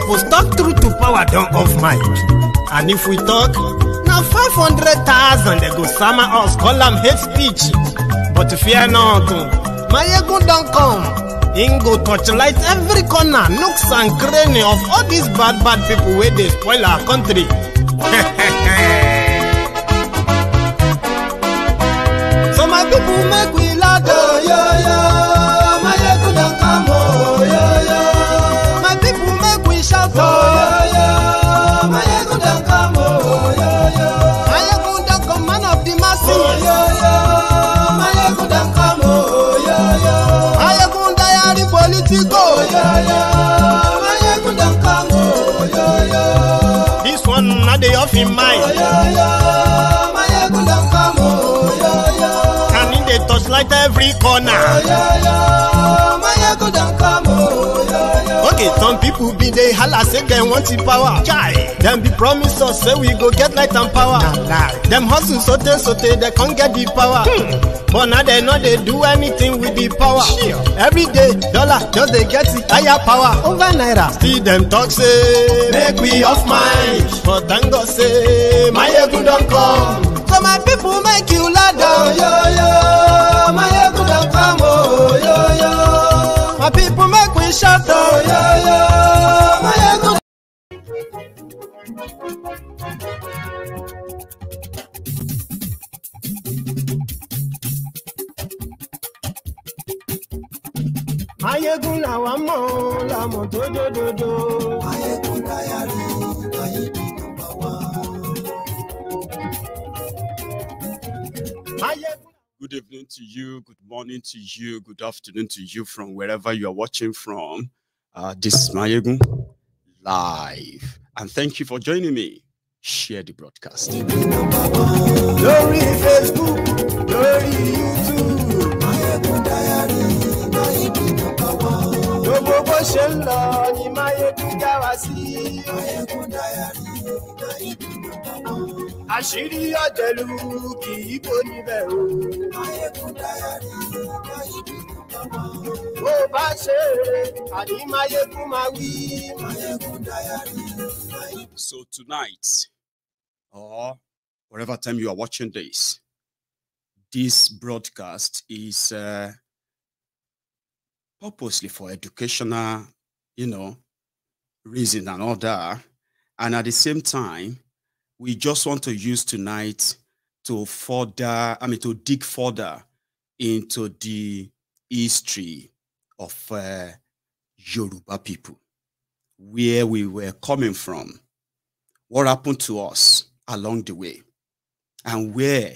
suppose talk true to power don off mic and if we talk now five hundred thousand dem go sama us call them hate speech but fear not my ego don't come him go torchlight every corner nooks and cranny of all these bad bad people where they spoil our country In mind. Oh, yeah, yeah. light every corner. Okay, some people be they hala say they want the power. Chai, them be promise us say we go get light and power. Nah nah, them hustle so sote sote, they can't get the power. Hmm. But now they no they do anything with the power. Sure. Every day, dollar just they get the higher power. Over naira. see them talk say, make we off mind. But thank God say, my egun don come. So my people make you ladder. Oh, yo, yo. My people make we shout oh yo yo. My ego. Ayégún làwa mọ̀ ọ́ làmọ̀ tó dódódó. Ayégún láyà bá wá. Ayégún. Good evening to you, good morning to you, good afternoon to you from wherever you are watching from. Uh, this is Mayegun live. And thank you for joining me. Share the broadcast. Facebook, àṣírí kì í bò níbẹ̀ o. bó bá ṣe é àní mayegun máa wí. So tonight, or whatever time you are watching this, this broadcast is uh, purposely for educational, you know, reason and all that. And at the same time, we just want to use tonight to further, I mean, to dig further into the history of uh, Yoruba people, where we were coming from, what happened to us along the way, and where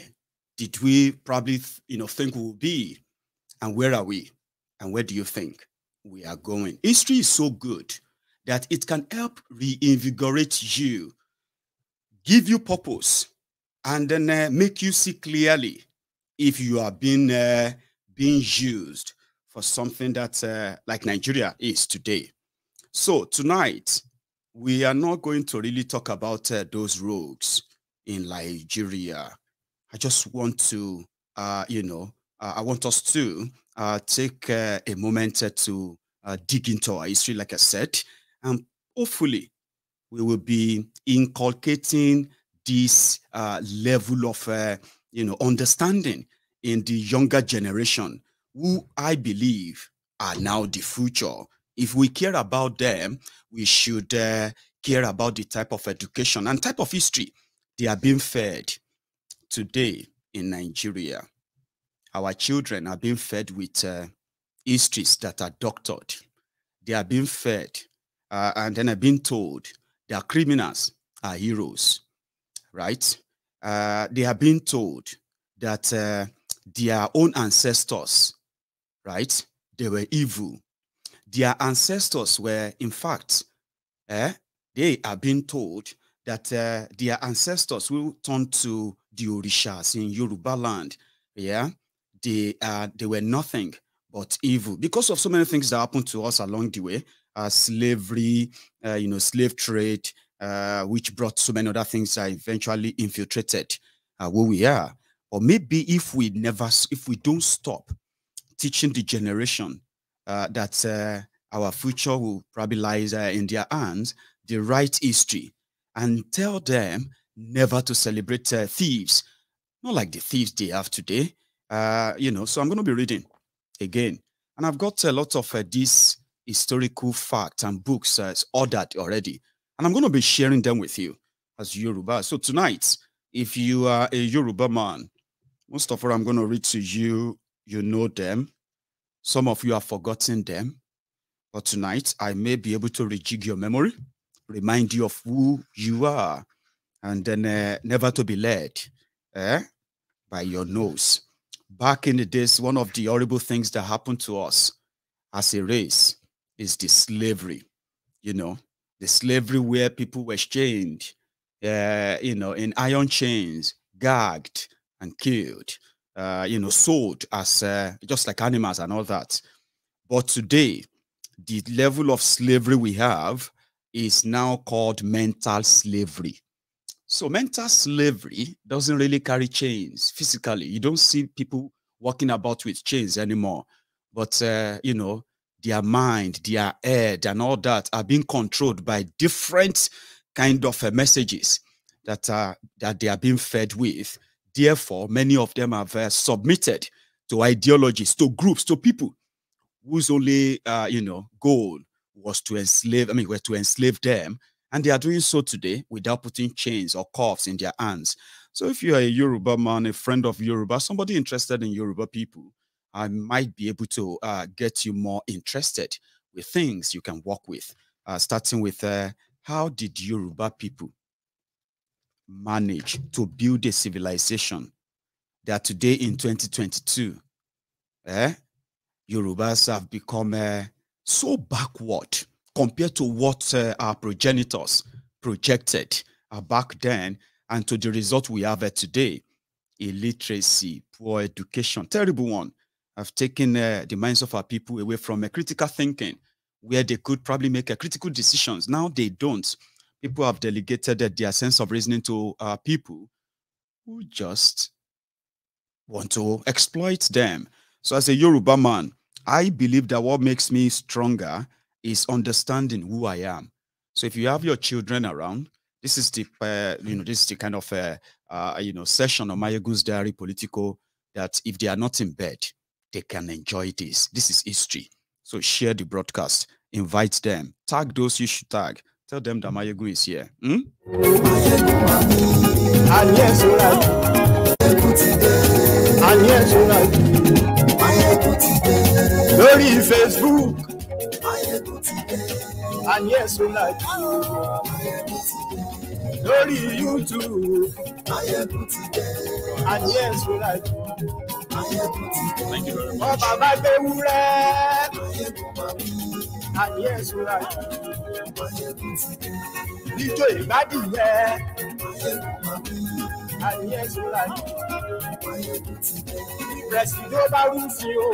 did we probably, you know, think we'll be, and where are we, and where do you think we are going? History is so good that it can help reinvigorate you give you purpose, and then uh, make you see clearly if you are being uh, being used for something that uh, like Nigeria is today. So tonight we are not going to really talk about uh, those rogues in Nigeria. I just want to, uh, you know, uh, I want us to take a moment to dig into our history, like I said, and hopefully we will be inculcating this uh, level of uh, you know understanding in the younger generation who i believe are now the future if we care about them we should uh, care about the type of education and type of history they are being fed today in nigeria our children are being fed with uh, histories that are doctored they are being fed uh, and then are being told they are criminals, are heroes, right? Uh, they are being told that uh, their own ancestors, right? They were evil. Their ancestors were, in fact, eh, they are being told that uh, their ancestors will turn to the Orishas in Yoruba land. Yeah, they uh, they were nothing but evil because of so many things that happened to us along the way. Uh, slavery, uh, you know, slave trade, uh, which brought so many other things that eventually infiltrated where we are. Or maybe if we never, if we don't stop teaching the generation that our future will probably lie in their hands, the right history, and tell them never to celebrate uh, thieves, not like the thieves they have today. Uh, you know, so I'm going to be reading again, and I've got a lot of uh, these historical facts and books as ordered already. And I'm going to be sharing them with you as Yoruba. So tonight, if you are a Yoruba man, most of what I'm going to read to you, you know them. Some of you have forgotten them. But tonight, I may be able to rejig your memory, remind you of who you are, and then uh, never to be led eh, by your nose. Back in the days, one of the horrible things that happened to us as a race is the slavery, you know, the slavery where people were chained, uh, you know, in iron chains, gagged and killed, uh, you know, sold as uh, just like animals and all that. But today, the level of slavery we have is now called mental slavery. So mental slavery doesn't really carry chains physically. You don't see people walking about with chains anymore. But uh, you know, their mind, their head, and all that are being controlled by different kind of uh, messages that are that they are being fed with. Therefore, many of them have uh, submitted to ideologies, to groups, to people whose only uh, you know goal was to enslave. I mean, were to enslave them, and they are doing so today without putting chains or cuffs in their hands. So, if you are a Yoruba man, a friend of Yoruba, somebody interested in Yoruba people, I might be able to uh, get you more interested with things you can work with. Uh, starting with uh, how did Yoruba people manage to build a civilization that today in 2022, eh, Yorubas have become uh, so backward compared to what uh, our progenitors projected uh, back then and to the result we have uh, today illiteracy, poor education, terrible one have taken uh, the minds of our people away from a critical thinking where they could probably make a critical decisions. Now they don't. People have delegated their sense of reasoning to uh, people who just want to exploit them. So as a Yoruba man, I believe that what makes me stronger is understanding who I am. So if you have your children around, this is the uh, you know this is the kind of uh, uh, you know session on Mayegun's diary political that if they are not in bed, they can enjoy this. This is history. So share the broadcast, invite them, tag those you should tag. Tell them that Mayegun is here. Hmm? ọba bá gbé wúrẹ́ àyè ẹ̀sùnra yìí ijó ìgbádìí yẹ àyè ẹ̀sùnra yìí ìrẹsì ló bá rú sí o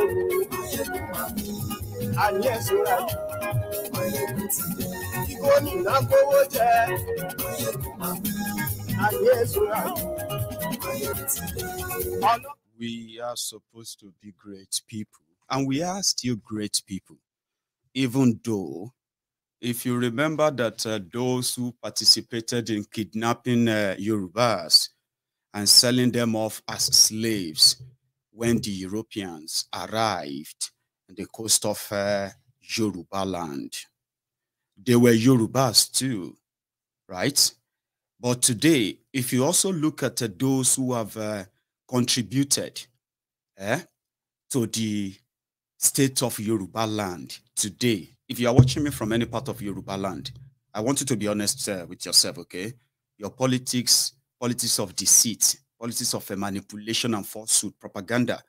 àyè ẹ̀sùnra yìí kíkó nìyà kówó jẹ àyè ẹ̀sùnra yìí. we are supposed to be great people, and we are still great people, even though. If you remember that uh, those who participated in kidnapping uh, Yorubas and selling them off as slaves when the Europeans arrived on the coast of uh, Yoruba land. They were Yorubas too, right? But today, if you also look at uh, those who have uh, contributed eh, to the state of Yoruba land today. If you are watching me from any part of Yoruba land, I want you to be honest uh, with yourself, okay? Your politics, politics of deceit, politics of uh, manipulation and falsehood, propaganda,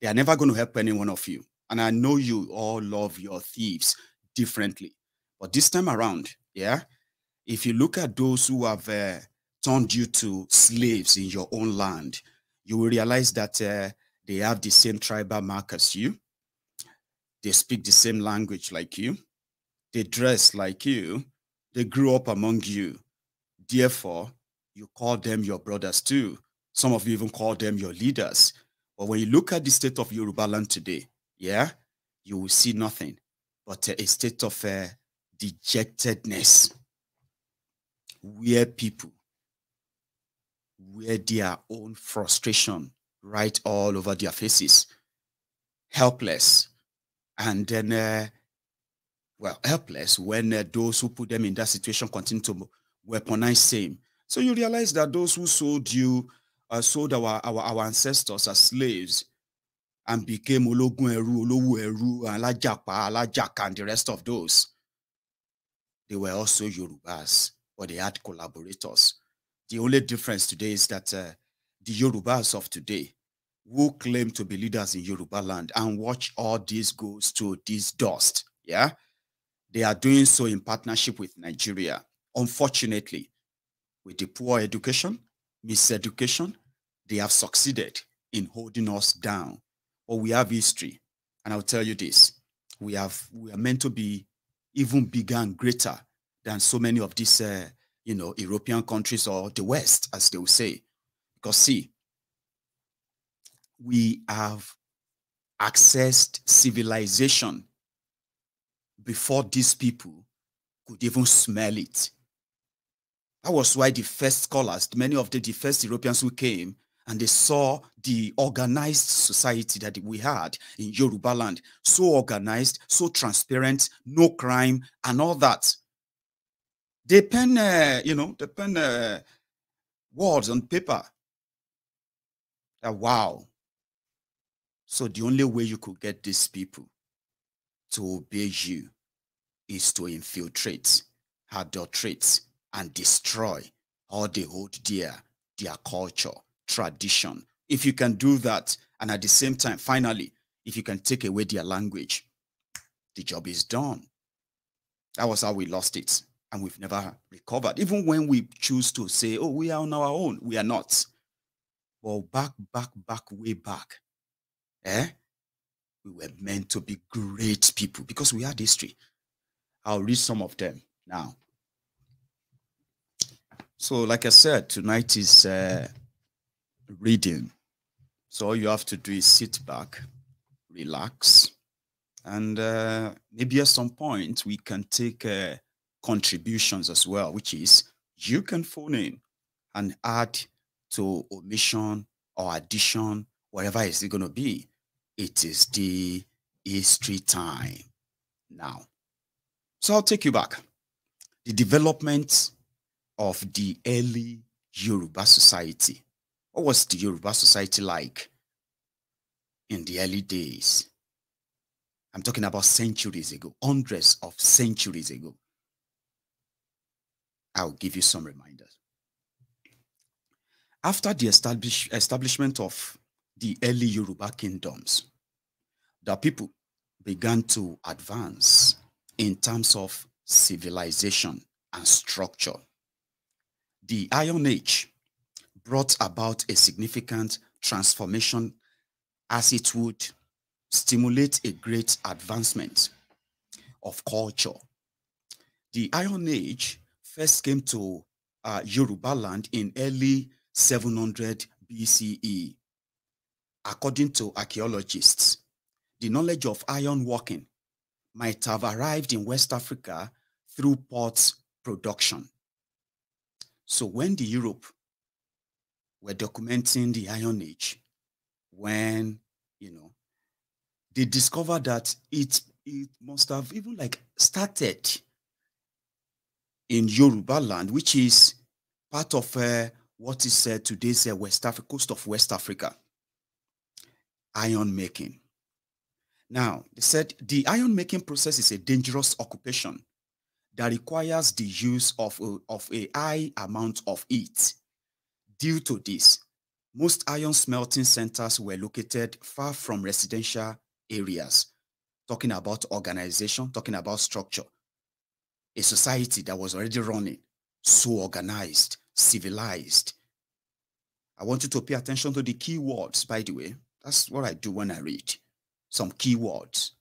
they are never going to help any one of you. And I know you all love your thieves differently. But this time around, yeah, if you look at those who have uh, turned you to slaves in your own land, you will realize that uh, they have the same tribal mark as you. They speak the same language like you. They dress like you. They grew up among you. Therefore, you call them your brothers too. Some of you even call them your leaders. But when you look at the state of Yoruba land today, yeah, you will see nothing but a state of uh, dejectedness where people wear their own frustration right all over their faces, helpless. And then, uh, well, helpless when uh, those who put them in that situation continue to weaponize same. So you realize that those who sold you, uh, sold our, our, our ancestors as slaves and became Ologun Eru, Olowu Eru, Alajapa, Alajaka, and the rest of those, they were also Yorubas, but they had collaborators the only difference today is that uh, the Yorubas of today, who claim to be leaders in Yoruba land and watch all this goes to this dust, yeah, they are doing so in partnership with Nigeria. Unfortunately, with the poor education, miseducation, they have succeeded in holding us down. But we have history, and I'll tell you this: we have we are meant to be even bigger and greater than so many of these uh, you know, European countries or the West, as they will say. Because see, we have accessed civilization before these people could even smell it. That was why the first scholars, many of the, the first Europeans who came, and they saw the organized society that we had in Yoruba land, so organized, so transparent, no crime, and all that. They pen, uh, you know, depend uh, words on paper. That wow. So the only way you could get these people to obey you is to infiltrate, adulterate, and destroy all they hold dear, their culture, tradition. If you can do that, and at the same time, finally, if you can take away their language, the job is done. That was how we lost it and we've never recovered. Even when we choose to say, oh, we are on our own, we are not. Well, back, back, back, way back, eh? We were meant to be great people because we had history. I'll read some of them now. So, like I said, tonight is uh, reading. So, all you have to do is sit back, relax, and uh, maybe at some point we can take. Uh, contributions as well, which is you can phone in and add to omission or addition, whatever is it going to be. It is the history time now. So I'll take you back. The development of the early Yoruba society. What was the Yoruba society like in the early days? I'm talking about centuries ago, hundreds of centuries ago. I'll give you some reminders. After the establish, establishment of the early Yoruba kingdoms, the people began to advance in terms of civilization and structure. The Iron Age brought about a significant transformation as it would stimulate a great advancement of culture. The Iron Age first came to uh, Yoruba land in early 700 BCE. According to archaeologists, the knowledge of iron working might have arrived in West Africa through port production. So when the Europe were documenting the Iron Age, when, you know, they discovered that it, it must have even like started in Yoruba land, which is part of uh, what is uh, today's uh, West Africa, coast of West Africa, iron making. Now, they said the iron making process is a dangerous occupation that requires the use of a, uh, of a high amount of heat. Due to this, most iron smelting centers were located far from residential areas. Talking about organization, talking about structure a society that was already running, so organized, civilized. I want you to pay attention to the key words, by the way. That's what I do when I read some key words,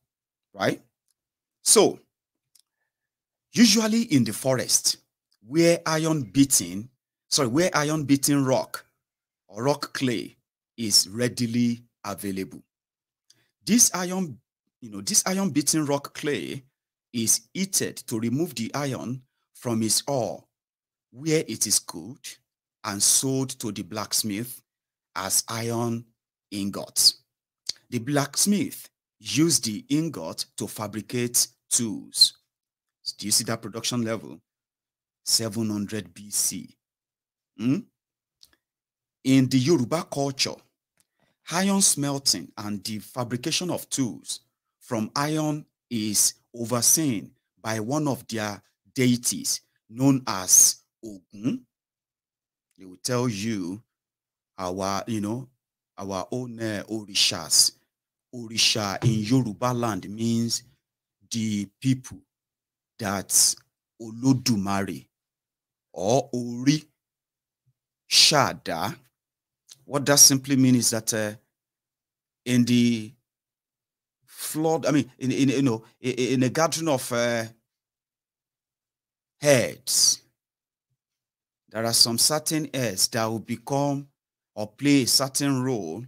right? So, usually in the forest, where iron beating, sorry, where iron beating rock or rock clay is readily available. This iron, you know, this iron beating rock clay is heated to remove the iron from its ore, where it is cooled and sold to the blacksmith as iron ingots. The blacksmith used the ingot to fabricate tools. Do you see that production level? 700 BC. Hmm? In the Yoruba culture, iron smelting and the fabrication of tools from iron is overseen by one of their deities known as Ogun. They will tell you our, you know, our own uh, orishas. Orisha in Yoruba land means the people that Olodumare or Ori Shada. What that simply means is that uh, in the flood. I mean, in, in you know, in, in a gathering of uh, heads, there are some certain heads that will become or play a certain role,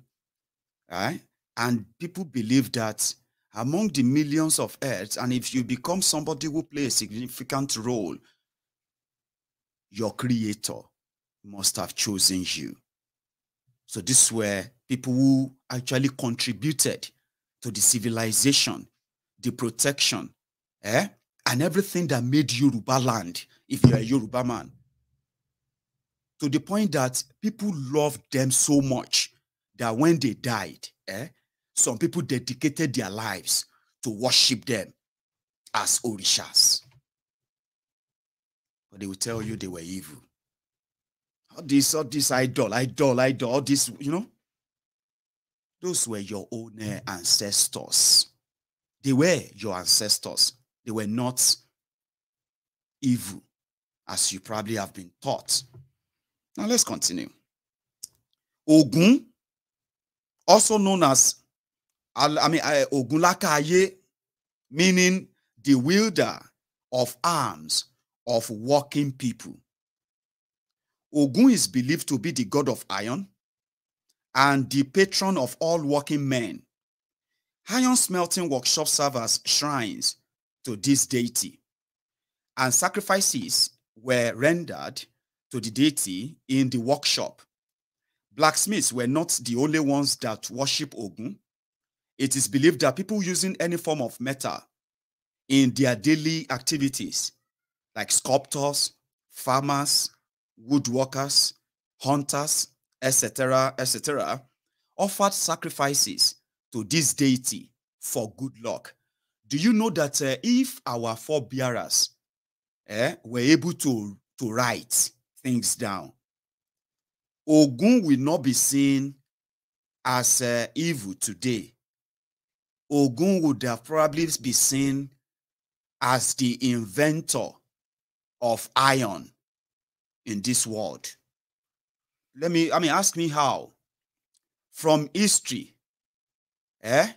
right? And people believe that among the millions of heads, and if you become somebody who play a significant role, your creator must have chosen you. So this were people who actually contributed to the civilization, the protection, eh? and everything that made Yoruba land, if you're a Yoruba man. To the point that people loved them so much that when they died, eh, some people dedicated their lives to worship them as orishas. But they will tell you they were evil. All this, all this idol, idol, idol, all this, you know. Those were your own eh, ancestors. They were your ancestors. They were not evil, as you probably have been taught. Now let's continue. Ogun, also known as I mean eh, Ogunlakaye, meaning the wielder of arms of working people. Ogun is believed to be the god of iron, and the patron of all working men. Iron smelting workshops serve as shrines to this deity, and sacrifices were rendered to the deity in the workshop. Blacksmiths were not the only ones that worship Ogun. It is believed that people using any form of metal in their daily activities, like sculptors, farmers, woodworkers, hunters, etc., etc., offered sacrifices to this deity for good luck. Do you know that uh, if our forebearers eh, were able to, to write things down, Ogun will not be seen as uh, evil today. Ogun would have probably be seen as the inventor of iron in this world let me, I mean, ask me how. From history, eh?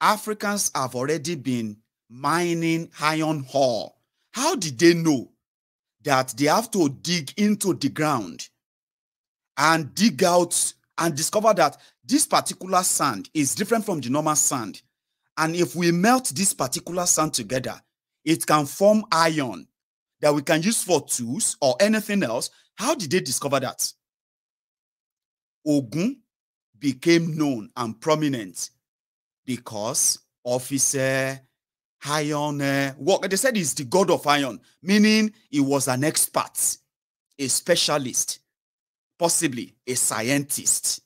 Africans have already been mining iron ore. How did they know that they have to dig into the ground and dig out and discover that this particular sand is different from the normal sand? And if we melt this particular sand together, it can form iron that we can use for tools or anything else. How did they discover that? Ogun became known and prominent because Officer his uh, iron uh, work. They said he's the god of iron, meaning he was an expert, a specialist, possibly a scientist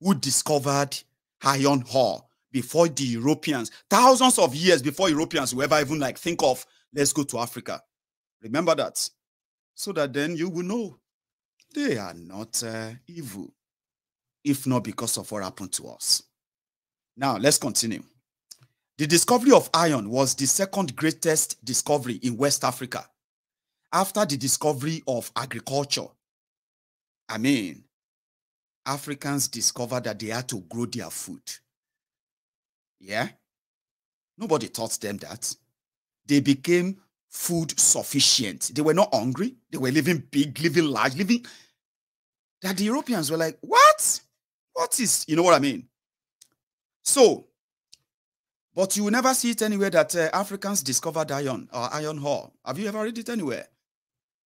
who discovered iron ore before the Europeans, thousands of years before Europeans who ever even like think of, let's go to Africa. Remember that. So that then you will know they are not uh, evil if not because of what happened to us. Now, let's continue. The discovery of iron was the second greatest discovery in West Africa after the discovery of agriculture. I mean, Africans discovered that they had to grow their food. Yeah? Nobody taught them that. They became food sufficient. They were not hungry. They were living big, living large, living. That the Europeans were like, what? What is, you know what I mean? So, but you will never see it anywhere that uh, Africans discovered iron or uh, iron hall. Have you ever read it anywhere?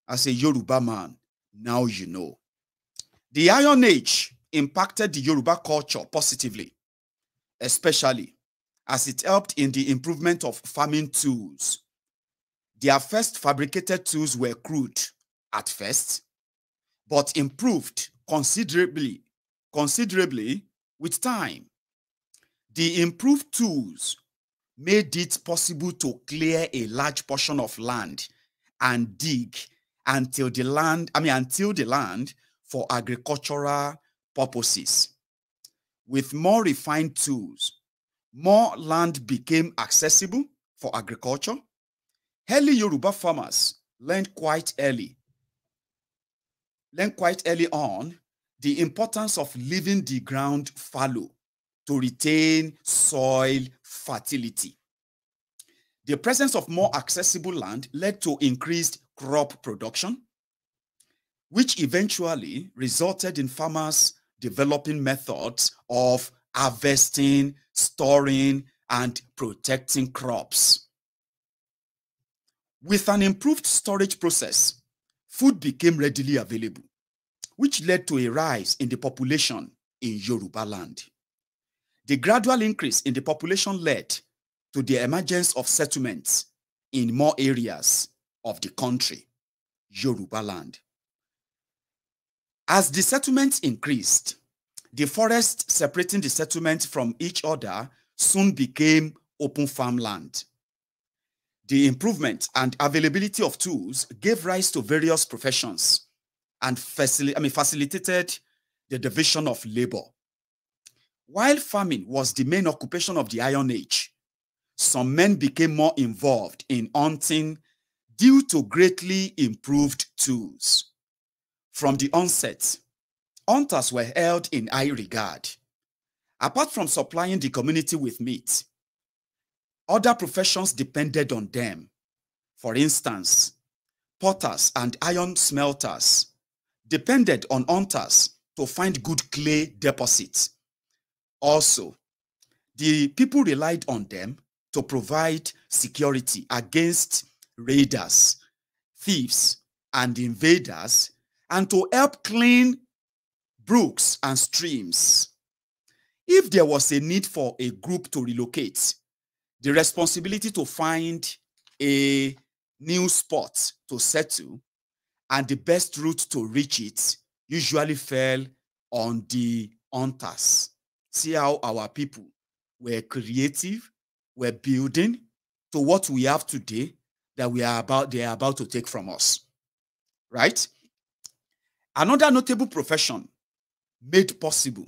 As a Yoruba man, now you know. The Iron Age impacted the Yoruba culture positively, especially as it helped in the improvement of farming tools. Their first fabricated tools were crude at first, but improved considerably considerably with time. The improved tools made it possible to clear a large portion of land and dig until the land, I mean, until the land for agricultural purposes. With more refined tools, more land became accessible for agriculture. Early Yoruba farmers learned quite early, learned quite early on the importance of leaving the ground fallow to retain soil fertility. The presence of more accessible land led to increased crop production, which eventually resulted in farmers developing methods of harvesting, storing, and protecting crops. With an improved storage process, food became readily available which led to a rise in the population in Yoruba land. The gradual increase in the population led to the emergence of settlements in more areas of the country, Yoruba land. As the settlements increased, the forest separating the settlements from each other soon became open farmland. The improvement and availability of tools gave rise to various professions and facil- I mean, facilitated the division of labor. While farming was the main occupation of the Iron Age, some men became more involved in hunting due to greatly improved tools. From the onset, hunters were held in high regard. Apart from supplying the community with meat, other professions depended on them. For instance, potters and iron smelters depended on hunters to find good clay deposits. Also, the people relied on them to provide security against raiders, thieves, and invaders, and to help clean brooks and streams. If there was a need for a group to relocate, the responsibility to find a new spot to settle and the best route to reach it usually fell on the hunters. See how our people were creative, were building to what we have today that we are about they are about to take from us. Right? Another notable profession made possible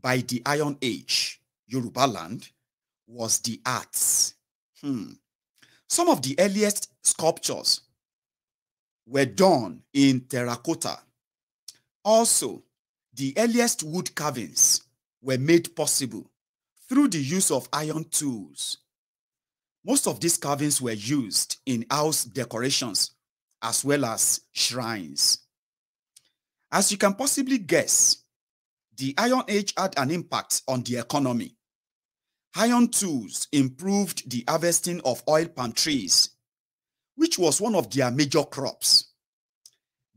by the Iron Age, Yoruba land, was the arts. Hmm. Some of the earliest sculptures were done in terracotta. Also, the earliest wood carvings were made possible through the use of iron tools. Most of these carvings were used in house decorations as well as shrines. As you can possibly guess, the Iron Age had an impact on the economy. Iron tools improved the harvesting of oil palm trees which was one of their major crops.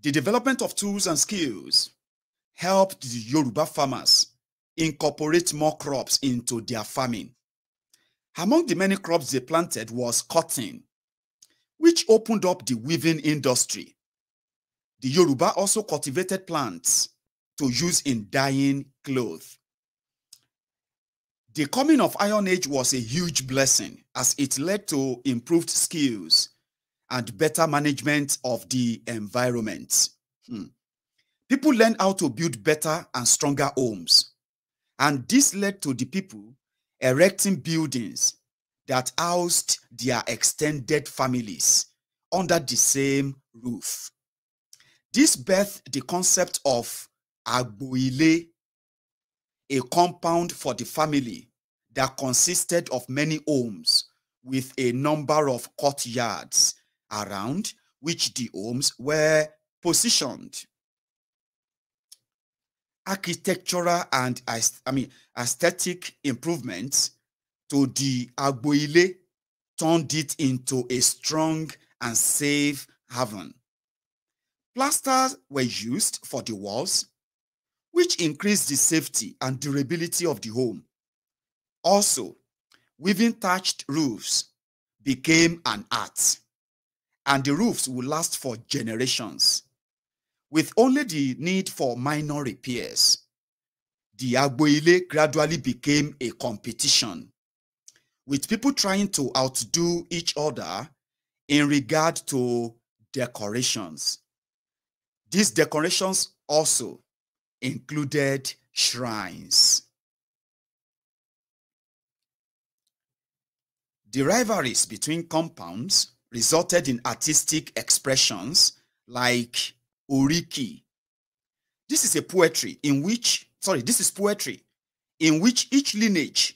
The development of tools and skills helped the Yoruba farmers incorporate more crops into their farming. Among the many crops they planted was cotton, which opened up the weaving industry. The Yoruba also cultivated plants to use in dyeing cloth. The coming of Iron Age was a huge blessing as it led to improved skills and better management of the environment. Hmm. People learned how to build better and stronger homes. And this led to the people erecting buildings that housed their extended families under the same roof. This birthed the concept of Agboile, a compound for the family that consisted of many homes with a number of courtyards around which the homes were positioned. Architectural and I mean aesthetic improvements to the Agboile turned it into a strong and safe haven. Plasters were used for the walls, which increased the safety and durability of the home. Also, weaving thatched roofs became an art and the roofs will last for generations. With only the need for minor repairs, the Agboile gradually became a competition, with people trying to outdo each other in regard to decorations. These decorations also included shrines. The rivalries between compounds resulted in artistic expressions like uriki. This is a poetry in which, sorry, this is poetry in which each lineage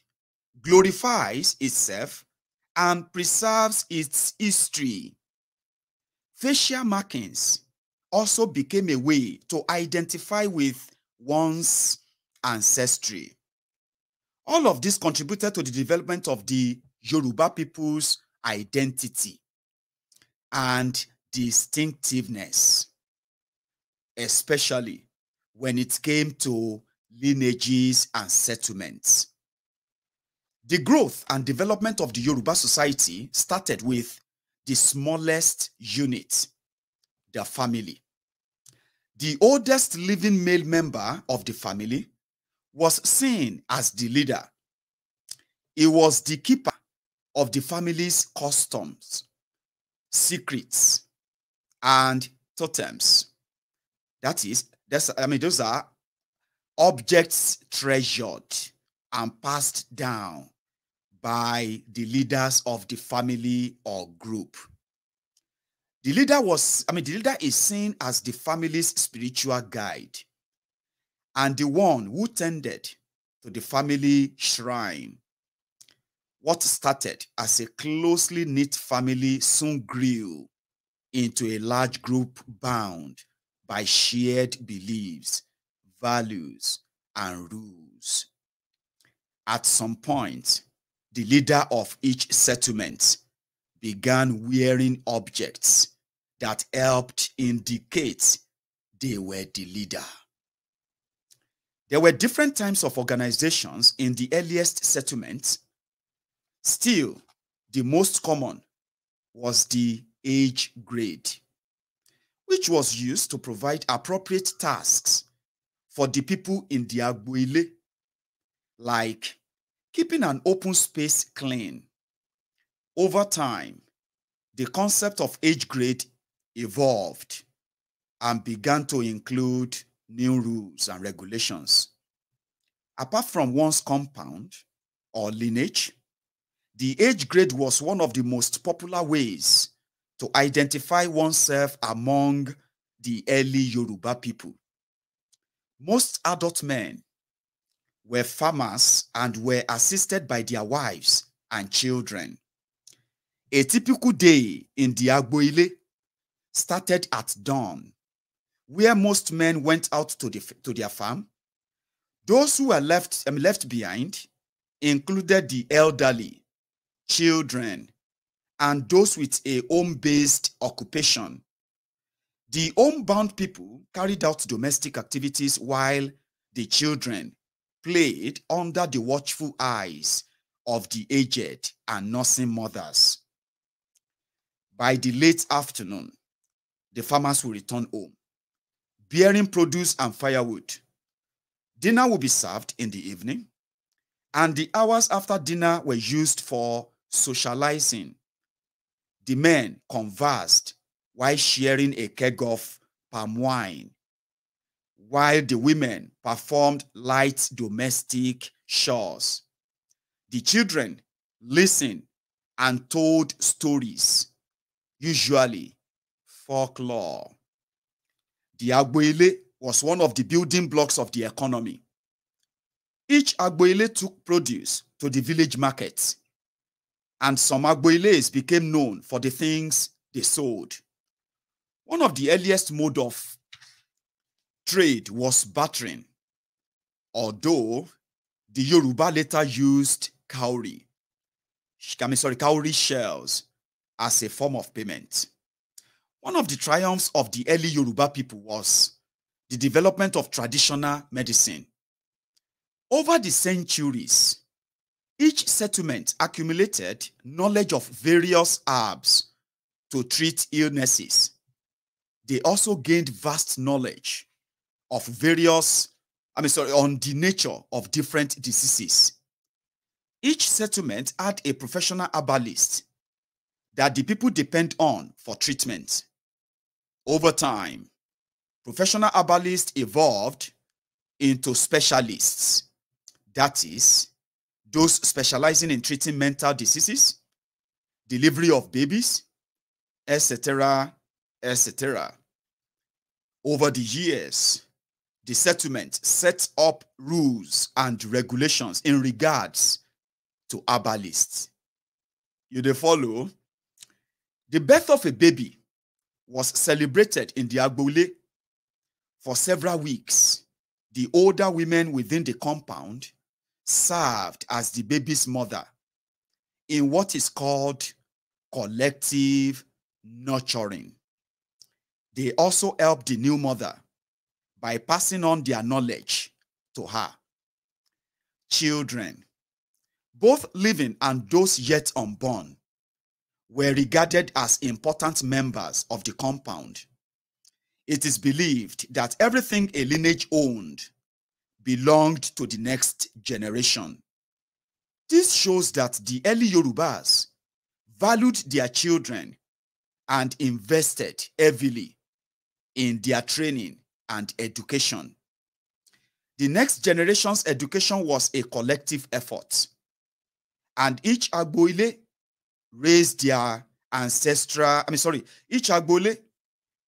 glorifies itself and preserves its history. Facial markings also became a way to identify with one's ancestry. All of this contributed to the development of the Yoruba people's identity and distinctiveness, especially when it came to lineages and settlements. The growth and development of the Yoruba society started with the smallest unit, the family. The oldest living male member of the family was seen as the leader. He was the keeper of the family's customs secrets, and totems. That is, that's, I mean, those are objects treasured and passed down by the leaders of the family or group. The leader was, I mean, the leader is seen as the family's spiritual guide and the one who tended to the family shrine what started as a closely knit family soon grew into a large group bound by shared beliefs, values, and rules. At some point, the leader of each settlement began wearing objects that helped indicate they were the leader. There were different types of organizations in the earliest settlements Still, the most common was the age grade, which was used to provide appropriate tasks for the people in the Agbuile, like keeping an open space clean. Over time, the concept of age grade evolved and began to include new rules and regulations. Apart from one's compound or lineage, the age grade was one of the most popular ways to identify oneself among the early Yoruba people. Most adult men were farmers and were assisted by their wives and children. A typical day in the Agboile started at dawn, where most men went out to, the, to their farm. Those who were left, um, left behind included the elderly, children, and those with a home based occupation. The homebound people carried out domestic activities while the children played under the watchful eyes of the aged and nursing mothers. By the late afternoon, the farmers will return home, bearing produce and firewood. Dinner will be served in the evening, and the hours after dinner were used for socializing. The men conversed while sharing a keg of palm wine, while the women performed light domestic chores. The children listened and told stories, usually folklore. The Agboele was one of the building blocks of the economy. Each Agboele took produce to the village markets and some Agboiles became known for the things they sold. One of the earliest mode of trade was bartering, although the Yoruba later used cowrie, I mean, sorry, cowrie shells as a form of payment. One of the triumphs of the early Yoruba people was the development of traditional medicine. Over the centuries, each settlement accumulated knowledge of various herbs to treat illnesses. They also gained vast knowledge of various, I mean, sorry, on the nature of different diseases. Each settlement had a professional herbalist that the people depend on for treatment. Over time, professional herbalists evolved into specialists. That is, those specializing in treating mental diseases, delivery of babies, etc., etc. Over the years, the settlement set up rules and regulations in regards to herbalists. You they follow? The birth of a baby was celebrated in the Agbole for several weeks. The older women within the compound served as the baby's mother in what is called collective nurturing. They also helped the new mother by passing on their knowledge to her. Children, both living and those yet unborn, were regarded as important members of the compound. It is believed that everything a lineage owned belonged to the next generation. This shows that the early Yorubas valued their children and invested heavily in their training and education. The next generation's education was a collective effort, and each Agboile raised their ancestral, I mean, sorry, each Agbole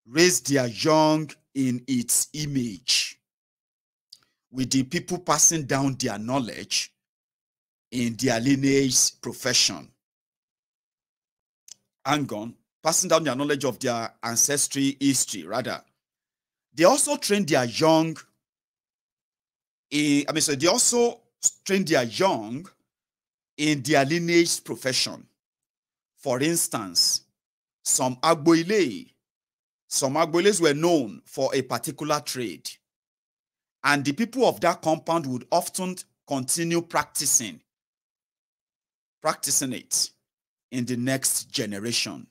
raised their young in its image with the people passing down their knowledge in their lineage profession. Hang on, passing down their knowledge of their ancestry history, rather. They also train their young, in, I mean, so they also train their young in their lineage profession. For instance, some Agboile, some Agboiles were known for a particular trade. And the people of that compound would often continue practicing, practicing it in the next generation.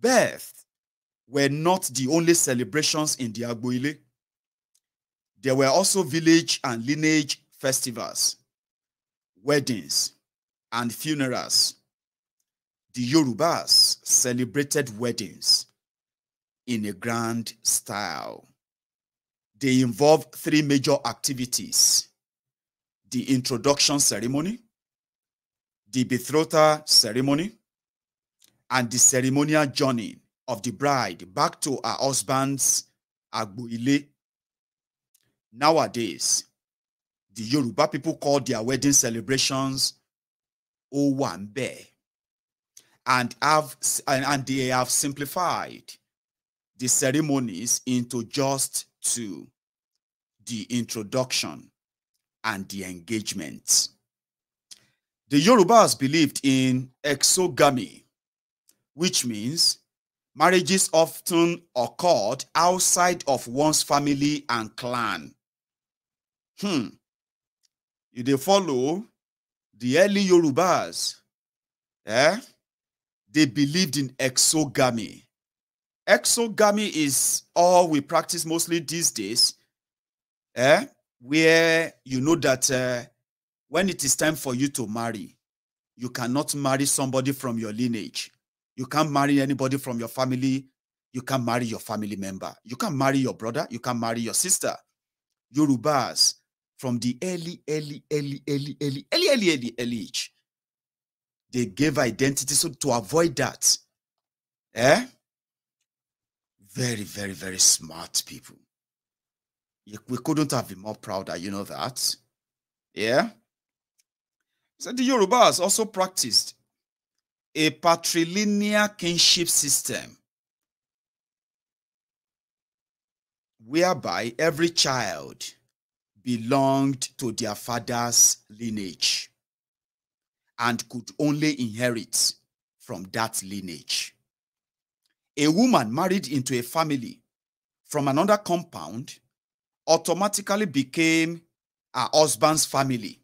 Birth were not the only celebrations in the Agboile. There were also village and lineage festivals, weddings, and funerals. The Yorubas celebrated weddings in a grand style. They involve three major activities the introduction ceremony, the betrothal ceremony, and the ceremonial journey of the bride back to her husband's agboile. Nowadays, the Yoruba people call their wedding celebrations owanbe, and have and they have simplified the ceremonies into just to the introduction and the engagement. The Yorubas believed in exogamy, which means marriages often occurred outside of one's family and clan. Hmm. If they follow the early Yorubas, eh, they believed in exogamy exogamy is all we practice mostly these days, eh? where you know that uh, when it is time for you to marry, you cannot marry somebody from your lineage. You can't marry anybody from your family. You can't marry your family member. You can't marry your brother. You can't marry your sister. Yorubas from the early, early, early, early, early, early, early, early, early age. They gave identity so to avoid that. Eh? very, very, very smart people. We couldn't have been more prouder, you know that. Yeah? So the Yorubas also practiced a patrilineal kinship system whereby every child belonged to their father's lineage and could only inherit from that lineage a woman married into a family from another compound automatically became her husband's family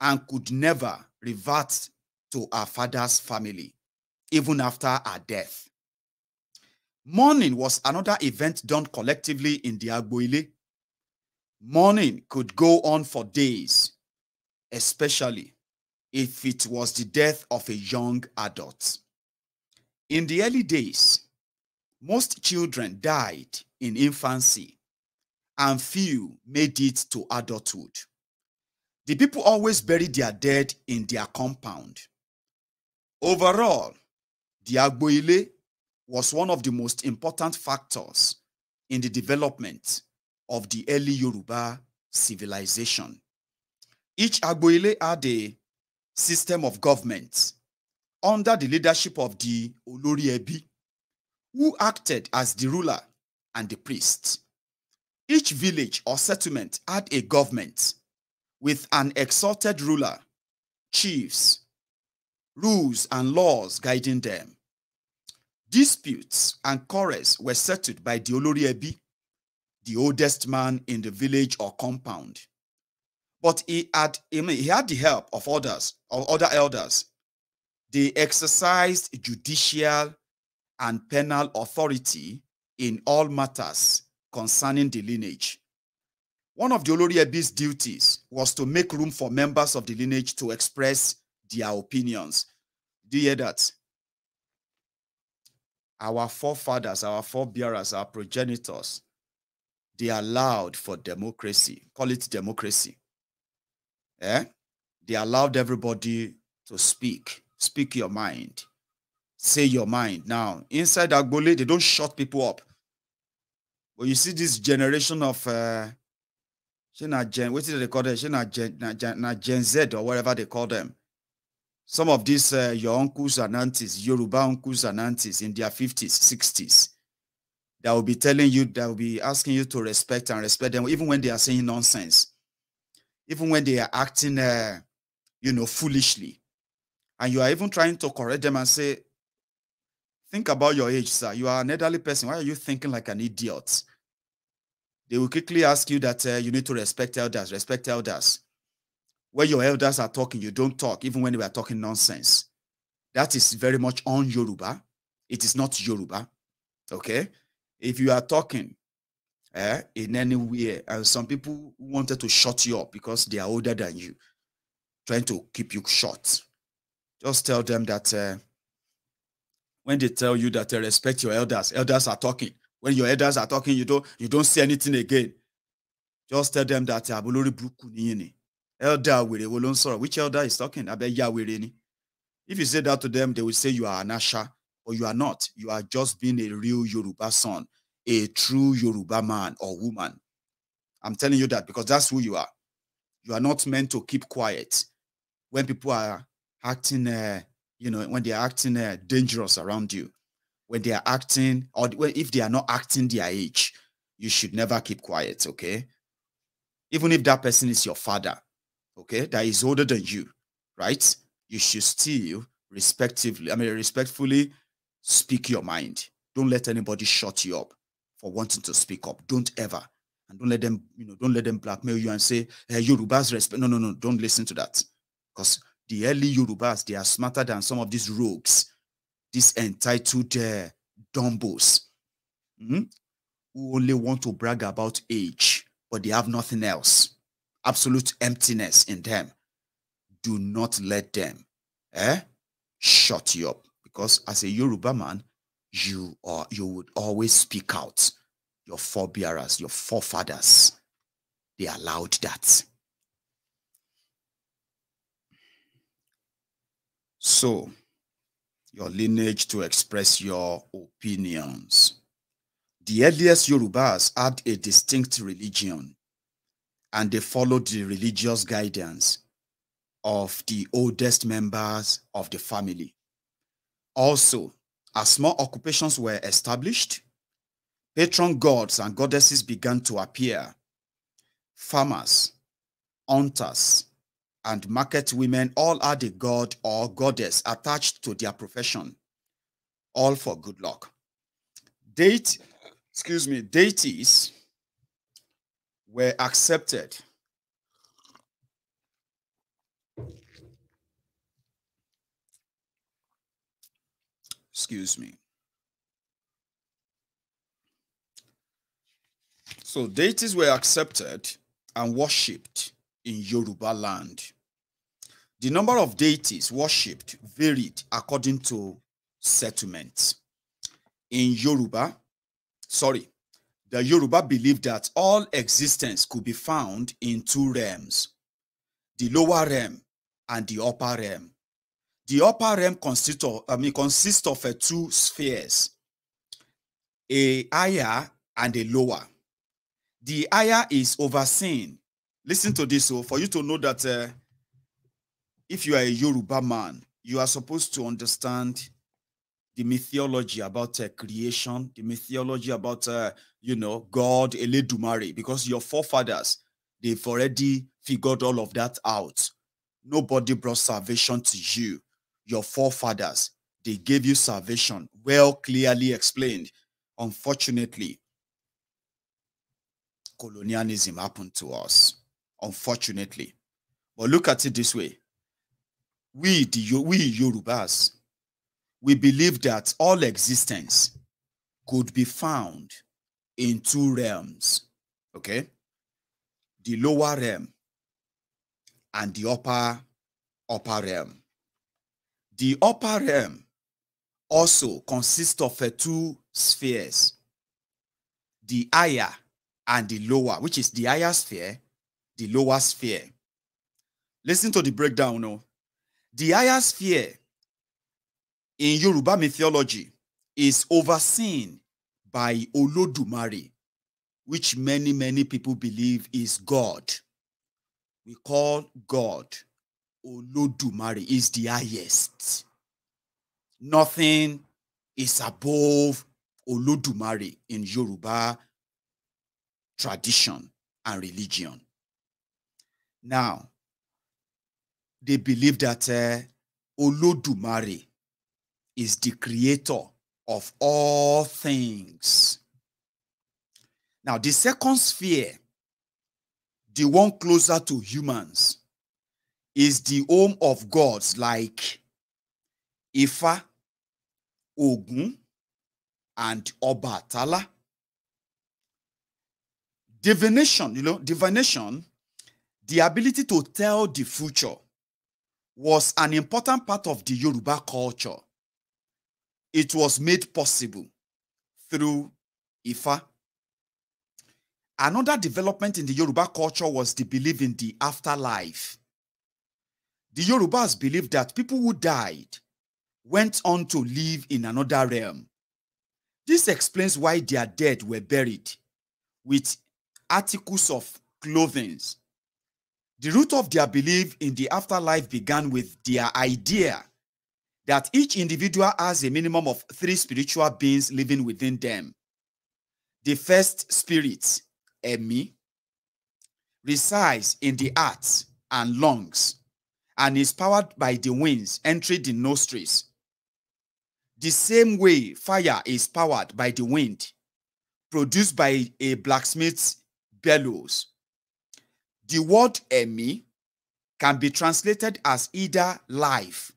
and could never revert to her father's family, even after her death. Mourning was another event done collectively in the Agboile. Mourning could go on for days, especially if it was the death of a young adult. In the early days, most children died in infancy and few made it to adulthood. The people always buried their dead in their compound. Overall, the Agboile was one of the most important factors in the development of the early Yoruba civilization. Each Agboile had a system of government under the leadership of the Olori Ebi, who acted as the ruler and the priest. Each village or settlement had a government with an exalted ruler, chiefs, rules and laws guiding them. Disputes and quarrels were settled by the Olori Ebi, the oldest man in the village or compound. But he had, he had the help of others, of other elders they exercised judicial and penal authority in all matters concerning the lineage. One of the Olori duties was to make room for members of the lineage to express their opinions. Do you hear that? Our forefathers, our forebearers, our progenitors, they allowed for democracy. Call it democracy. Eh? They allowed everybody to speak. Speak your mind. Say your mind. Now, inside Agbole, they don't shut people up. But you see this generation of uh not gen what did they call them? not gen, gen, not gen Z or whatever they call them. Some of these uh, your uncles and aunties, Yoruba uncles and aunties in their 50s, 60s, that will be telling you, that will be asking you to respect and respect them, even when they are saying nonsense, even when they are acting, uh, you know, foolishly and you are even trying to correct them and say, think about your age, sir. You are an elderly person. Why are you thinking like an idiot? They will quickly ask you that uh, you need to respect elders, respect elders. When your elders are talking, you don't talk, even when they are talking nonsense. That is very much on Yoruba. It is not Yoruba. Okay? If you are talking eh, in any way, and some people wanted to shut you up because they are older than you, trying to keep you short just tell them that uh, when they tell you that they respect your elders, elders are talking. When your elders are talking, you don't you don't say anything again. Just tell them that abulori ah, buruku niyin Elder wèrè wo ló Which elder is talking? Abẹ́ ya wèrè If you say that to them, they will say you are an Asha, but you are not. You are just being a real Yoruba son, a true Yoruba man or woman. I'm telling you that because that's who you are. You are not meant to keep quiet when people are acting, uh, you know, when they are acting uh, dangerous around you, when they are acting, or if they are not acting their age, you should never keep quiet, okay? Even if that person is your father, okay, that is older than you, right? You should still respectively, I mean, respectfully speak your mind. Don't let anybody shut you up for wanting to speak up. Don't ever. And don't let them, you know, don't let them blackmail you and say, hey, eh, Yoruba's respect. No, no, no, don't listen to that. Because the early Yorubas, they are smarter than some of these rogues, these entitled uh, dumbos, mm? who only want to brag about age, but they have nothing else. Absolute emptiness in them. Do not let them eh, shut you up. Because as a Yoruba man, you are you would always speak out. Your forebearers, your forefathers, they allowed that. So, your lineage to express your opinions. The earliest Yorubas had a distinct religion and they followed the religious guidance of the oldest members of the family. Also, as more occupations were established, patron gods and goddesses began to appear. Farmers, hunters, and market women all are the god or goddess attached to their profession. All for good luck. Date, excuse me, deities were accepted. Excuse me. So deities were accepted and worshipped in Yoruba land. The number of deities worshipped varied according to settlements. In Yoruba, sorry, the Yoruba believed that all existence could be found in two realms, the lower realm and the upper realm. The upper realm consists of, I mean, consists of uh, two spheres, a higher and a lower. The higher is overseen Listen to this, so oh, for you to know that uh, if you are a Yoruba man, you are supposed to understand the mythology about uh, creation, the mythology about uh, you know God, Eledumare, because your forefathers they've already figured all of that out. Nobody brought salvation to you. Your forefathers they gave you salvation, well clearly explained. Unfortunately, colonialism happened to us unfortunately. But look at it this way. We, the, we Yorubas, we believe that all existence could be found in two realms, okay? The lower realm and the upper, upper realm. The upper realm also consists of uh, two spheres, the higher and the lower, which is the higher sphere the lower sphere. Listen to the breakdown now. Oh. The higher sphere in Yoruba mythology is overseen by Olodumare, which many, many people believe is God. We call God Olodumare is the highest. Nothing is above Olodumare in Yoruba tradition and religion. Now, they believe that uh, Olodumare is the creator of all things. Now, the second sphere, the one closer to humans, is the home of gods like Ifa, Ogun, and Obatala. Divination, you know, divination the ability to tell the future was an important part of the Yoruba culture. It was made possible through Ifa. Another development in the Yoruba culture was the belief in the afterlife. The Yorubas believed that people who died went on to live in another realm. This explains why their dead were buried with articles of clothing the root of their belief in the afterlife began with their idea that each individual has a minimum of three spiritual beings living within them. The first spirit, Emi, resides in the heart and lungs and is powered by the winds entering the nostrils. The same way fire is powered by the wind produced by a blacksmith's bellows the word emi can be translated as either life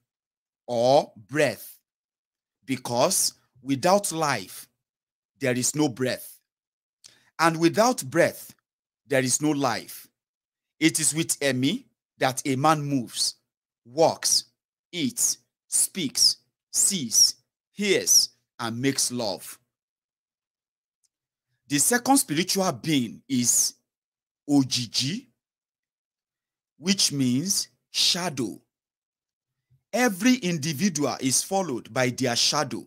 or breath because without life, there is no breath. And without breath, there is no life. It is with Emi that a man moves, walks, eats, speaks, sees, hears, and makes love. The second spiritual being is Ojiji which means shadow. Every individual is followed by their shadow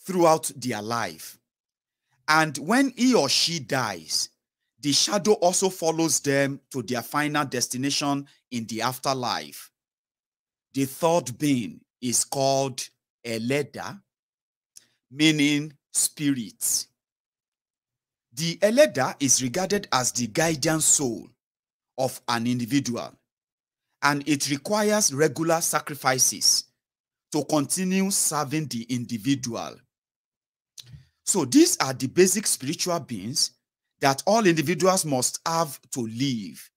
throughout their life. And when he or she dies, the shadow also follows them to their final destination in the afterlife. The third being is called Eleda, meaning spirit. The Eleda is regarded as the guardian soul of an individual and it requires regular sacrifices to continue serving the individual. So these are the basic spiritual beings that all individuals must have to live.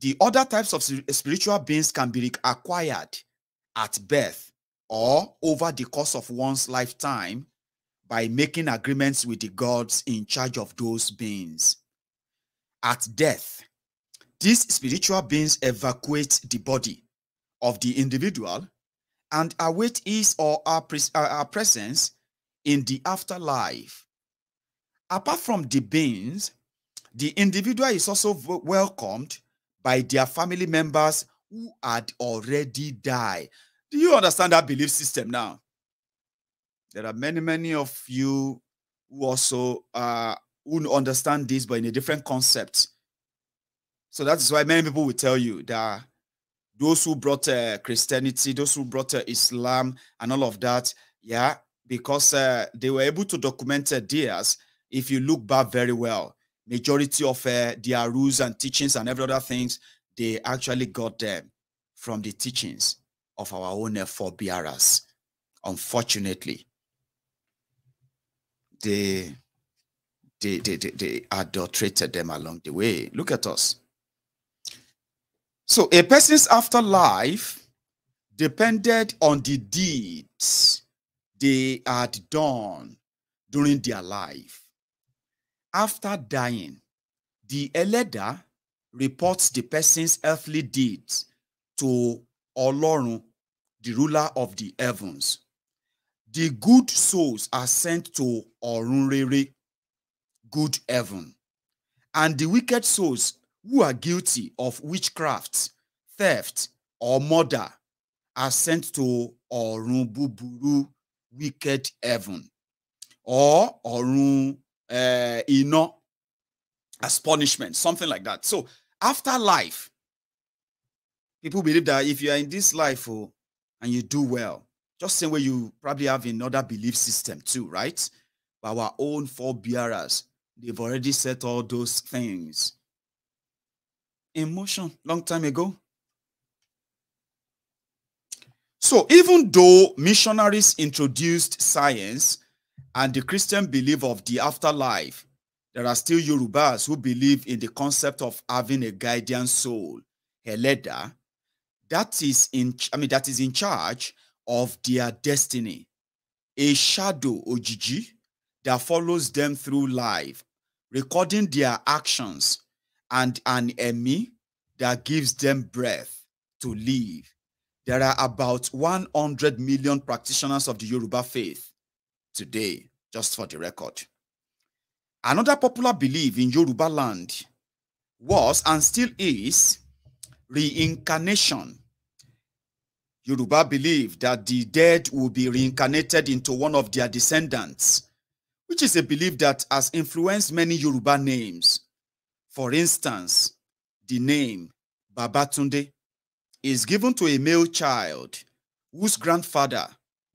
The other types of spiritual beings can be acquired at birth or over the course of one's lifetime by making agreements with the gods in charge of those beings. At death, these spiritual beings evacuate the body of the individual and await his or her, pres uh, her presence in the afterlife. Apart from the beings, the individual is also welcomed by their family members who had already died. Do you understand that belief system now? There are many, many of you who also uh, who understand this, but in a different concept. So that is why many people will tell you that those who brought uh, Christianity, those who brought uh, Islam and all of that, yeah, because uh, they were able to document uh, theirs. If you look back very well, majority of uh, their rules and teachings and every other things, they actually got them from the teachings of our own uh, forbearers. Unfortunately, they, they, they, they, they adulterated them along the way. Look at us So a person's afterlife depended on the deeds they had done during their life. After dying, the elder reports the person's earthly deeds to Olorun, the ruler of the heavens. The good souls are sent to Orunrere, good heaven, and the wicked souls who are guilty of witchcraft, theft, or murder are sent to Orun wicked heaven, or Orun uh, eh, Ino as punishment, something like that. So, after life, people believe that if you are in this life oh, and you do well, just same way you probably have another belief system too, right? But our own forebearers, they've already said all those things emotion long time ago. So even though missionaries introduced science and the Christian belief of the afterlife, there are still Yorubas who believe in the concept of having a guardian soul, a leader, that is in I mean that is in charge of their destiny, a shadow ojiji that follows them through life, recording their actions and an emi that gives them breath to live. There are about 100 million practitioners of the Yoruba faith today, just for the record. Another popular belief in Yoruba land was and still is reincarnation. Yoruba believe that the dead will be reincarnated into one of their descendants, which is a belief that has influenced many Yoruba names for instance, the name Babatunde is given to a male child whose grandfather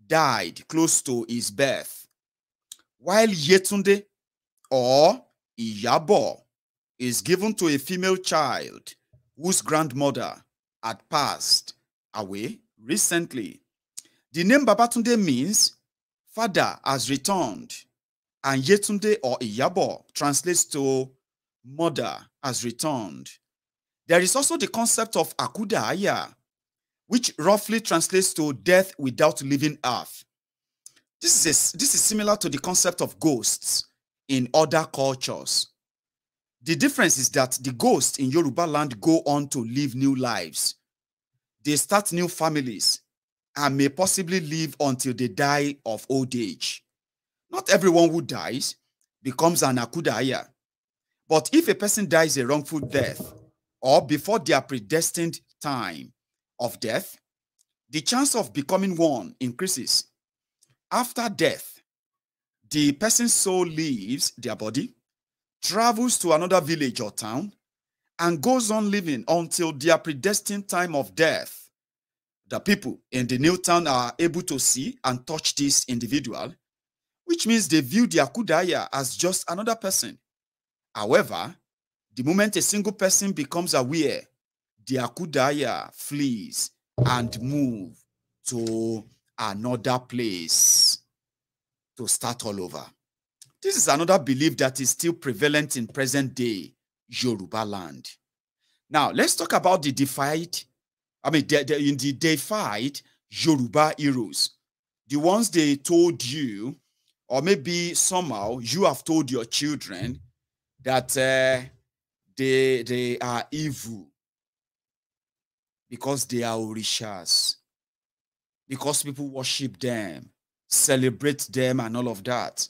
died close to his birth, while Yetunde or Iyabo is given to a female child whose grandmother had passed away recently. The name Babatunde means father has returned, and Yetunde or Iyabo translates to murder has returned. There is also the concept of akudaya, which roughly translates to death without living earth. This is, this is similar to the concept of ghosts in other cultures. The difference is that the ghosts in Yoruba land go on to live new lives. They start new families and may possibly live until they die of old age. Not everyone who dies becomes an akudaya. But if a person dies a wrongful death or before their predestined time of death, the chance of becoming one increases. After death, the person's soul leaves their body, travels to another village or town, and goes on living until their predestined time of death. The people in the new town are able to see and touch this individual, which means they view their Kudaya as just another person However, the moment a single person becomes aware, the akudaya flees and move to another place to start all over. This is another belief that is still prevalent in present day Yoruba land. Now, let's talk about the defied, I mean, the, the, in the defied Yoruba heroes, the ones they told you, or maybe somehow you have told your children that uh, they they are evil because they are orishas, because people worship them, celebrate them, and all of that.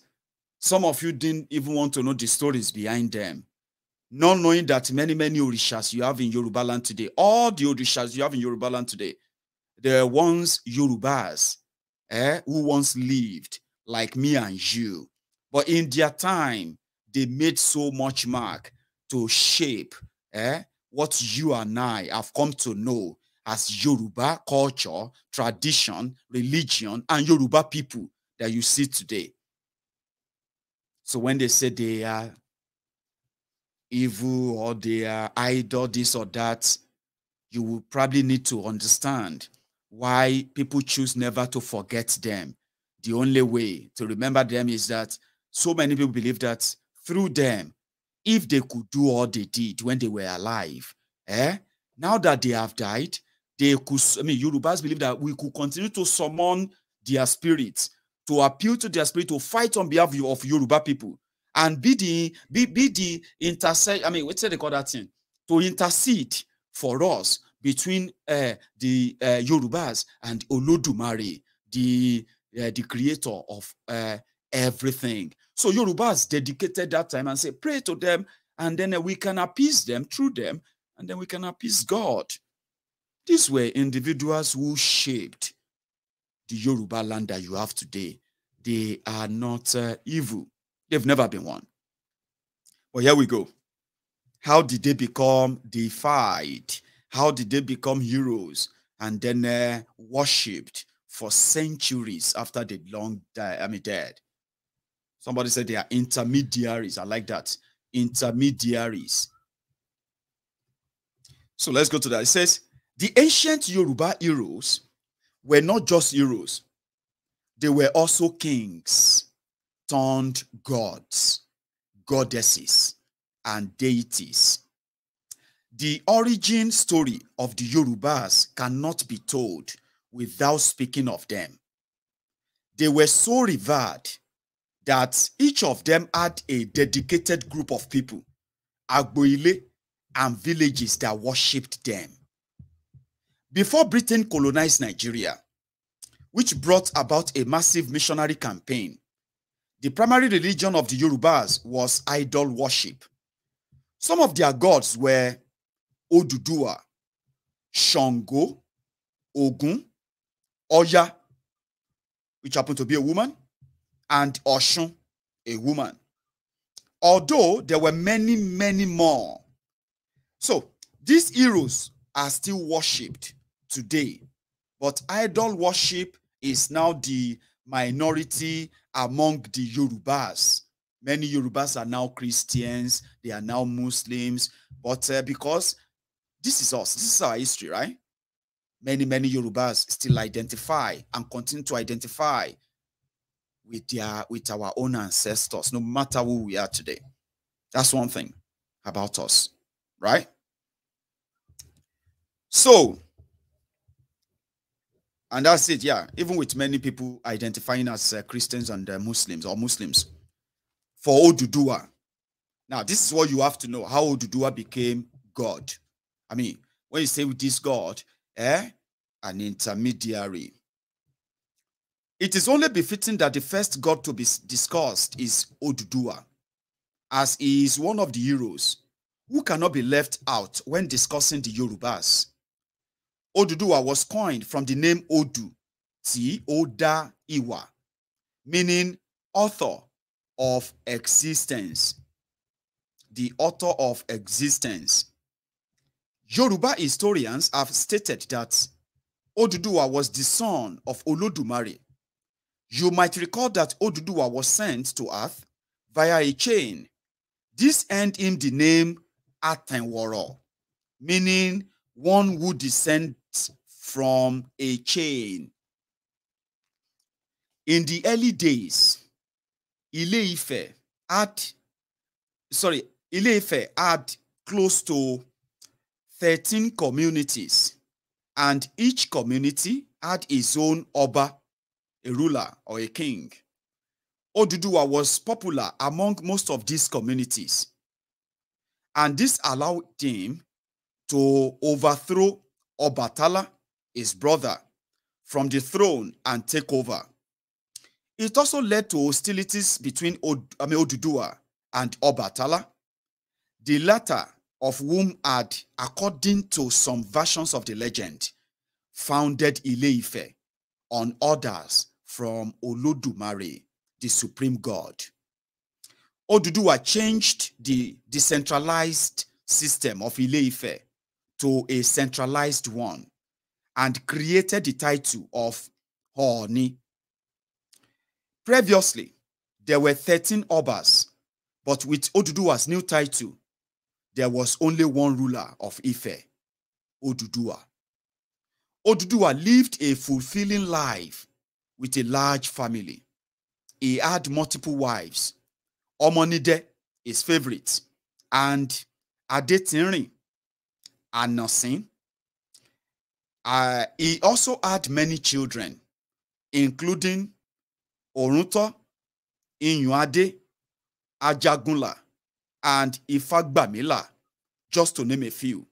Some of you didn't even want to know the stories behind them. Not knowing that many, many orishas you have in Yoruba land today, all the orishas you have in Yoruba land today, are ones Yorubas eh, who once lived like me and you. But in their time, they made so much mark to shape eh, what you and I have come to know as Yoruba culture, tradition, religion, and Yoruba people that you see today. So when they say they are evil or they are idol, this or that, you will probably need to understand why people choose never to forget them. The only way to remember them is that so many people believe that through them if they could do all they did when they were alive. Eh? Now that they have died, they could, I mean, Yorubas believe that we could continue to summon their spirits, to appeal to their spirit, to fight on behalf of Yoruba people, and be the, be, be the intercede, I mean, what's they call that thing? To intercede for us between uh, the uh, Yorubas and Olodumare, the, uh, the creator of everything. So Yoruba has dedicated that time and say, pray to them, and then uh, we can appease them through them, and then we can appease God. These were individuals who shaped the Yoruba land that you have today. They are not uh, evil. They've never been one. But here we go. How did they become deified? How did they become heroes and then uh, worshipped for centuries after they long died? I mean, dead. Somebody said they are intermediaries. I like that. Intermediaries. So let's go to that. It says the ancient Yoruba heroes were not just heroes, they were also kings turned gods, goddesses, and deities. The origin story of the Yorubas cannot be told without speaking of them. They were so revered that each of them had a dedicated group of people, Agboile, and villages that worshipped them. Before Britain colonized Nigeria, which brought about a massive missionary campaign, the primary religion of the Yorubas was idol worship. Some of their gods were Odudua, Shango, Ogun, Oya, which happened to be a woman, and Oshun, a woman. Although there were many, many more. So these heroes are still worshipped today, but idol worship is now the minority among the Yorubas. Many Yorubas are now Christians, they are now Muslims, but uh, because this is us, this is our history, right? Many, many Yorubas still identify and continue to identify with their with our own ancestors, no matter who we are today. That's one thing about us, right? So, and that's it, yeah. Even with many people identifying as uh, Christians and uh, Muslims or Muslims, for Odudua. Now, this is what you have to know: how Odudua became God. I mean, when you say with this God, eh, an intermediary it is only befitting that the first god to be discussed is Odudua, as he is one of the heroes who cannot be left out when discussing the Yorubas. Odudua was coined from the name Odu, Oda Iwa, meaning author of existence. The author of existence. Yoruba historians have stated that Oduduwa was the son of Olodumare, You might recall that Oduduwa was sent to earth via a chain. This earned him the name Atenworo, meaning one who descends from a chain. In the early days, Ile-Ife had, sorry, Ile-Ife had close to 13 communities, and each community had its own Oba a ruler or a king. Oduduwa was popular among most of these communities. And this allowed him to overthrow Obatala, his brother, from the throne and take over. It also led to hostilities between Od Oduduwa and Obatala, the latter of whom had, according to some versions of the legend, founded Ileife on orders from Olodumare, the supreme god. Oduduwa changed the decentralized system of Ileife ife to a centralized one and created the title of Horni. Previously, there were 13 obas, but with Oduduwa's new title, there was only one ruler of Ife, Oduduwa. Oduduwa lived a fulfilling life with a large family. He had multiple wives. Omonide, his favorite, and Adetinrin, Anosin. Uh, he also had many children, including Orunto, Inyuade, Ajagunla, and Ifagbamila, just to name a few.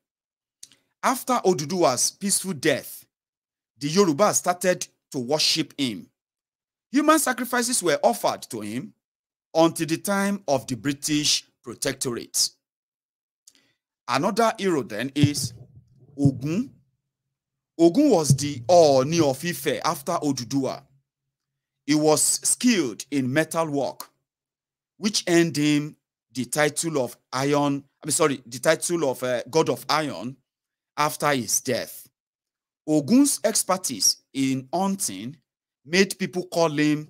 After Oduduwa's peaceful death, the Yoruba started to worship him. Human sacrifices were offered to him until the time of the British protectorate. Another hero then is Ogun. Ogun was the Oni of Ife after Odudua. He was skilled in metal work, which earned him the title of Iron. I'm sorry, the title of uh, God of Iron after his death. Ogun's expertise in hunting made people call him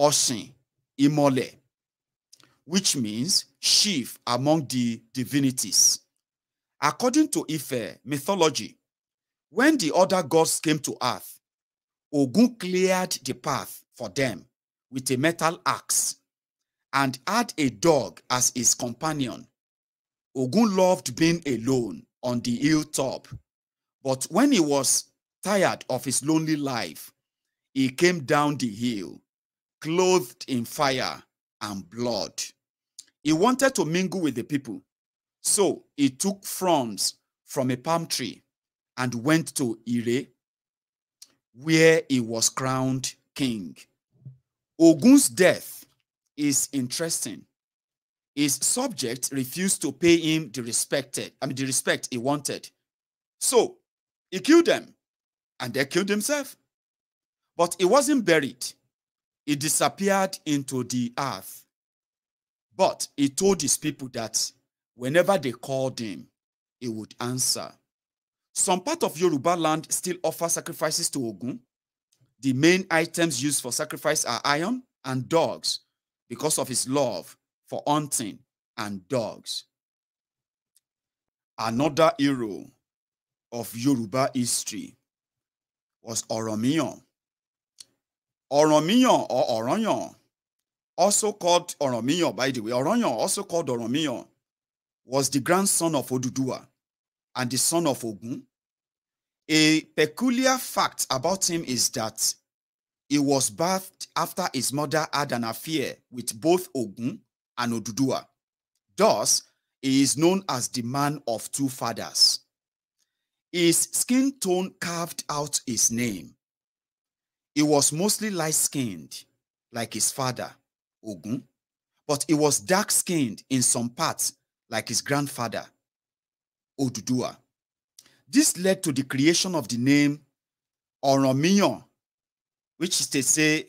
Oshin Imole, which means chief among the divinities. According to Ife mythology, when the other gods came to earth, Ogun cleared the path for them with a metal axe and had a dog as his companion. Ogun loved being alone on the hilltop but when he was tired of his lonely life, he came down the hill, clothed in fire and blood. He wanted to mingle with the people. So he took fronds from a palm tree and went to Ire, where he was crowned king. Ogun's death is interesting. His subjects refused to pay him the respected, I mean the respect he wanted. So he killed them, and they killed himself. But he wasn't buried. He disappeared into the earth. But he told his people that whenever they called him, he would answer. Some part of Yoruba land still offer sacrifices to Ogun. The main items used for sacrifice are iron and dogs because of his love for hunting and dogs. Another hero of Yoruba history was Oromiyan. Oromiyan or Oranyan, also called Oromiyan by the way, Oranyan, also called Oromiyan, was the grandson of Oduduwa and the son of Ogun. A peculiar fact about him is that he was birthed after his mother had an affair with both Ogun and Oduduwa. Thus, he is known as the man of two fathers. His skin tone carved out his name. He was mostly light skinned, like his father, Ogun, but he was dark skinned in some parts, like his grandfather, Odudua. This led to the creation of the name Oromiyan, which is to say,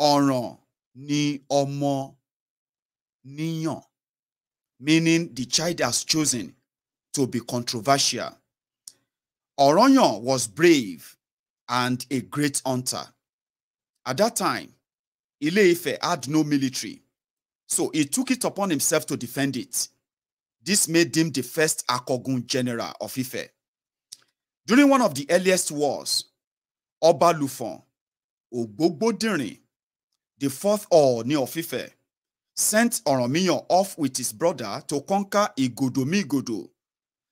Oron ni Omo meaning the child has chosen to be controversial Oronyo was brave and a great hunter. At that time, Ile-Ife had no military, so he took it upon himself to defend it. This made him the first Akogun general of Ife. During one of the earliest wars, Oba Lufon, Ogbogbodirin, the fourth Ooni of Ife, sent Oromiyan off with his brother to conquer Igodomigodo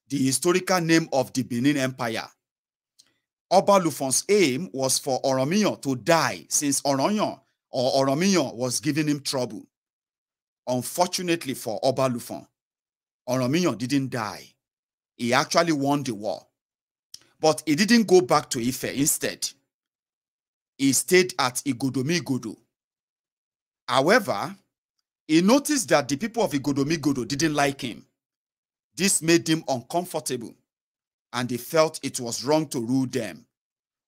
the historical name of the Benin Empire. Oba Lufon's aim was for Oromiyan to die since Oromiyan or Oromiyan was giving him trouble. Unfortunately for Oba Lufon, didn't die. He actually won the war. But he didn't go back to Ife instead. He stayed at Igodomigodo. However, he noticed that the people of Igodomigodo didn't like him this made them uncomfortable, and they felt it was wrong to rule them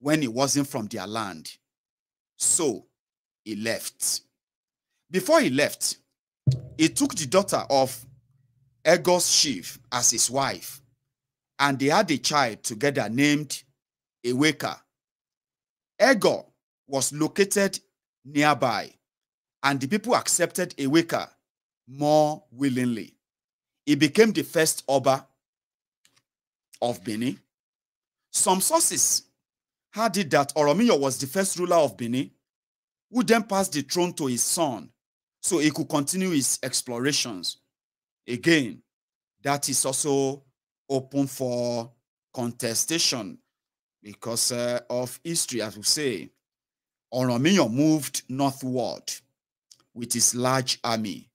when he wasn't from their land. So he left. Before he left, he took the daughter of Egos chief as his wife, and they had a child together named Eweka. Ego was located nearby, and the people accepted Eweka more willingly. He became the first Oba of Benin. Some sources had it that Oromiyo was the first ruler of Benin, who then passed the throne to his son so he could continue his explorations. Again, that is also open for contestation because uh, of history, as we say. Oromiyo moved northward with his large army.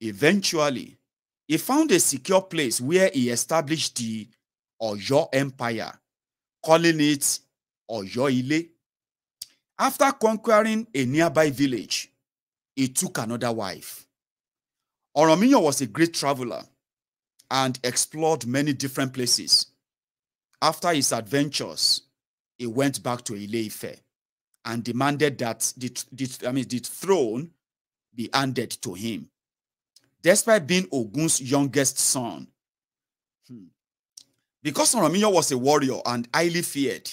Eventually, he found a secure place where he established the Oyo Empire, calling it Ile. After conquering a nearby village, he took another wife. Oromiyo was a great traveler and explored many different places. After his adventures, he went back to Ile-Ife and demanded that the, the, I mean, the throne be handed to him despite being Ogun's youngest son. Hmm. Because Oramiyo was a warrior and highly feared,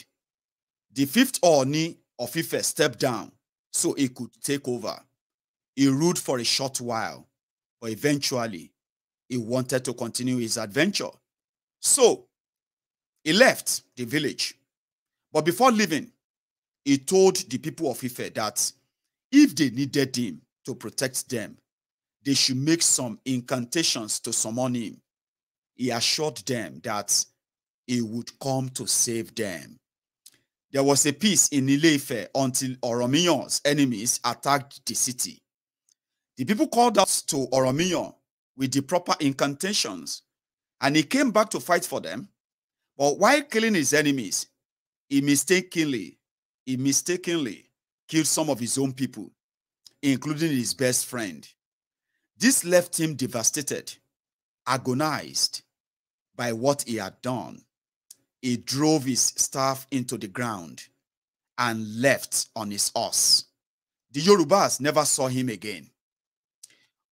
the fifth Oni of Ife stepped down so he could take over. He ruled for a short while, but eventually he wanted to continue his adventure. So he left the village. But before leaving, he told the people of Ife that if they needed him to protect them, they should make some incantations to summon him. He assured them that he would come to save them. There was a peace in Ileife until Oromion's enemies attacked the city. The people called out to Oromion with the proper incantations, and he came back to fight for them. But while killing his enemies, he mistakenly, he mistakenly killed some of his own people, including his best friend. This left him devastated, agonized by what he had done. He drove his staff into the ground and left on his horse. The Yorubas never saw him again.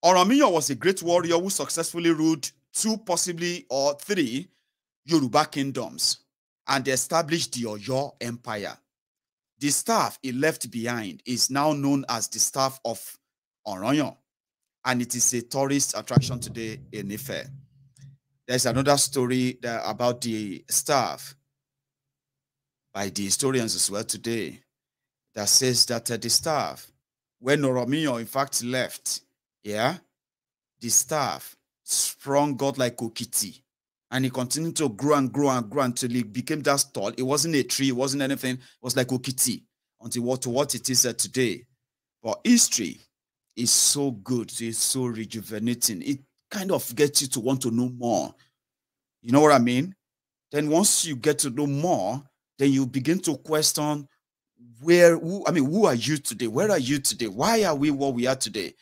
Oramiyan was a great warrior who successfully ruled two, possibly or three, Yoruba kingdoms and established the Oyo Empire. The staff he left behind is now known as the staff of Oranyan and it is a tourist attraction today in Ife. There's another story about the staff by the historians as well today that says that uh, the staff, when Oromiyo in fact left, yeah, the staff sprung God like Okiti and he continued to grow and grow and grow until he became that tall. It wasn't a tree, it wasn't anything, it was like Okiti until what, what it is uh, today. But history is so good, it's so rejuvenating. It kind of gets you to want to know more. You know what I mean? Then once you get to know more, then you begin to question where who I mean, who are you today? Where are you today? Why are we what we are today?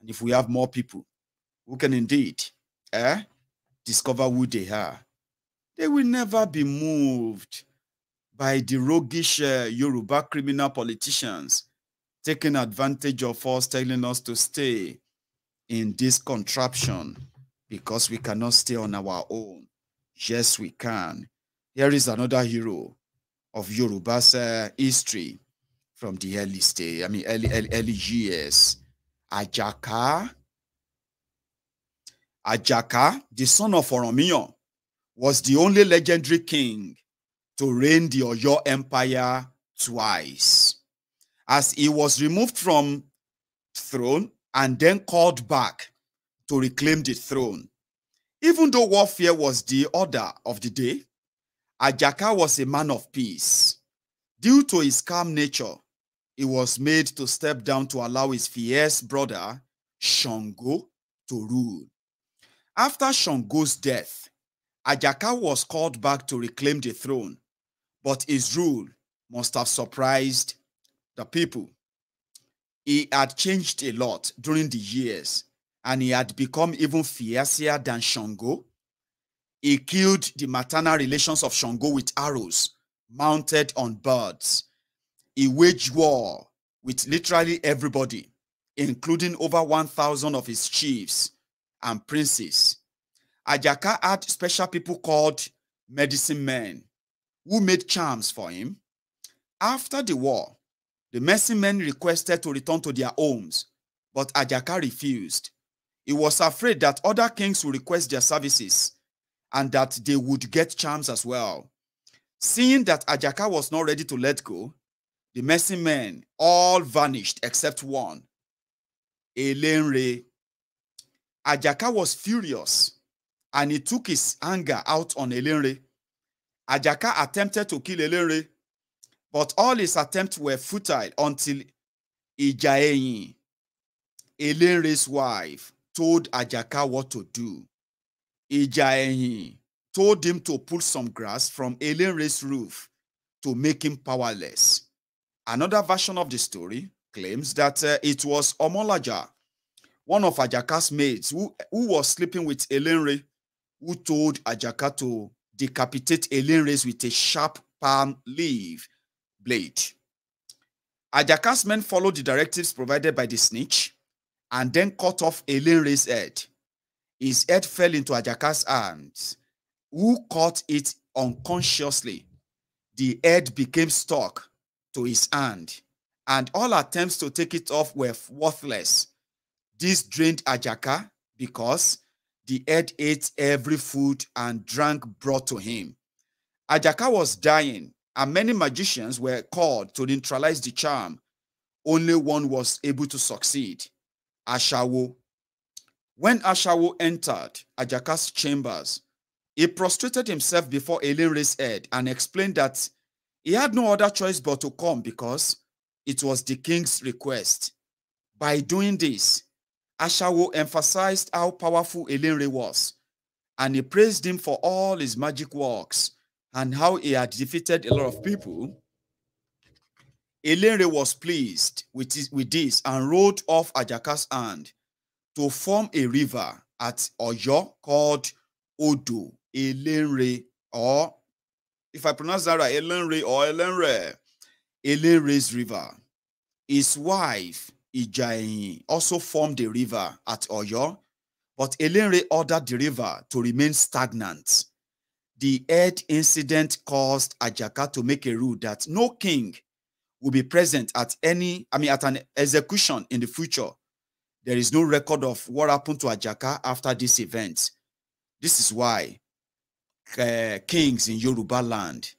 And if we have more people who can indeed eh, discover who they are, they will never be moved by the roguish uh, Yoruba criminal politicians taking advantage of us, telling us to stay in this contraption because we cannot stay on our own. Yes, we can. Here is another hero of Yoruba's uh, history from the early stage, I mean, early, early, early years. Ajaka, Ajaka, the son of Oromio, was the only legendary king to reign the Oyo Empire twice as he was removed from throne and then called back to reclaim the throne. Even though warfare was the order of the day, Ajaka was a man of peace. Due to his calm nature, he was made to step down to allow his fierce brother, Shango, to rule. After Shango's death, Ajaka was called back to reclaim the throne, but his rule must have surprised the people, he had changed a lot during the years, and he had become even fiercer than Shango. He killed the maternal relations of Shango with arrows mounted on birds. He waged war with literally everybody, including over 1,000 of his chiefs and princes. Ajaka had special people called medicine men who made charms for him. After the war, the Mercy men requested to return to their homes, but Ajaka refused. He was afraid that other kings would request their services and that they would get charms as well. Seeing that Ajaka was not ready to let go, the Mercy men all vanished except one, Elenre. Ajaka was furious and he took his anger out on Elenre. Ajaka attempted to kill Elenre, but all his attempts were futile until Ijaeyin, Elenre's wife, told Ajaka what to do. Ijaeyin told him to pull some grass from Elenre's roof to make him powerless. Another version of the story claims that uh, it was Omolaja, one of Ajaka's maids who, who was sleeping with Elenre, who told Ajaka to decapitate Elenre with a sharp palm leaf blade. Ajaka's men followed the directives provided by the snitch and then cut off Elenre's head. His head fell into Ajaka's hands, who caught it unconsciously. The head became stuck to his hand, and all attempts to take it off were worthless. This drained Ajaka because the head ate every food and drank brought to him. Ajaka was dying and many magicians were called to neutralize the charm. Only one was able to succeed, Ashawo. When Ashawo entered Ajaka's chambers, he prostrated himself before Elinre's head and explained that he had no other choice but to come because it was the king's request. By doing this, Ashawo emphasized how powerful Elinre was, and he praised him for all his magic works and how he had defeated a lot of people, Elenre was pleased with, with this and wrote off Ajaka's hand to form a river at Oyo called Odo, Elenre, or if I pronounce that right, Elenre or Elenre, Elenre's river. His wife, Ijayin, also formed a river at Oyo, but Elenre ordered the river to remain stagnant the head incident caused Ajaka to make a rule that no king will be present at any, I mean, at an execution in the future. There is no record of what happened to Ajaka after this event. This is why uh, kings in Yoruba land,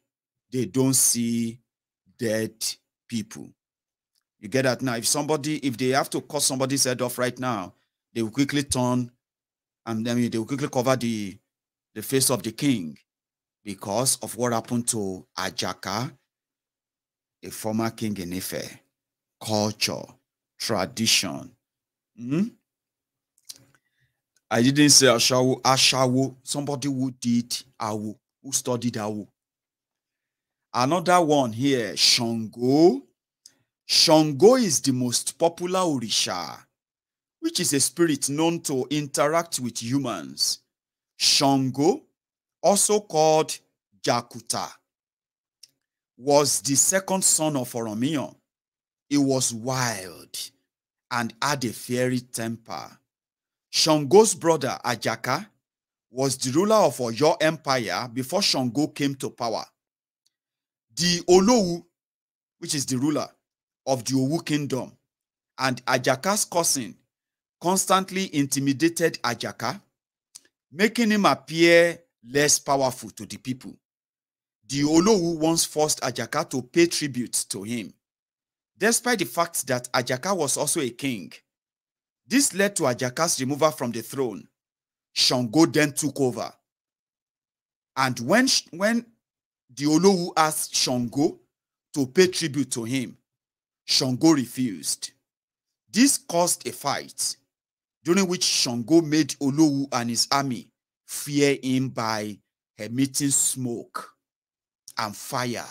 they don't see dead people. You get that now? If somebody, if they have to cut somebody's head off right now, they will quickly turn and then they will quickly cover the the face of the king because of what happened to Ajaka, a former king in Ife. Culture, tradition. Mm? I didn't say Ashawo, Ashawo, somebody who did who studied Another one here, Shango. Shango is the most popular Orisha, which is a spirit known to interact with humans Shango, also called Jakuta, was the second son of Oromiyan. He was wild and had a fiery temper. Shango's brother, Ajaka, was the ruler of Oyo Empire before Shango came to power. The Olowu, which is the ruler of the Owu kingdom, and Ajaka's cousin constantly intimidated Ajaka making him appear less powerful to the people. The Olowu once forced Ajaka to pay tribute to him, despite the fact that Ajaka was also a king. This led to Ajaka's removal from the throne. Shango then took over. And when, when the Olowu asked Shango to pay tribute to him, Shango refused. This caused a fight during which Shango made Olowu and his army fear him by emitting smoke and fire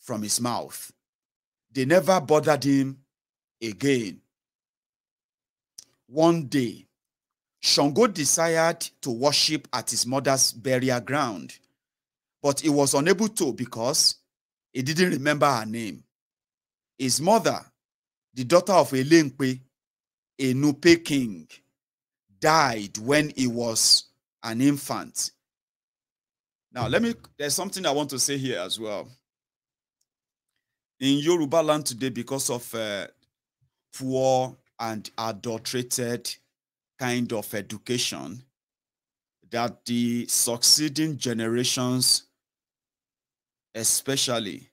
from his mouth. They never bothered him again. One day, Shango desired to worship at his mother's burial ground, but he was unable to because he didn't remember her name. His mother, the daughter of Elenkwe, Enupe king, died when he was an infant. Now, let me, there's something I want to say here as well. In Yoruba land today, because of uh, poor and adulterated kind of education, that the succeeding generations, especially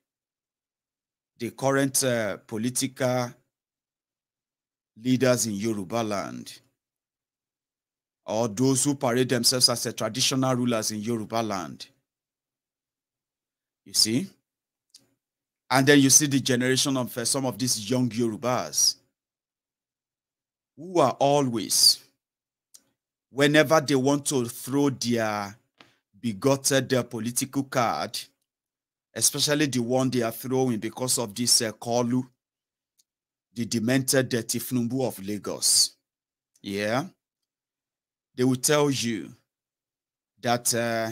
the current uh, political leaders in Yoruba land, or those who parade themselves as the traditional rulers in Yoruba land. You see? And then you see the generation of uh, some of these young Yorubas who are always, whenever they want to throw their begotted their uh, political card, especially the one they are throwing because of this uh, the demented Dirty Fnumbu of Lagos. Yeah. They will tell you that uh,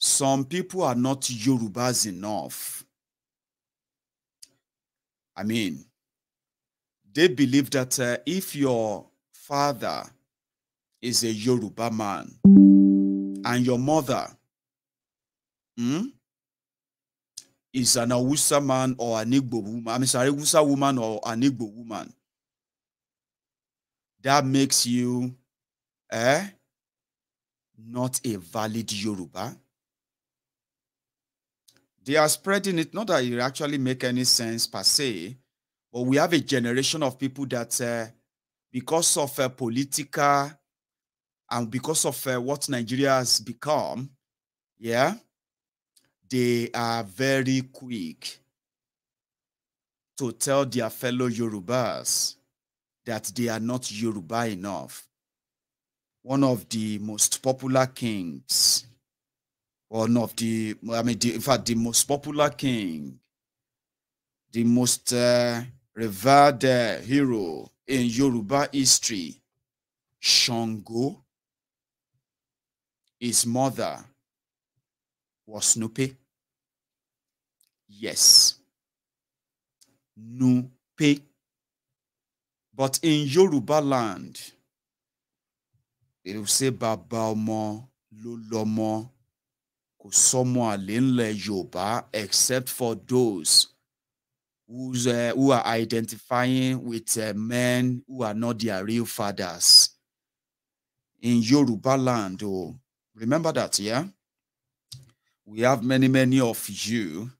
some people are not Yorubas enough. I mean, they believe that uh, if your father is a Yoruba man and your mother, hmm, is an Awusa man or an Igbo woman. I mean, sorry, Awusa woman or an Igbo woman. That makes you eh, not a valid Yoruba. They are spreading it, not that it actually make any sense per se, but we have a generation of people that uh, because of uh, political and because of uh, what Nigeria has become, yeah, they are very quick to tell their fellow Yorubas that they are not Yoruba enough. One of the most popular kings, one of the, I mean, the, in fact, the most popular king, the most uh, revered uh, hero in Yoruba history, Shango, his mother Was Nupe? Yes. Nupe. But in Yoruba land, they will say Baba Omo, Lulomo, Kusomo Alinle Yoruba, except for those who's, uh, eh, who are identifying with uh, men who are not their real fathers in Yoruba land. Oh, remember that, yeah? we have many, many of you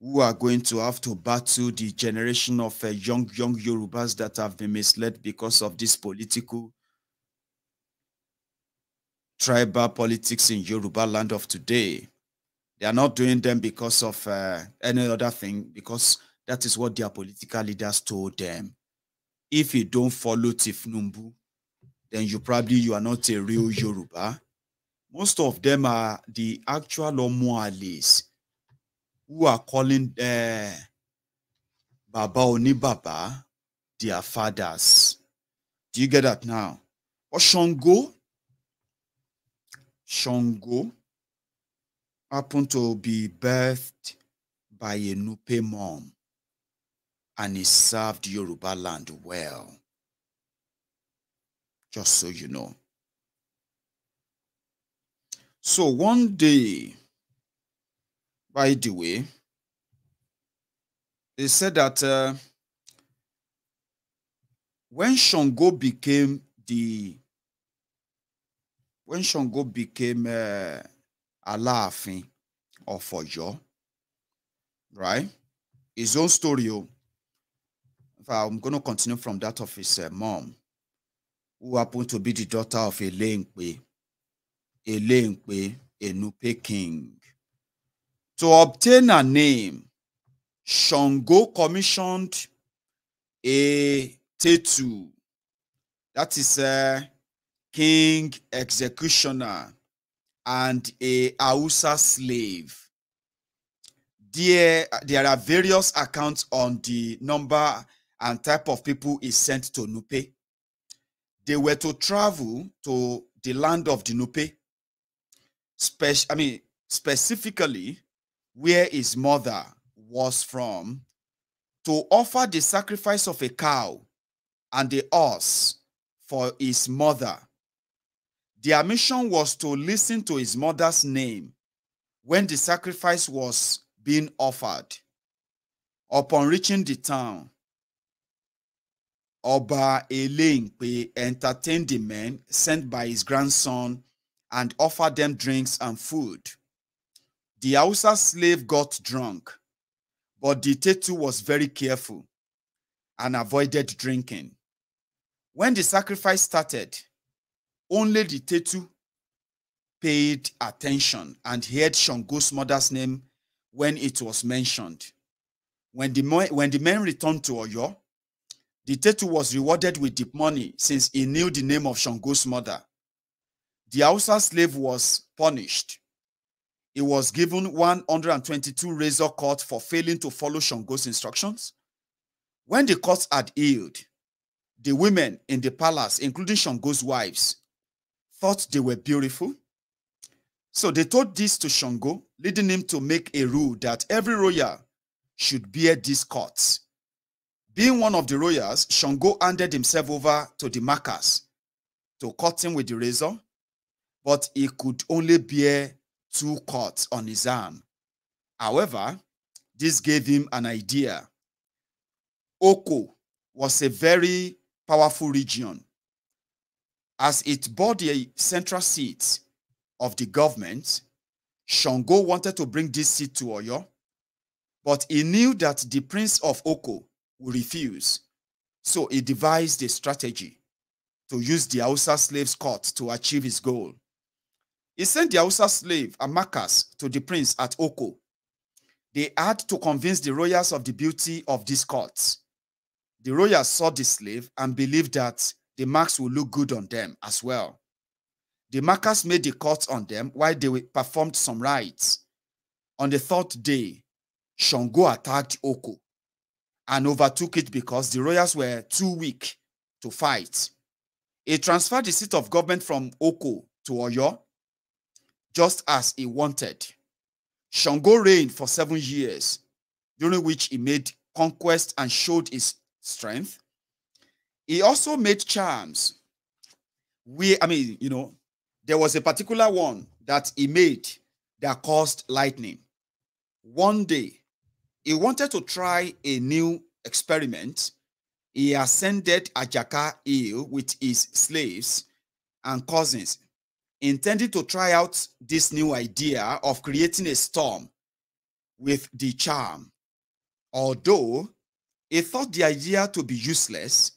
who are going to have to battle the generation of uh, young, young Yorubas that have been misled because of this political tribal politics in Yoruba land of today. They are not doing them because of uh, any other thing, because that is what their political leaders told them. If you don't follow Tifnumbu, then you probably you are not a real Yoruba most of them are the actual Omualis who are calling uh, Baba Oni Baba their fathers. Do you get that now? Or Shango? Shango happened to be birthed by a Nupe mom and he served Yoruba land well. Just so you know. So one day, by the way, they said that uh, when Shango became the when Shango became uh, Alaafin of Ọ̀yọ́, right? His own story. Oh. I'm going to continue from that of his uh, mom, who happened to be the daughter of a Eléńpé. a Enupe King. To obtain a name, Shango commissioned a Tetu, that is a king executioner, and a Hausa slave. There, there are various accounts on the number and type of people he sent to Nupe. They were to travel to the land of the Nupe special I mean specifically where his mother was from to offer the sacrifice of a cow and the horse for his mother. Their mission was to listen to his mother's name when the sacrifice was being offered. Upon reaching the town, Oba Elengpe entertained the men sent by his grandson and offered them drinks and food. The Hausa slave got drunk, but the Tetu was very careful and avoided drinking. When the sacrifice started, only the Tetu paid attention and heard Shango's mother's name when it was mentioned. When the, when the men returned to Oyo, the Tetu was rewarded with the money since he knew the name of Shango's mother the Hausa slave was punished. He was given 122 razor cuts for failing to follow Shango's instructions. When the cuts had healed, the women in the palace, including Shango's wives, thought they were beautiful. So they told this to Shango, leading him to make a rule that every royal should bear these cuts. Being one of the royals, Shango handed himself over to the markers to cut him with the razor but he could only bear two cuts on his arm. However, this gave him an idea. Oko was a very powerful region. As it bore the central seat of the government, Shango wanted to bring this seat to Oyo, but he knew that the prince of Oko would refuse. So he devised a strategy to use the Hausa slaves' court to achieve his goal. He sent the Hausa slave Amakas to the prince at Oko. They had to convince the royals of the beauty of this court. The royals saw the slave and believed that the marks would look good on them as well. The markers made the court on them while they performed some rites. On the third day, Shango attacked Oko and overtook it because the royals were too weak to fight. He transferred the seat of government from Oko to Oyo just as he wanted. Shango reigned for seven years, during which he made conquest and showed his strength. He also made charms. We, I mean, you know, there was a particular one that he made that caused lightning. One day, he wanted to try a new experiment. He ascended Ajaka Hill with his slaves and cousins intending to try out this new idea of creating a storm with the charm. Although he thought the idea to be useless,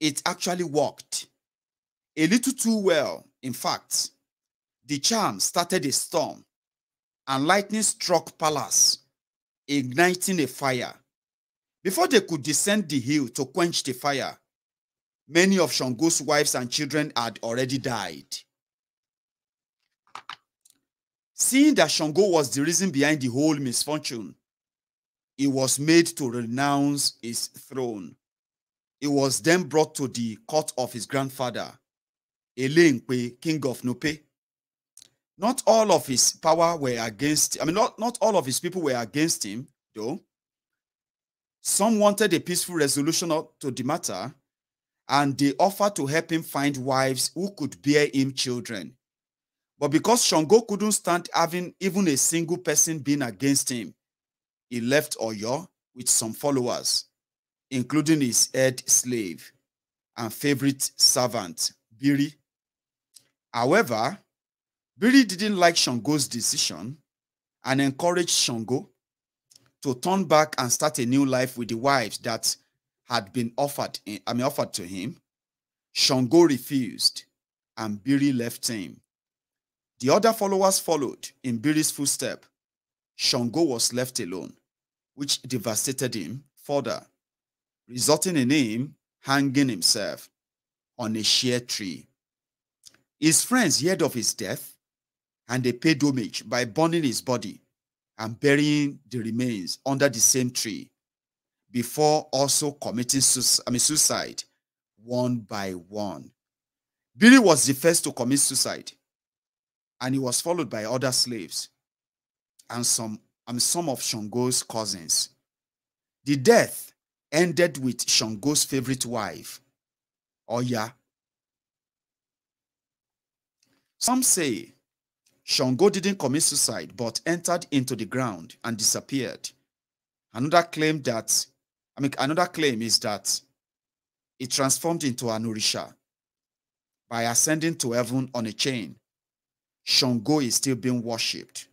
it actually worked. A little too well, in fact. The charm started a storm, and lightning struck Pallas, igniting a fire. Before they could descend the hill to quench the fire, many of Shango's wives and children had already died. Seeing that Shango was the reason behind the whole misfortune, he was made to renounce his throne. He was then brought to the court of his grandfather, Elenkwe, king of Nupe. Not all of his power were against, I mean, not, not all of his people were against him, though. Some wanted a peaceful resolution to the matter, and they offered to help him find wives who could bear him children. But because Shango couldn't stand having even a single person being against him, he left Oyo with some followers, including his head slave and favorite servant, Biri. However, Biri didn't like Shango's decision and encouraged Shango to turn back and start a new life with the wives that had been offered, I mean, offered to him. Shango refused and Biri left him the other followers followed in Billy's footstep. Shango was left alone, which devastated him further, resulting in him hanging himself on a sheer tree. His friends heard of his death and they paid homage by burning his body and burying the remains under the same tree before also committing suicide one by one. Billy was the first to commit suicide and he was followed by other slaves and some, and some of Shango's cousins. The death ended with Shango's favorite wife, Oya. Some say Shango didn't commit suicide but entered into the ground and disappeared. Another claim that, I mean, another claim is that it transformed into an orisha by ascending to heaven on a chain Shango is still being worshipped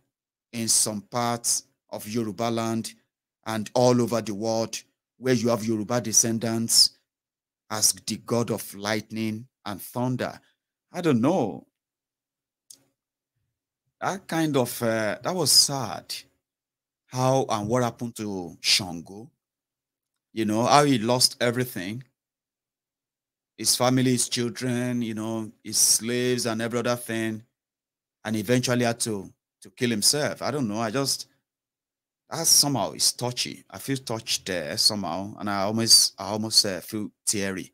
in some parts of Yoruba land and all over the world where you have Yoruba descendants as the god of lightning and thunder. I don't know. That kind of, uh, that was sad. How and what happened to Shango? You know, how he lost everything. His family, his children, you know, his slaves and every other thing and eventually had to to kill himself. I don't know. I just that somehow is touchy. I feel touched there somehow, and I almost I almost uh, feel teary.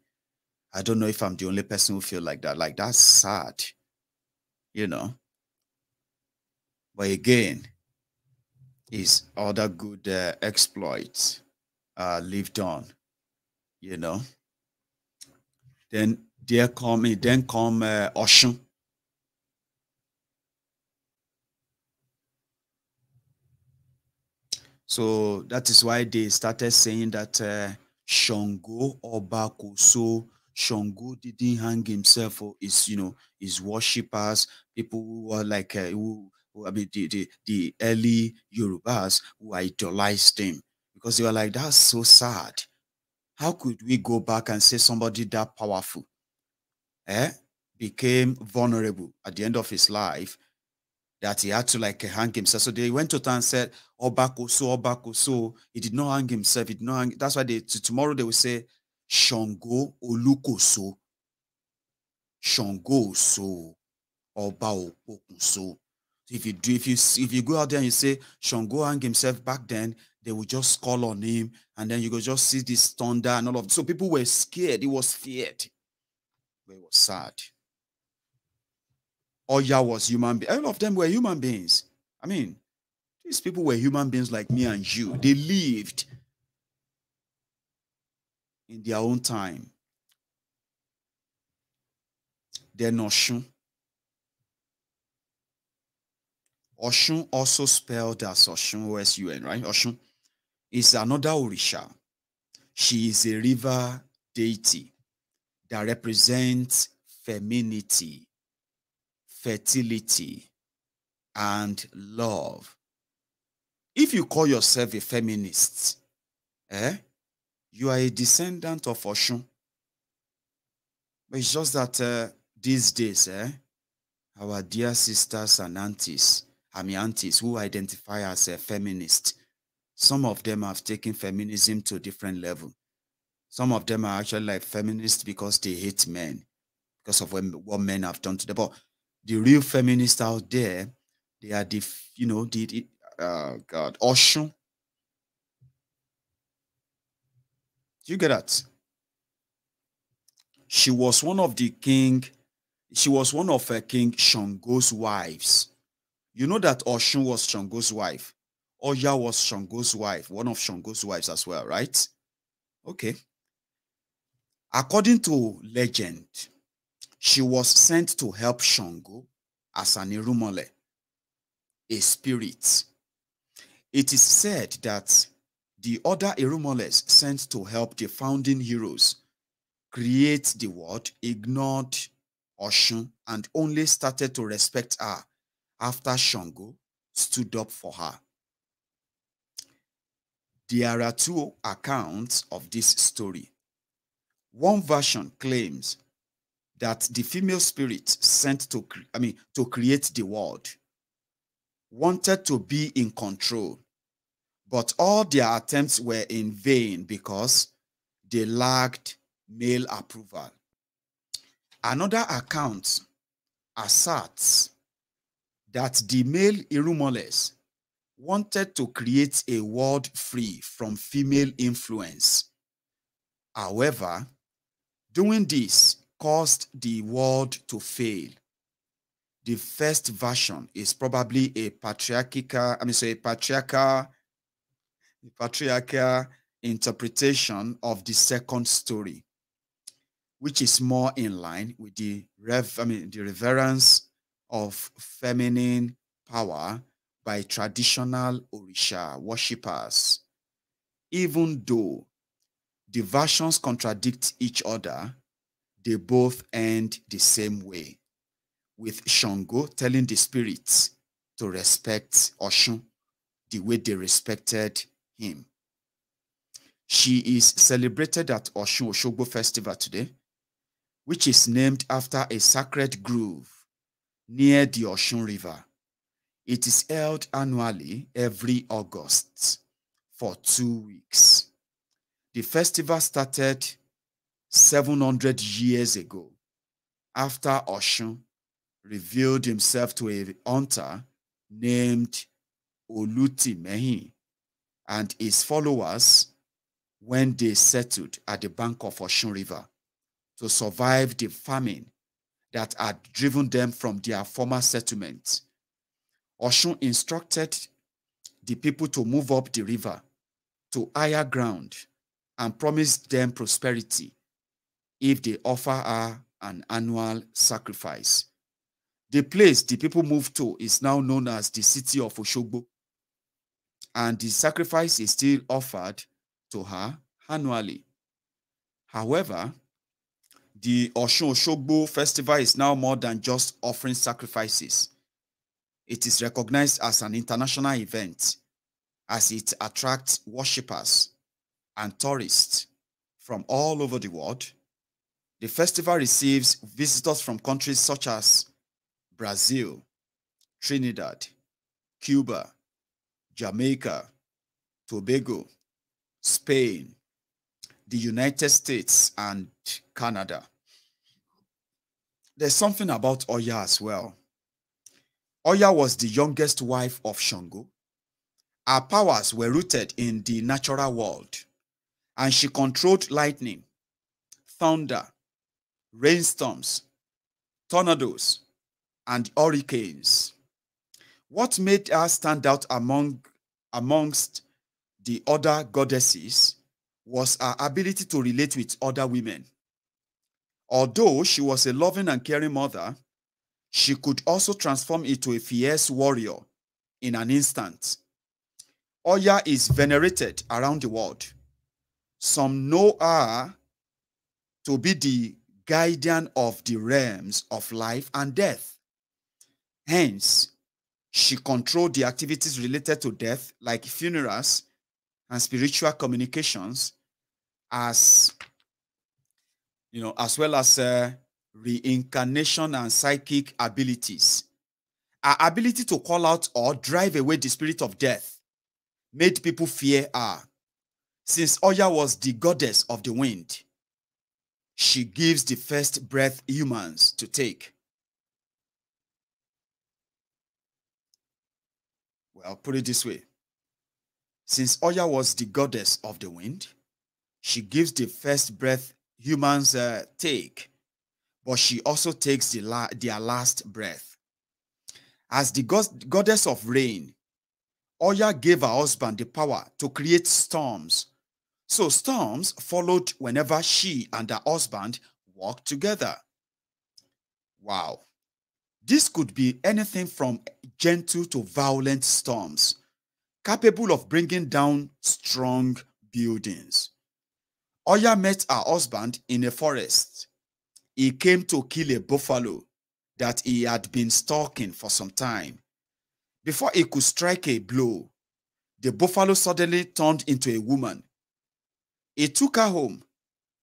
I don't know if I'm the only person who feel like that. Like that's sad, you know. But again, his other good uh, exploits uh, lived on, you know. Then there come then come uh, Ocean So that is why they started saying that uh, Shango Oba so Shango didn't hang himself or his, you know, his worshippers, people who were like, uh, who, who, I mean, the, the, the early Yorubas who idolized him because they were like, that's so sad. How could we go back and say somebody that powerful eh, became vulnerable at the end of his life that he had to like hang himself. So they went to town and said, Obako, so Obako, so he did not hang himself. He did not hang. That's why they to tomorrow they will say Shango Olukoso. Shango so Oba so. If you do, if you if you go out there and you say Shango hang himself back then, they will just call on him, and then you go just see this thunder and all of. So people were scared. It was feared. But it was sad yah was human. Be- All of them were human beings. I mean, these people were human beings like me and you. They lived in their own time. Their Oshun. Oshun also spelled as Oshun, O-S-U-N, right? Oshun is another Orisha. She is a river deity that represents femininity fertility, and love. If you call yourself a feminist, eh, you are a descendant of Oshun. But it's just that uh, these days, eh, our dear sisters and aunties, I mean aunties who identify as a feminist, some of them have taken feminism to a different level. Some of them are actually like feminists because they hate men, because of what men have done to them. But the real feminists out there, they are the, you know, the, uh, God, Oshun. Do you get that? She was one of the king, she was one of her uh, king Shango's wives. You know that Oshun was Shango's wife. Oya was Shango's wife, one of Shango's wives as well, right? Okay. According to legend, she was sent to help Shango as an irumole, a spirit. It is said that the other Irumoles sent to help the founding heroes create the world ignored Oshun and only started to respect her after Shango stood up for her. There are two accounts of this story. One version claims that the female spirit sent to i mean to create the world wanted to be in control but all their attempts were in vain because they lacked male approval another account asserts that the male irumoles wanted to create a world free from female influence however doing this caused the world to fail. The first version is probably a patriarchal, I mean, so a patriarchal, patriarchal interpretation of the second story, which is more in line with the rev, I mean, the reverence of feminine power by traditional Orisha worshippers. Even though the versions contradict each other, they both end the same way, with Shango telling the spirits to respect Oshun the way they respected him. She is celebrated at Oshun Oshogbo Festival today, which is named after a sacred grove near the Oshun River. It is held annually every August for two weeks. The festival started 700 years ago, after Oshun revealed himself to a hunter named Mehi and his followers when they settled at the bank of Oshun River to survive the famine that had driven them from their former settlement. Oshun instructed the people to move up the river to higher ground and promised them prosperity if they offer her an annual sacrifice. The place the people moved to is now known as the city of Oshogbo, and the sacrifice is still offered to her annually. However, the Oshun Oshogbo festival is now more than just offering sacrifices. It is recognized as an international event as it attracts worshippers and tourists from all over the world the festival receives visitors from countries such as Brazil, Trinidad, Cuba, Jamaica, Tobago, Spain, the United States, and Canada. There's something about Oya as well. Oya was the youngest wife of Shango. Her powers were rooted in the natural world, and she controlled lightning, thunder, rainstorms, tornadoes, and hurricanes. What made her stand out among, amongst the other goddesses was her ability to relate with other women. Although she was a loving and caring mother, she could also transform into a fierce warrior in an instant. Oya is venerated around the world. Some know her to be the guardian of the realms of life and death. Hence, she controlled the activities related to death, like funerals and spiritual communications, as you know, as well as uh, reincarnation and psychic abilities. Her ability to call out or drive away the spirit of death made people fear her, since Oya was the goddess of the wind she gives the first breath humans to take. Well, put it this way. Since Oya was the goddess of the wind, she gives the first breath humans uh, take, but she also takes the la their last breath. As the go goddess of rain, Oya gave her husband the power to create storms so storms followed whenever she and her husband walked together. Wow. This could be anything from gentle to violent storms, capable of bringing down strong buildings. Oya met her husband in a forest. He came to kill a buffalo that he had been stalking for some time. Before he could strike a blow, the buffalo suddenly turned into a woman he took her home,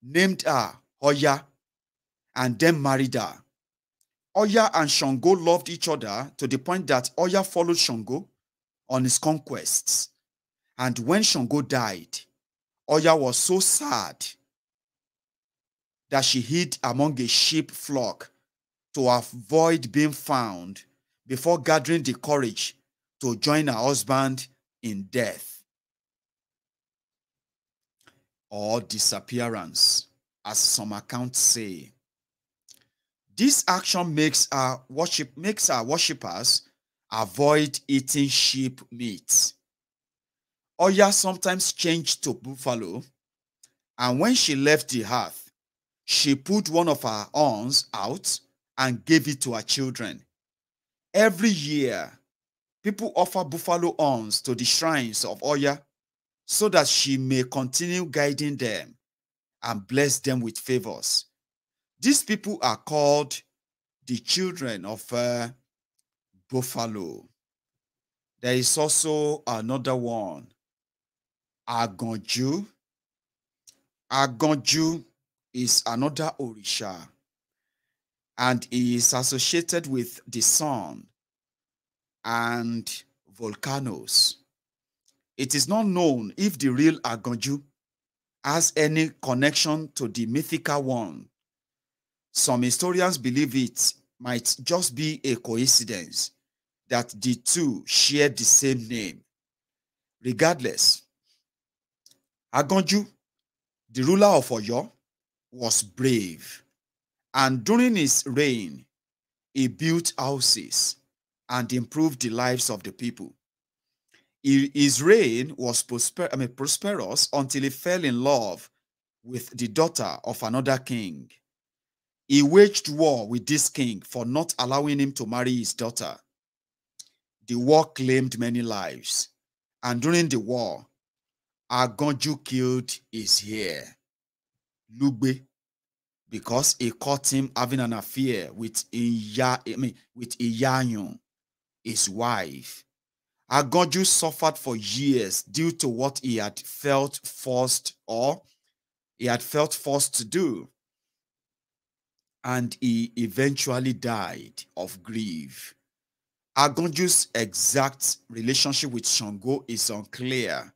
named her Oya, and then married her. Oya and Shango loved each other to the point that Oya followed Shango on his conquests. And when Shango died, Oya was so sad that she hid among a sheep flock to avoid being found before gathering the courage to join her husband in death or disappearance, as some accounts say. This action makes our worship makes our worshippers avoid eating sheep meat. Oya sometimes changed to buffalo, and when she left the hearth, she put one of her horns out and gave it to her children. Every year, people offer buffalo horns to the shrines of Oya so that she may continue guiding them and bless them with favors. These people are called the children of uh, Buffalo. There is also another one, Agonju. Agonju is another Orisha and is associated with the sun and volcanoes. It is not known if the real Agonju has any connection to the mythical one. Some historians believe it might just be a coincidence that the two share the same name. Regardless, Agonju, the ruler of Oyo, was brave. And during his reign, he built houses and improved the lives of the people. His reign was prosper, I mean, prosperous until he fell in love with the daughter of another king. He waged war with this king for not allowing him to marry his daughter. The war claimed many lives. And during the war, Agonju killed his heir, Lugbe, because he caught him having an affair with Iya, I mean, with Iyanyo, his wife. Agonju suffered for years due to what he had felt forced or he had felt forced to do. And he eventually died of grief. Agonju's exact relationship with Shango is unclear,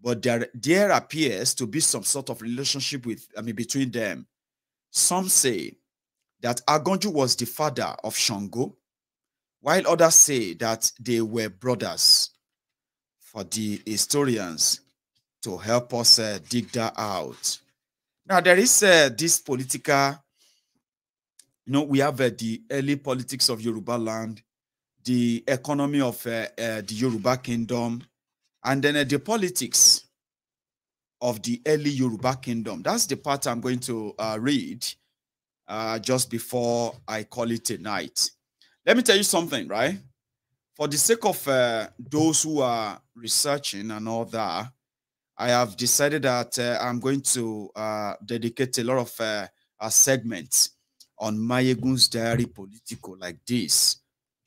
but there, there appears to be some sort of relationship with, I mean, between them. Some say that Agonju was the father of Shango while others say that they were brothers. For the historians to help us uh, dig that out. Now, there is uh, this political, you know, we have uh, the early politics of Yoruba land, the economy of uh, uh, the Yoruba kingdom, and then uh, the politics of the early Yoruba kingdom. That's the part I'm going to read just before I call it a night. Let me tell you something, right? For the sake of uh, those who are researching and all that, I have decided that uh, I'm going to uh, dedicate a lot of uh, segments on Mayegun's Diary political like this,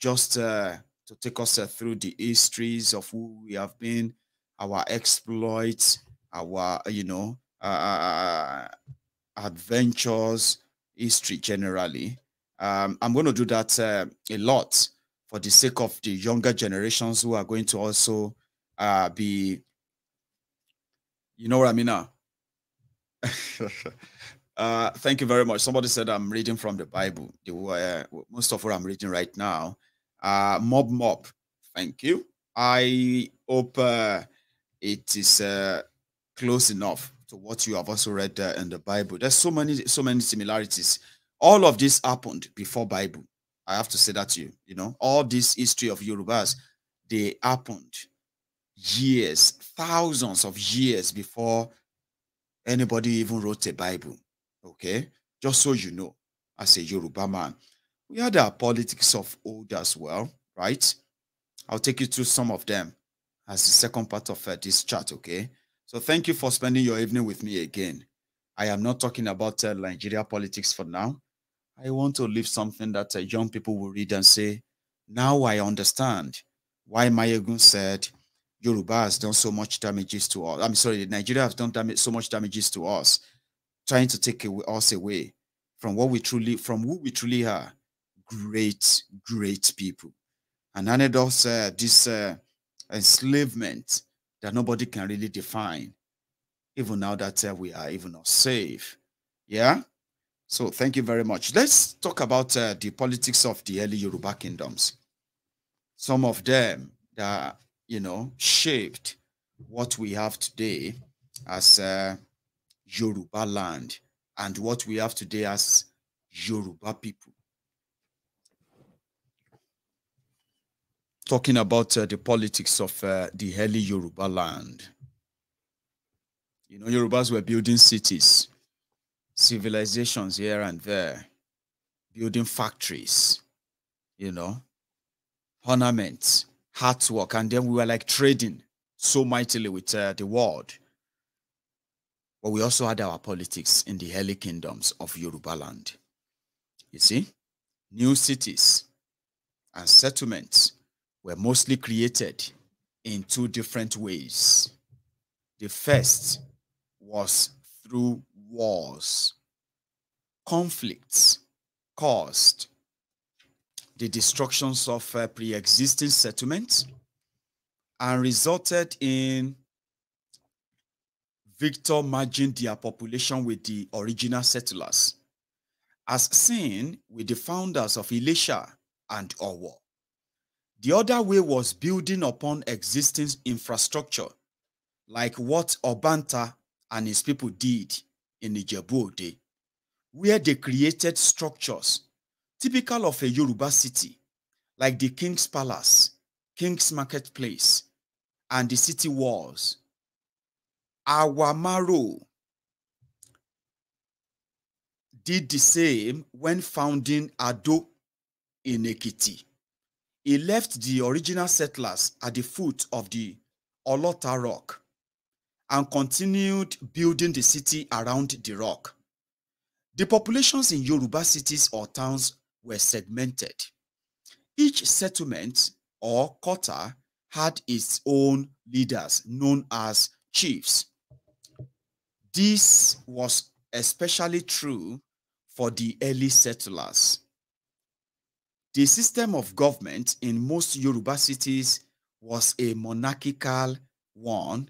just uh, to take us uh, through the histories of who we have been, our exploits, our, you know, uh, adventures, history generally. Um, I'm going to do that uh, a lot for the sake of the younger generations who are going to also uh, be, you know what I mean now? uh, thank you very much. Somebody said I'm reading from the Bible. The, uh, most of what I'm reading right now. Uh, mob Mob, thank you. I hope uh, it is close enough to what you have also read in the Bible. There's so many, so many similarities all of this happened before Bible. I have to say that to you. You know, all this history of Yorubas, they happened years, thousands of years before anybody even wrote a Bible. Okay? Just so you know, as a Yoruba man. We had our politics of old as well, right? I'll take you through some of them as the second part of uh, this chat, okay? So thank you for spending your evening with me again. I am not talking about uh, Nigeria politics for now. I want to leave something that uh, young people will read and say, now I understand why Mayegun said Yoruba has done so much damages to us. I'm sorry, Nigeria has done damage, so much damages to us, trying to take us away from what we truly, from who we truly are. Great, great people. And anecdotes, uh, this uh, enslavement that nobody can really define, even now that uh, we are even not safe. Yeah? So thank you very much. Let's talk about uh, the politics of the early Yoruba kingdoms. Some of them that, you know, shaped what we have today as uh, Yoruba land and what we have today as Yoruba people. Talking about uh, the politics of uh, the early Yoruba land. You know, Yorubas were building cities civilizations here and there, building factories, you know, ornaments, hard work. And then we were like trading so mightily with uh, the world. But we also had our politics in the early kingdoms of Yoruba land. You see, new cities and settlements were mostly created in two different ways. The first was through wars, conflicts caused the destructions of uh, pre-existing settlements and resulted in Victor merging their population with the original settlers, as seen with the founders of Elisha and Owo. The other way was building upon existing infrastructure, like what Obanta and his people did in Ijebu where they created structures typical of a Yoruba city, like the King's Palace, King's Marketplace, and the city walls. Awamaro did the same when founding Ado in Ekiti. He left the original settlers at the foot of the Olota Rock and continued building the city around the rock. The populations in Yoruba cities or towns were segmented. Each settlement or quarter had its own leaders known as chiefs. This was especially true for the early settlers. The system of government in most Yoruba cities was a monarchical one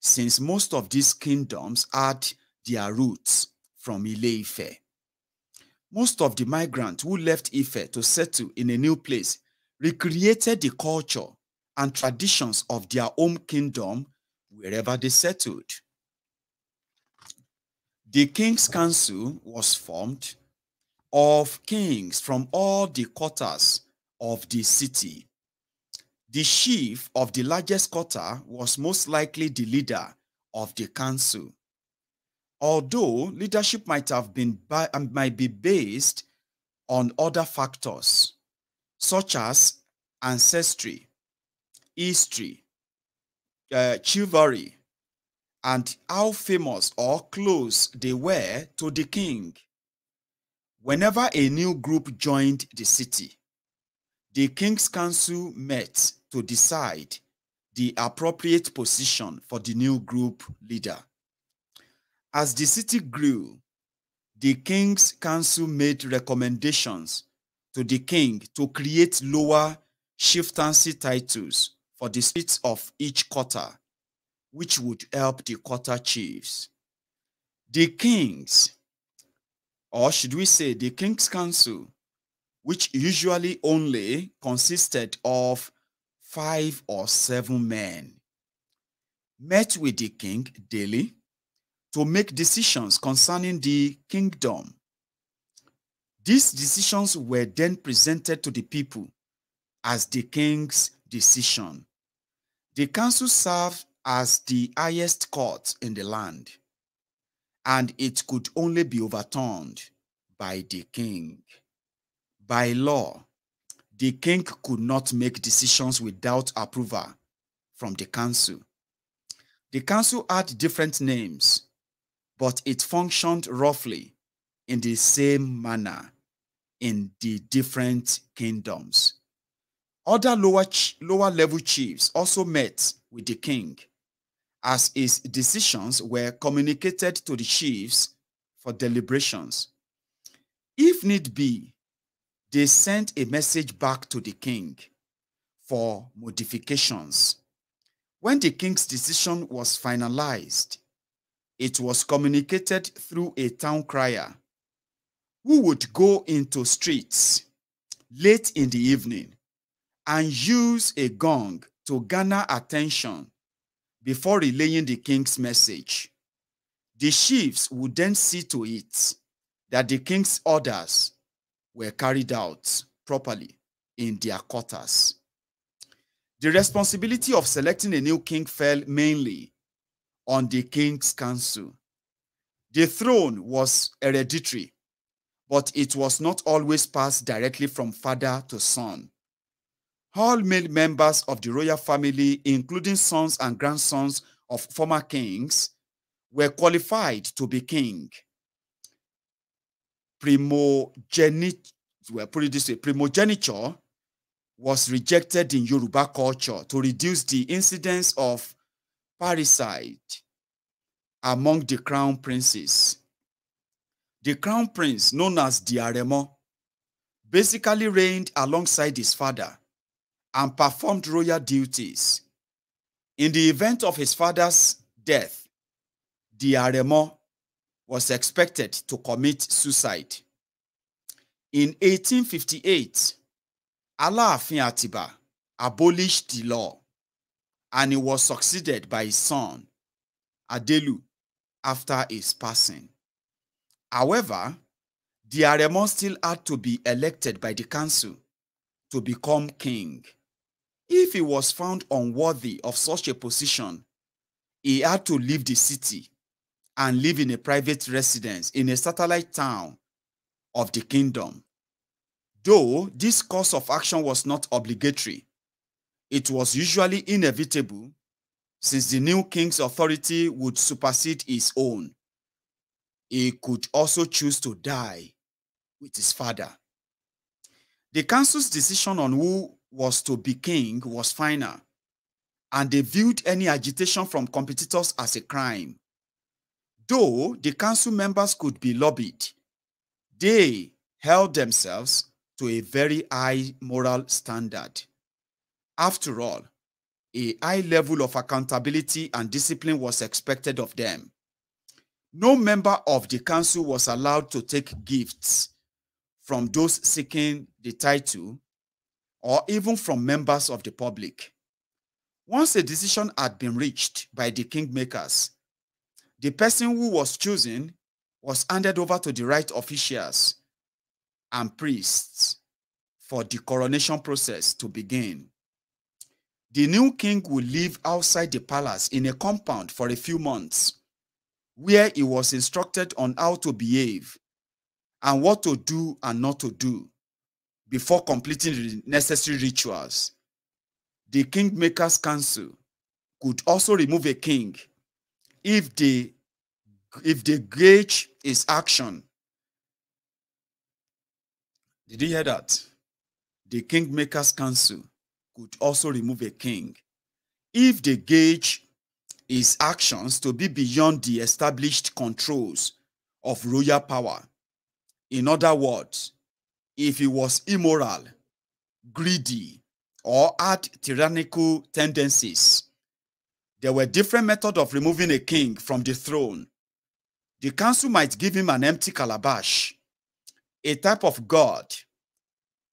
since most of these kingdoms had their roots from Ile-Ife. Most of the migrants who left Ife to settle in a new place recreated the culture and traditions of their home kingdom wherever they settled. The King's Council was formed of kings from all the quarters of the city the chief of the largest quarter was most likely the leader of the council. Although leadership might have been um, might be based on other factors such as ancestry, history, uh, chivalry, and how famous or close they were to the king. Whenever a new group joined the city, the King's Council met to decide the appropriate position for the new group leader. As the city grew, the King's Council made recommendations to the king to create lower chieftaincy titles for the chiefs of each quarter, which would help the quarter chiefs. The kings, or should we say the king's council, which usually only consisted of five or seven men, met with the king daily to make decisions concerning the kingdom. These decisions were then presented to the people as the king's decision. The council served as the highest court in the land, and it could only be overturned by the king. By law, the king could not make decisions without approval from the council. The council had different names, but it functioned roughly in the same manner in the different kingdoms. Other lower, lower level chiefs also met with the king, as his decisions were communicated to the chiefs for deliberations. If need be, they sent a message back to the king for modifications. When the king's decision was finalized, it was communicated through a town crier who would go into streets late in the evening and use a gong to garner attention before relaying the king's message. The chiefs would then see to it that the king's orders were carried out properly in their quarters. The responsibility of selecting a new king fell mainly on the king's council. The throne was hereditary, but it was not always passed directly from father to son. All male members of the royal family, including sons and grandsons of former kings, were qualified to be king primogeniture, well, put it this way, primogeniture was rejected in Yoruba culture to reduce the incidence of parricide among the crown princes. The crown prince, known as Diaremo, basically reigned alongside his father and performed royal duties. In the event of his father's death, Diaremo was expected to commit suicide. In 1858, Allah Atiba abolished the law and he was succeeded by his son, Adelu, after his passing. However, the Aremo still had to be elected by the council to become king. If he was found unworthy of such a position, he had to leave the city and live in a private residence in a satellite town of the kingdom. Though this course of action was not obligatory, it was usually inevitable since the new king's authority would supersede his own. He could also choose to die with his father. The council's decision on who was to be king was final, and they viewed any agitation from competitors as a crime. Though the council members could be lobbied, they held themselves to a very high moral standard. After all, a high level of accountability and discipline was expected of them. No member of the council was allowed to take gifts from those seeking the title or even from members of the public. Once a decision had been reached by the kingmakers, the person who was chosen was handed over to the right officials and priests for the coronation process to begin. The new king would live outside the palace in a compound for a few months, where he was instructed on how to behave and what to do and not to do before completing the necessary rituals. The kingmaker's council could also remove a king if they if they gauge his action. Did you hear that? The Kingmakers Council could also remove a king if they gauge his actions to be beyond the established controls of royal power. In other words, if he was immoral, greedy, or had tyrannical tendencies, There were different methods of removing a king from the throne. The council might give him an empty calabash, a type of god.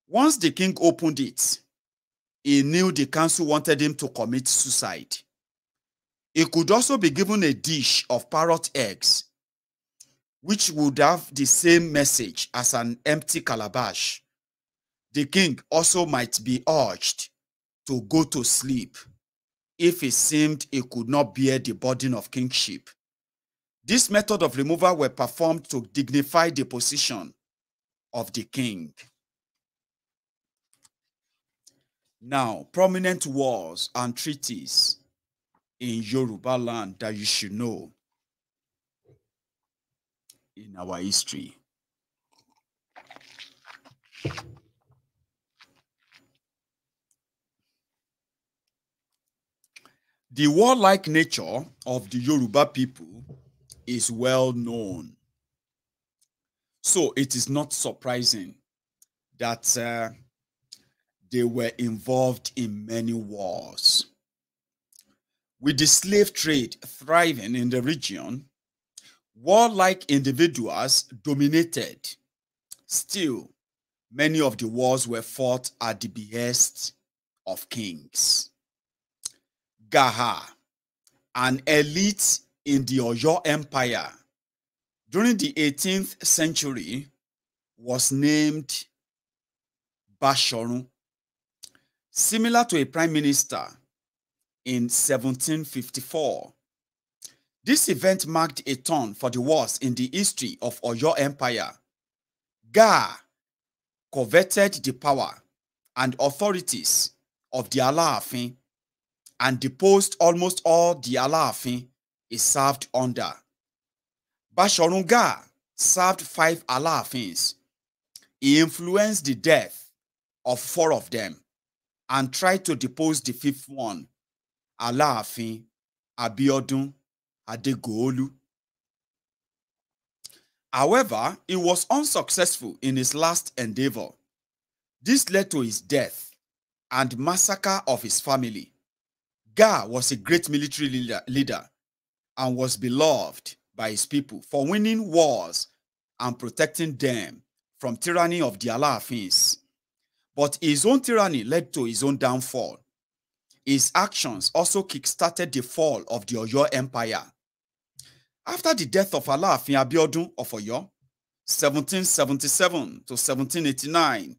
Once the king opened it, he knew the council wanted him to commit suicide. He could also be given a dish of parrot eggs, which would have the same message as an empty calabash. The king also might be urged to go to sleep. if it seemed he could not bear the burden of kingship. This method of removal were performed to dignify the position of the king. Now, prominent wars and treaties in Yoruba land that you should know in our history. The warlike nature of the Yoruba people is well known. So it is not surprising that uh, they were involved in many wars. With the slave trade thriving in the region, warlike individuals dominated. Still, many of the wars were fought at the behest of kings. Gaha, an elite in the Oyo Empire during the 18th century, was named Bashorun, similar to a prime minister in 1754. This event marked a turn for the worst in the history of Oyo Empire. Ga coveted the power and authorities of the Alaafin and deposed almost all the Alaafin he served under. Bashorun served five Alaafins. He influenced the death of four of them and tried to depose the fifth one, Alaafin Abiodun Adegoolu. However, he was unsuccessful in his last endeavor. This led to his death and massacre of his family. Gah was a great military leader, leader and was beloved by his people for winning wars and protecting them from tyranny of the Alaafins. But his own tyranny led to his own downfall. His actions also kick-started the fall of the Oyo Empire. After the death of Alaafin Abiodun of Oyo, 1777 to 1789,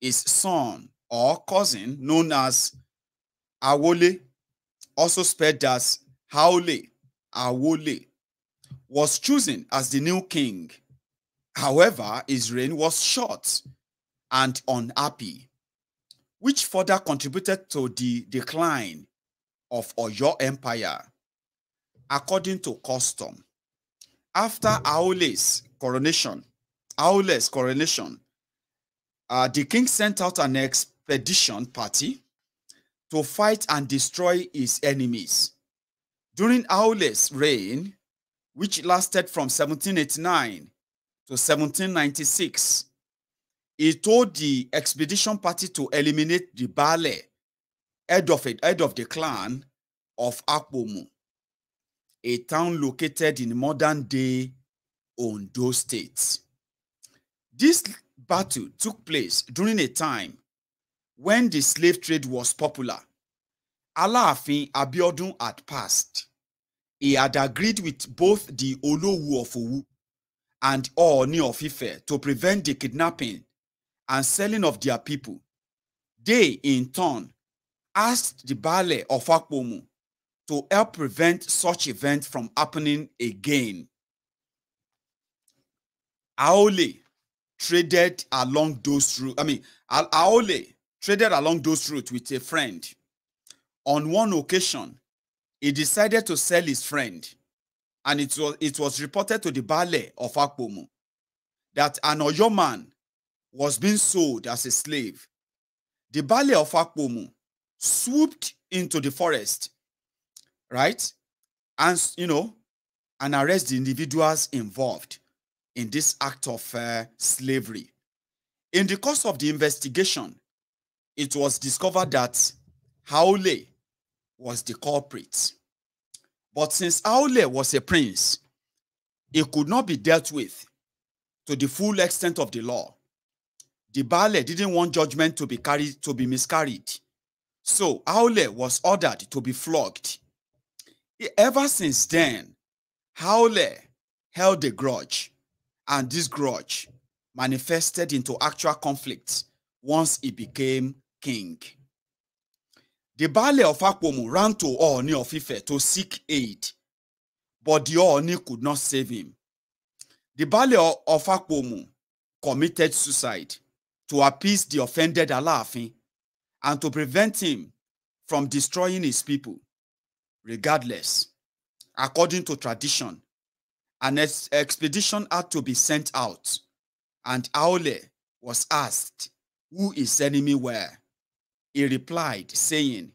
his son or cousin known as Awole also spelled as Haole Awole, was chosen as the new king. However, his reign was short and unhappy, which further contributed to the decline of Oyo Empire. According to custom, after Aole's coronation, Aole's coronation, uh, the king sent out an expedition party to fight and destroy his enemies. During Aule's reign, which lasted from 1789 to 1796, he told the expedition party to eliminate the Bale, head of, it, head of the clan of Akpomu, a town located in modern-day Ondo State. This battle took place during a time when the slave trade was popular, Alaafin Abiodun had passed. He had agreed with both the Olowu of Owu and Ooni of Ife to prevent the kidnapping and selling of their people. They, in turn, asked the Baale of Akpomu to help prevent such events from happening again. Aole traded along those routes. I mean, Aole traded along those routes with a friend. On one occasion, he decided to sell his friend, and it was, it was reported to the Bale of Akpomu that an Oyo man was being sold as a slave. The Bale of Akpomu swooped into the forest, right? And, you know, and arrest the individuals involved in this act of uh, slavery. In the course of the investigation, it was discovered that Haole was the culprit. But since Haole was a prince, it could not be dealt with to the full extent of the law. The Bale didn't want judgment to be carried to be miscarried. So Haole was ordered to be flogged. Ever since then, Haole held a grudge, and this grudge manifested into actual conflict once he became king. The Bale of Akpomu ran to Ooni of Ife to seek aid, but the Ooni could not save him. The Bale of Akwomu committed suicide to appease the offended Alaafin and to prevent him from destroying his people. Regardless, according to tradition, an expedition had to be sent out, and Aole was asked who his enemy were. He replied, saying,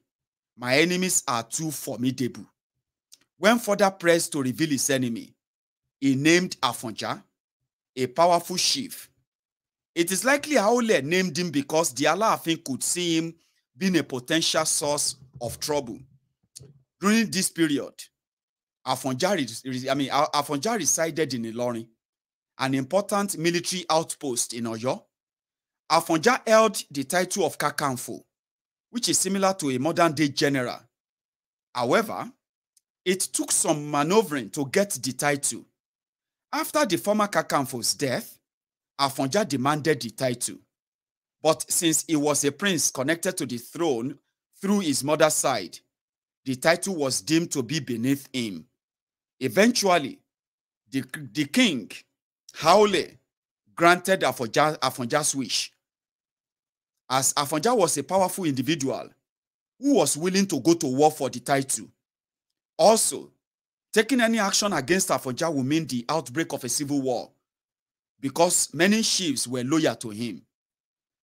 My enemies are too formidable. When further pressed to reveal his enemy, he named Afonja, a powerful chief. It is likely Haole named him because the Alaafin could see him being a potential source of trouble. During this period, Afonja, I mean, Afonja resided in Ilorin, an important military outpost in Oyo. Afonja held the title of Kakanfo, which is similar to a modern day general. However, it took some maneuvering to get the title. After the former Kakamfo's death, Afonja demanded the title. But since he was a prince connected to the throne through his mother's side, the title was deemed to be beneath him. Eventually, the, the king, Haole, granted Afonja, Afonja's wish as Afanja was a powerful individual who was willing to go to war for the title. Also, taking any action against Afanja would mean the outbreak of a civil war because many chiefs were loyal to him.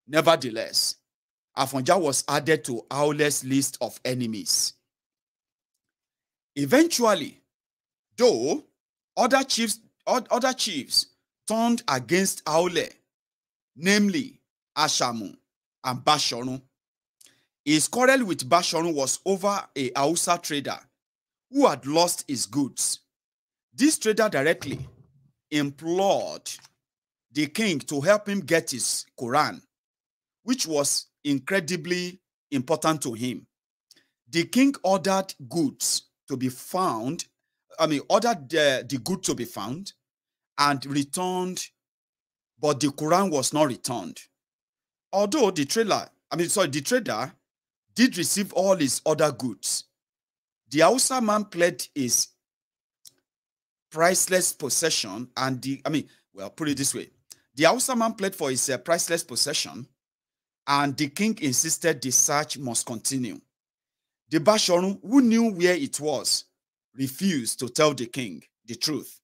Nevertheless, Afanja was added to Aule's list of enemies. Eventually, though, other chiefs, other chiefs turned against Aule, namely Ashamu, and Bashorun. His quarrel with Bashorun was over a Hausa trader who had lost his goods. This trader directly implored the king to help him get his Quran, which was incredibly important to him. The king ordered goods to be found, I mean, ordered the, the good to be found and returned, but the Quran was not returned. Although the trailer, I mean, sorry, the trader did receive all his other goods, the Hausa man pledged his priceless possession and the, I mean, well, put it this way. The Hausa man pledged for his uh, priceless possession and the king insisted the search must continue. The Bashorun, who knew where it was, refused to tell the king the truth.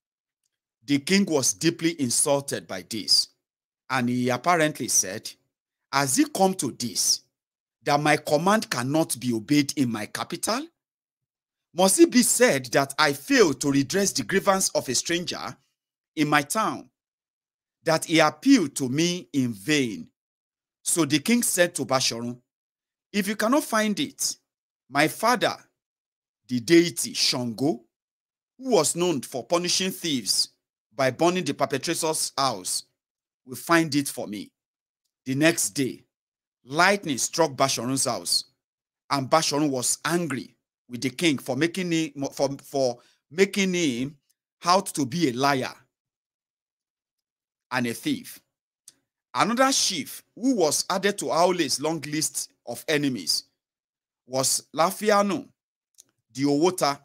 The king was deeply insulted by this, and he apparently said, Has it come to this that my command cannot be obeyed in my capital? Must it be said that I fail to redress the grievance of a stranger in my town, that he appealed to me in vain? So the king said to Basharun, If you cannot find it, my father, the deity Shango, who was known for punishing thieves by burning the perpetrator's house, will find it for me. The next day, lightning struck Basharun's house, and Basharun was angry with the king for making him for, for making him out to be a liar and a thief. Another chief who was added to Aule's long list of enemies was Lafiano Oota,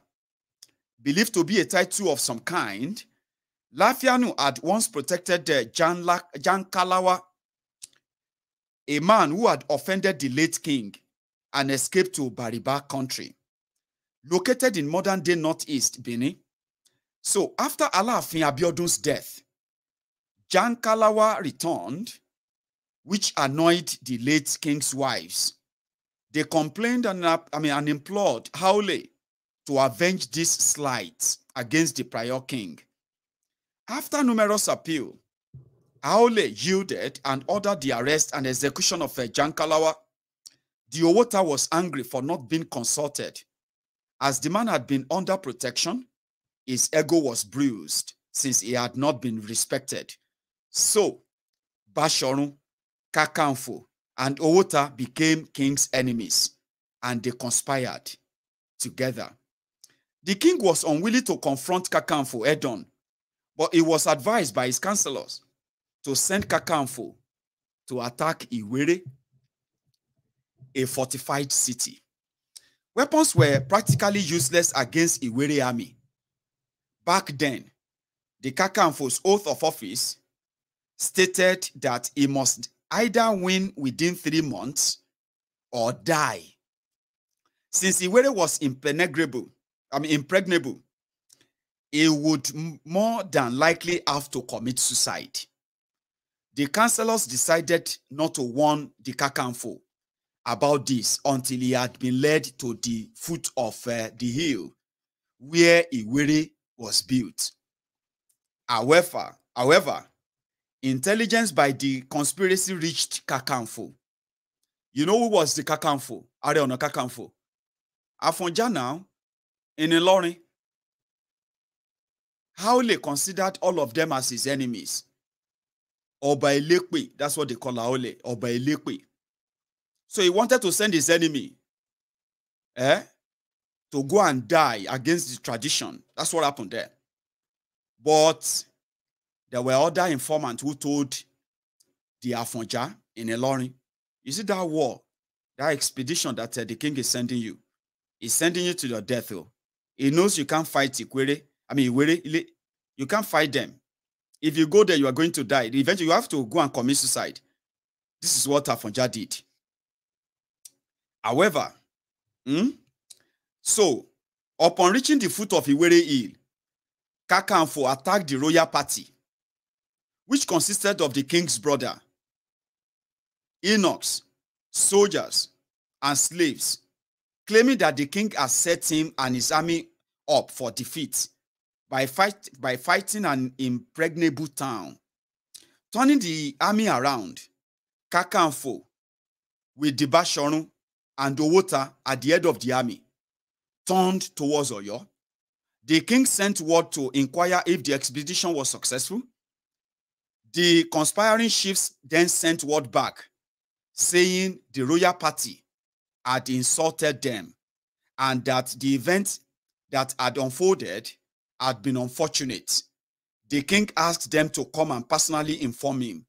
believed to be a title of some kind. Lafianu had once protected the Jan, La Jan Kalawa a man who had offended the late king and escaped to Bariba country, located in modern-day northeast Benin. So after Alaafin Abiodun's death, Kalawa returned, which annoyed the late king's wives. They complained and, I mean, and implored Haole to avenge this slight against the prior king. After numerous appeal, Aole yielded and ordered the arrest and execution of uh, Jankalawa. Diowota was angry for not being consulted. As the man had been under protection, his ego was bruised since he had not been respected. So, Bashorun, Kakanfo, and Owota became king's enemies, and they conspired together. The king was unwilling to confront Kakanfo Edon, but he was advised by his counselors to send Kakamfo to attack Iwere, a fortified city. Weapons were practically useless against Iwere army. Back then, the Kakamfo's oath of office stated that he must either win within three months or die. Since Iwere was impenetrable, I mean impregnable, he would more than likely have to commit suicide. the councillors decided not to warn the Kakanfo about this until he had been led to the foot of uh, the hill where Iwere was built. However, however, intelligence by the conspiracy reached Kakanfo. You know who was the Kakanfo? Are on Kakanfo? Afonja now in Ilorin. How they considered all of them as his enemies. Ọba Elepe. That's what they call Aole. Ọba Elepe. So he wanted to send his enemy eh, to go and die against the tradition. That's what happened there. But there were other informants who told the Afonja in Ilorin, you see that war, that expedition that uh, the king is sending you, is sending you to your death. Oh. He knows you can't fight Ikwere. I mean, Iwere, you can't fight them. If you go there, you are going to die. Eventually, you have to go and commit suicide. This is what Afonja did. However, hmm, so upon reaching the foot of Iwere Hill, Kakanfo attacked the royal party, which consisted of the king's brother, eunuchs, soldiers, and slaves, claiming that the king had set him and his army up for defeat by, fight, by fighting an impregnable town, turning the army around. Kakanfo with Debashorun and Owota at the head of the army turned towards Oyo. The king sent word to inquire if the expedition was successful. The conspiring chiefs then sent word back, saying the royal party had insulted them and that the event that had unfolded had been unfortunate. The king asked them to come and personally inform him.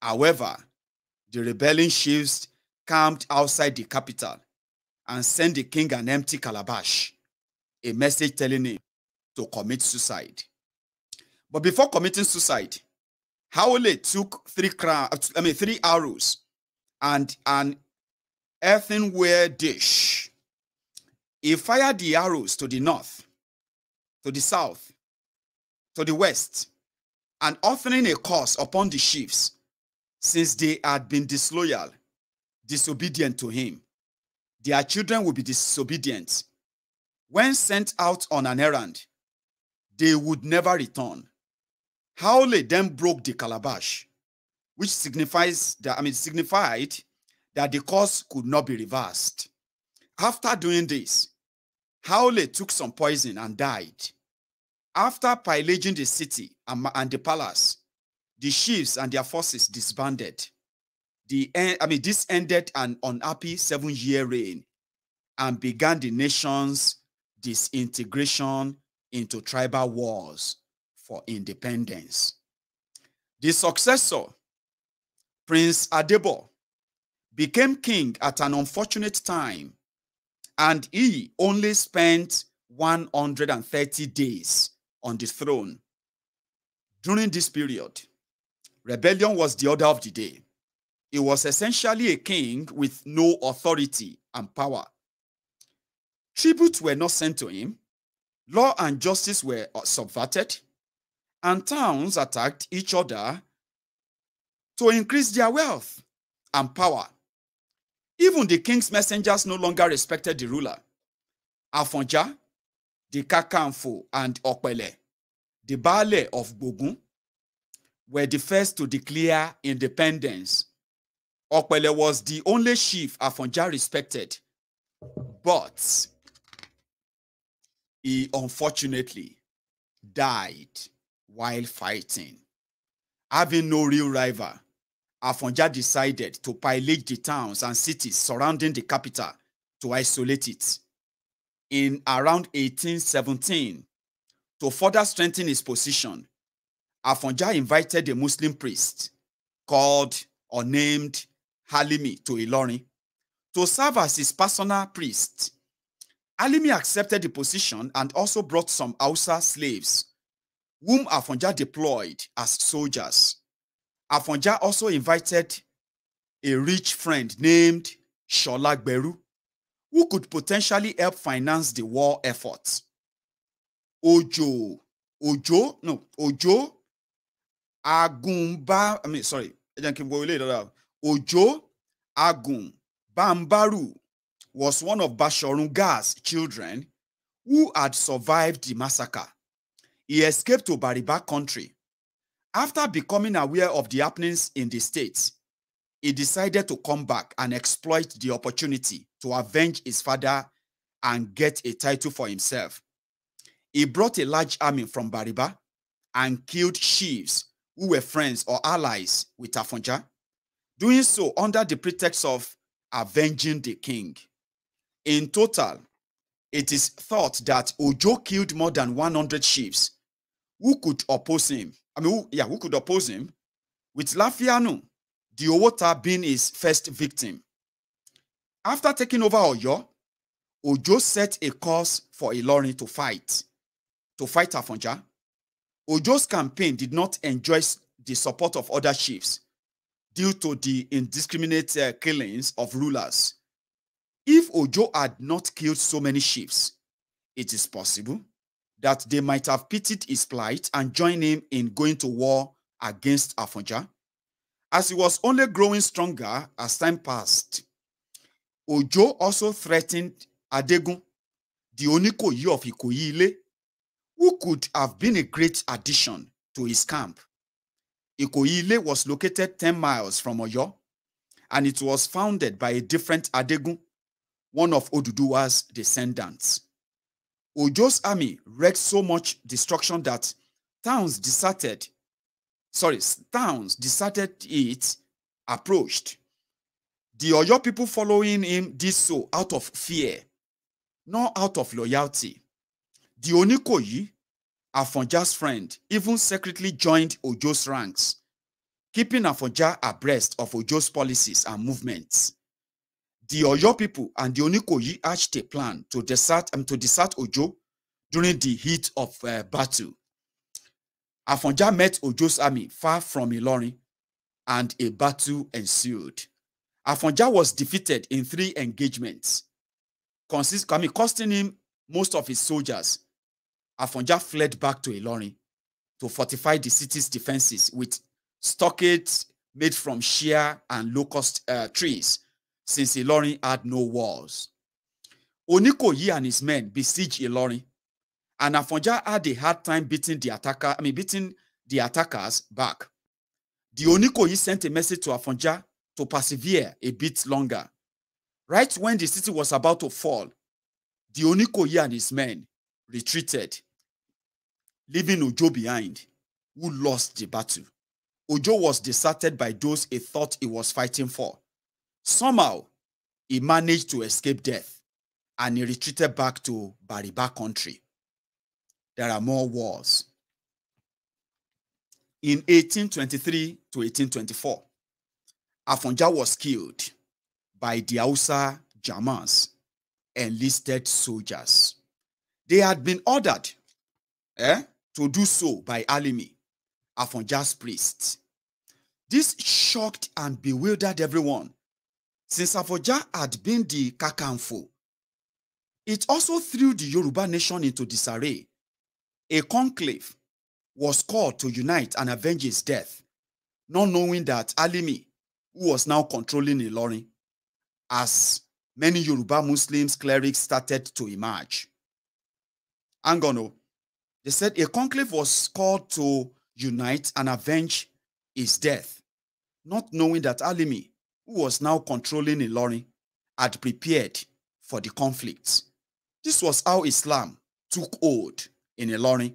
However, the rebelling chiefs camped outside the capital and sent the king an empty calabash, a message telling him to commit suicide. But before committing suicide, Howley took three crown, I mean three arrows and an earthenware dish. He fired the arrows to the north to the south, to the west, and offering a curse upon the chiefs, since they had been disloyal, disobedient to him. Their children would be disobedient. When sent out on an errand, they would never return. Howley then broke the calabash, which signifies that I mean signified that the course could not be reversed. After doing this, Howley took some poison and died. After pillaging the city and the palace, the chiefs and their forces disbanded. The end, I mean, this ended an unhappy seven-year reign and began the nation's disintegration into tribal wars for independence. The successor, Prince Adebo, became king at an unfortunate time and he only spent 130 days on the throne. During this period, rebellion was the order of the day. He was essentially a king with no authority and power. Tributes were not sent to him, law and justice were uh, subverted, and towns attacked each other to increase their wealth and power. Even the king's messengers no longer respected the ruler. Afonja, the Kakanfo, and Okwele, the Baale of Bogun, were the first to declare independence. Okwele was the only chief Afonja respected, but he unfortunately died while fighting, having no real rival Afanja decided to pillage the towns and cities surrounding the capital to isolate it. In around 1817, to further strengthen his position, Afanja invited a Muslim priest called or named Halimi to Ilorin to serve as his personal priest. Halimi accepted the position and also brought some Hausa slaves, whom Afanja deployed as soldiers. Afonja also invited a rich friend named Shola Gberu, who could potentially help finance the war efforts. Ojo, Ojo, no, Ojo Agumba. I mean, sorry, Ojo Agun Bambaru was one of Bashorunga's children who had survived the massacre. He escaped to Bariba country after becoming aware of the happenings in the state, he decided to come back and exploit the opportunity to avenge his father and get a title for himself. He brought a large army from Bariba and killed chiefs who were friends or allies with Afonja, doing so under the pretext of avenging the king. In total, it is thought that Ojo killed more than 100 chiefs who could oppose him I mean, who, yeah, who could oppose him? With Lafianu, Diowota being his first victim. After taking over Oyo, Ojo set a course for Ilorin to fight, to fight Afonja. Ojo's campaign did not enjoy the support of other chiefs due to the indiscriminate uh, killings of rulers. If Ojo had not killed so many chiefs, it is possible that they might have pitied his plight and joined him in going to war against Afonja. As he was only growing stronger as time passed, Ojo also threatened Adegun, the Onikoyi of Ikoyi who could have been a great addition to his camp. Ikoyi was located 10 miles from Oyo, and it was founded by a different Adegun, one of Oduduwa's descendants. Ojo's army wreaked so much destruction that towns deserted, sorry, towns deserted it approached. The Oyo people following him did so out of fear, not out of loyalty. The Onikoyi, Afonja's friend, even secretly joined Ojo's ranks, keeping Afonja abreast of Ojo's policies and movements the Oyo people and the Onikoyi hatched a plan to desert, um, to desert Ojo during the heat of uh, battle. Afonja met Ojo's army far from Ilorin and a battle ensued. Afonja was defeated in three engagements, consist, I mean, costing him most of his soldiers. Afonja fled back to Ilorin to fortify the city's defenses with stockades made from sheer and locust uh, trees since Ilorin had no walls. Onikoyi and his men besieged Ilorin, and Afonja had a hard time beating the attacker, I mean beating the attackers back. The Onikoyi sent a message to Afonja to persevere a bit longer. Right when the city was about to fall, the Onikoyi and his men retreated, leaving Ojo behind, who lost the battle. Ojo was deserted by those he thought he was fighting for. Somehow, he managed to escape death and he retreated back to Bariba country. There are more wars. In 1823 to 1824, Afonja was killed by the Hausa Germans, enlisted soldiers. They had been ordered eh, to do so by Alimi, Afonja's priest. This shocked and bewildered everyone Since Savoja had been the Kakanfo, it also threw the Yoruba nation into disarray. A conclave was called to unite and avenge his death, not knowing that Alimi, who was now controlling Ilorin, as many Yoruba Muslims clerics started to emerge. Angono, oh. they said a conclave was called to unite and avenge his death, not knowing that Alimi, who was now controlling Ilorin, had prepared for the conflict. This was how Islam took hold in Ilorin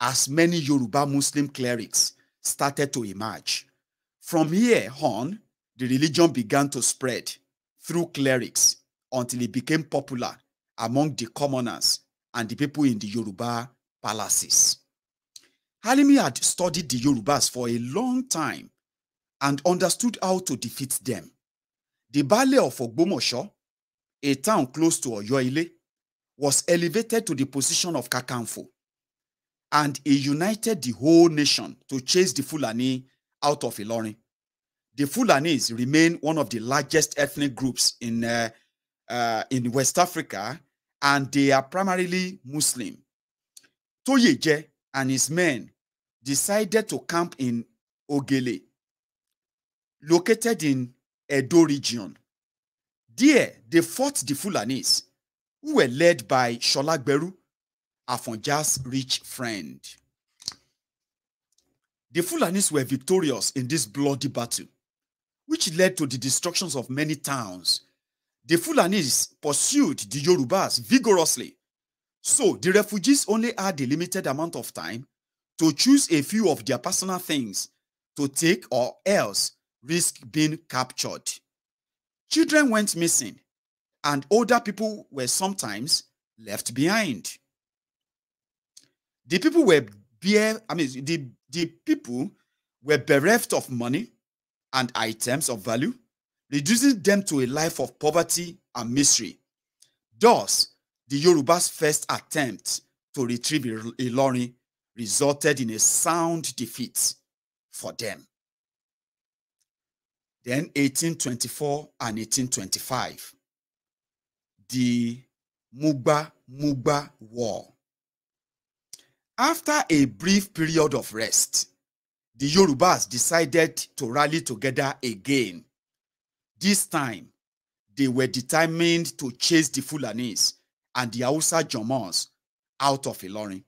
as many Yoruba Muslim clerics started to emerge. From here on, the religion began to spread through clerics until it became popular among the commoners and the people in the Yoruba palaces. Halimi had studied the Yorubas for a long time and understood how to defeat them. The Bale of Ogbomosho, a town close to Oyoile, was elevated to the position of Kakanfo, and he united the whole nation to chase the Fulani out of Ilorin. The Fulanis remain one of the largest ethnic groups in, uh, uh, in West Africa, and they are primarily Muslim. Toyeje and his men decided to camp in Ogele, located in Edo region. There, they fought the Fulanis, who were led by Beru, Afonja's rich friend. The Fulanis were victorious in this bloody battle, which led to the destructions of many towns. The Fulanis pursued the Yorubas vigorously, so the refugees only had a limited amount of time to choose a few of their personal things to take or else risk being captured. Children went missing, and older people were sometimes left behind. The people were bare, I mean, the, the people were bereft of money and items of value, reducing them to a life of poverty and misery. Thus, the Yoruba's first attempt to retrieve Ilori resulted in a sound defeat for them. Then 1824 and 1825, the Mugba Mugba War. After a brief period of rest, the Yorubas decided to rally together again. This time, they were determined to chase the Fulanis and the Hausa Jomons out of Ilorin.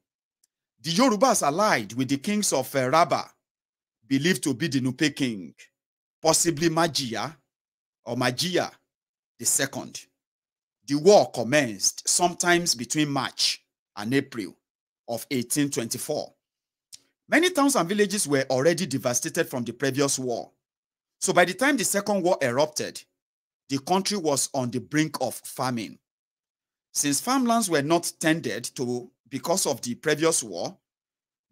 The Yorubas allied with the kings of eh, Rabba, believed to be the Nupe king, possibly Magia or Magia the second. The war commenced sometimes between March and April of 1824. Many towns and villages were already devastated from the previous war. So by the time the Second War erupted, the country was on the brink of famine. Since farmlands were not tended to because of the previous war,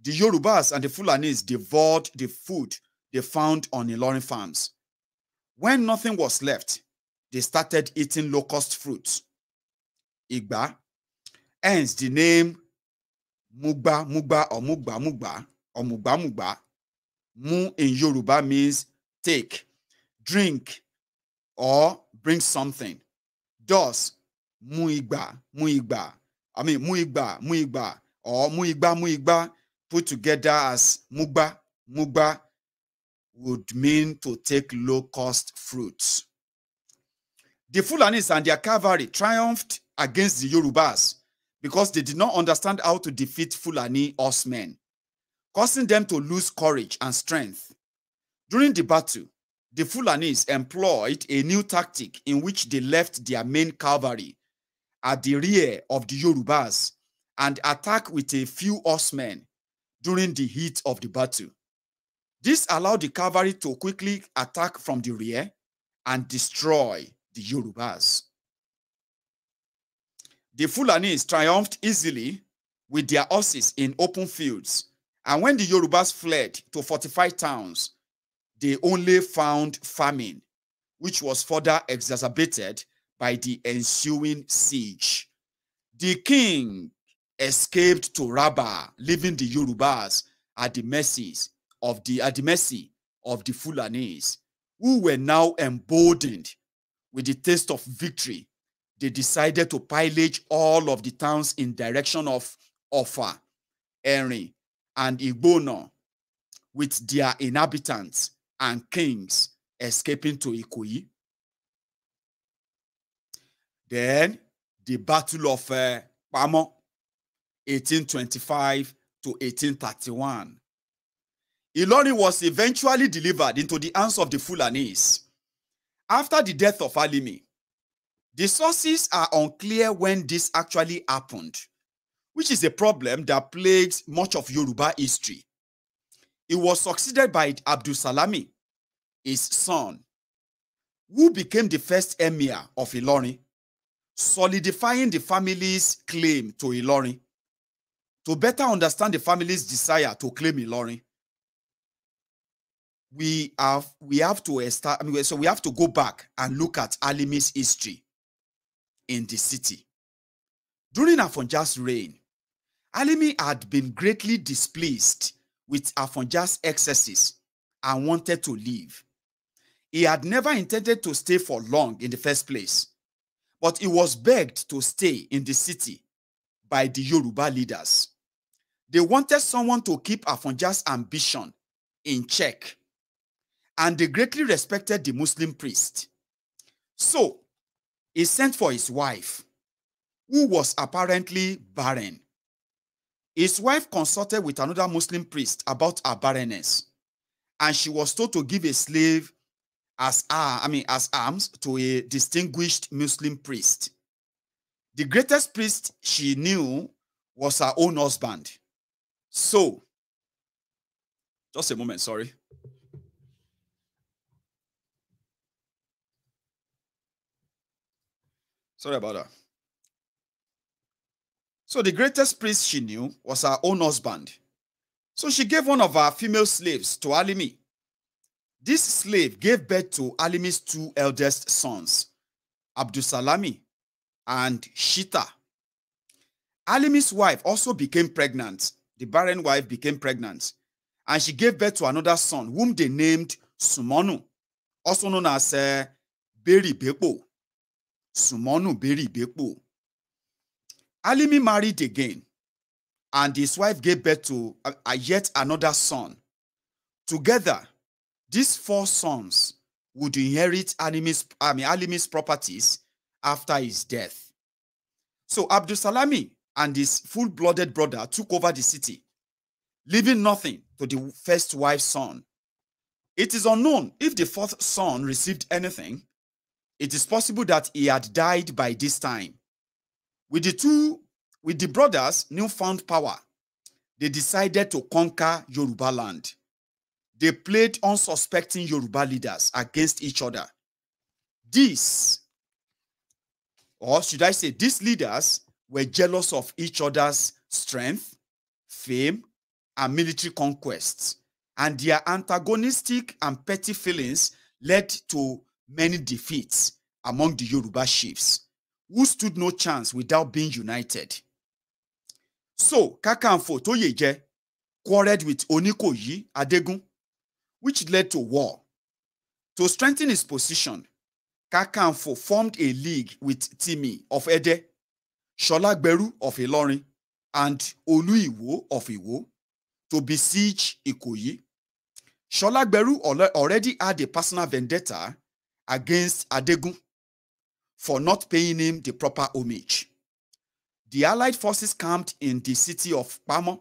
the Yorubas and the Fulanis devoured the food they found on Ilorin farms. When nothing was left, they started eating locust fruits. Igba, hence the name Mugba Mugba or Mugba Mugba or Mugba Mugba. Mu in Yoruba means take, drink, or bring something. Thus, Mu Igba, Mu Igba. I mean, Mu Igba, Mu Igba, or Mu Igba, Mu Igba, put together as Mugba, Mugba, would mean to take low cost fruits. The Fulanis and their cavalry triumphed against the Yorubas because they did not understand how to defeat Fulani horsemen, causing them to lose courage and strength. During the battle, the Fulanis employed a new tactic in which they left their main cavalry at the rear of the Yorubas and attacked with a few horsemen during the heat of the battle. This allowed the cavalry to quickly attack from the rear and destroy the Yorubas. The Fulanis triumphed easily with their horses in open fields, and when the Yorubas fled to fortified towns, they only found famine, which was further exacerbated by the ensuing siege. The king escaped to Raba, leaving the Yorubas at the mercies of the at uh, the mercy of the Fulanese, who were now emboldened with the taste of victory. They decided to pillage all of the towns in direction of Offa, Erin, and Igbono, with their inhabitants and kings escaping to Ikoyi. Then the Battle of uh, Pamo, 1825 to 1831. Ilorin was eventually delivered into the hands of the Fulanese. After the death of Alimi, the sources are unclear when this actually happened, which is a problem that plagues much of Yoruba history. He was succeeded by Abdul Salami, his son, who became the first emir of Ilorin, solidifying the family's claim to Ilorin. To better understand the family's desire to claim Ilorin, we have we have to start. I mean, so we have to go back and look at Alimi's history in the city. During Afonja's reign, Alimi had been greatly displeased with Afonja's excesses and wanted to leave. He had never intended to stay for long in the first place, but he was begged to stay in the city by the Yoruba leaders. They wanted someone to keep Afonja's ambition in check and they greatly respected the Muslim priest. So he sent for his wife, who was apparently barren. His wife consulted with another Muslim priest about her barrenness, and she was told to give a slave as uh, I mean as arms to a distinguished Muslim priest. The greatest priest she knew was her own husband. So, just a moment, sorry. Sorry about that. So the greatest priest she knew was her own husband. So she gave one of her female slaves to Alimi. This slave gave birth to Alimi's two eldest sons, Abdusalami and Shita. Alimi's wife also became pregnant. The barren wife became pregnant. And she gave birth to another son, whom they named Sumonu, also known as uh, eh, Beri Sumonu Beribepo. Alimi married again, and his wife gave birth to a, uh, a yet another son. Together, these four sons would inherit Alimi's, I mean, Alimi's properties after his death. So Abdul Salami and his full-blooded brother took over the city, leaving nothing to the first wife's son. It is unknown if the fourth son received anything it is possible that he had died by this time. With the two, with the brothers' newfound power, they decided to conquer Yoruba land. They played unsuspecting Yoruba leaders against each other. These, or should I say, these leaders were jealous of each other's strength, fame, and military conquests, and their antagonistic and petty feelings led to many defeats among the Yoruba chiefs who stood no chance without being united. So Kakanfo Toyeje quarreled with Onikoyi Adegun, which led to war. To strengthen his position, Kakanfo formed a league with Timi of Ede, Sholagberu of Ilorin, and Oluiwo of Iwo to besiege Ikoyi. Sholagberu already had a personal vendetta against Adegun for not paying him the proper homage. The Allied forces camped in the city of Pamo,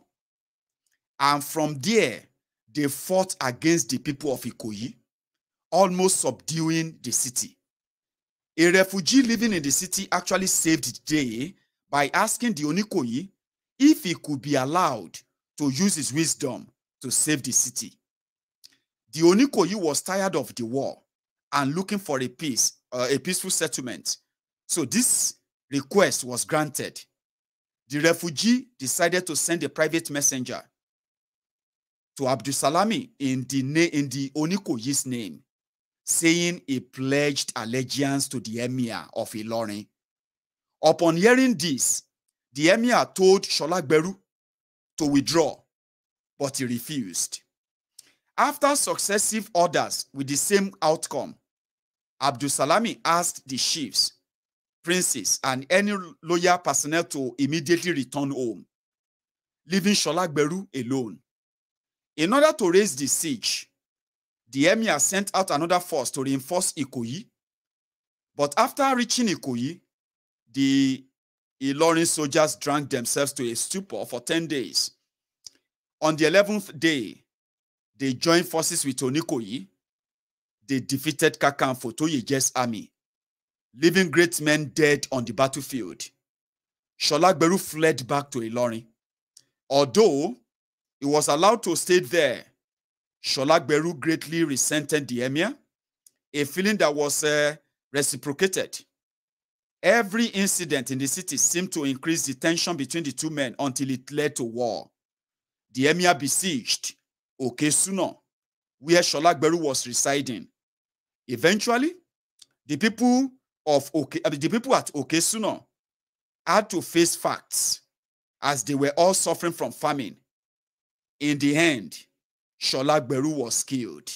and from there, they fought against the people of Ikoyi, almost subduing the city. A refugee living in the city actually saved the day by asking the Onikoyi if he could be allowed to use his wisdom to save the city. The Onikoyi was tired of the war and looking for a peace, uh, a peaceful settlement. So this request was granted. The refugee decided to send a private messenger to Abdusalami in the, in the Onikoyi's name, saying he pledged allegiance to the emir of Ilorin. Upon hearing this, the emir told Sholagberu to withdraw, but he refused. After successive orders with the same outcome, Abdul Salami asked the chiefs, princes, and any loyal personnel to immediately return home, leaving Sholagberu alone. In order to raise the siege, the emir sent out another force to reinforce Ikoyi. But after reaching Ikoyi, the Ilorin soldiers drank themselves to a stupor for 10 days. On the 11th day, they joined forces with Onikoyi they defeated for Toyeje's army, leaving great men dead on the battlefield. Sholagberu fled back to Ilorin. Although he was allowed to stay there, Sholagberu greatly resented the emir, a feeling that was uh, reciprocated. Every incident in the city seemed to increase the tension between the two men until it led to war. The emir besieged Okesuna, where Sholagberu was residing. Eventually, the people of OK, uh, the people at Okesuna had to face facts as they were all suffering from famine. In the end, Shola Beru was killed.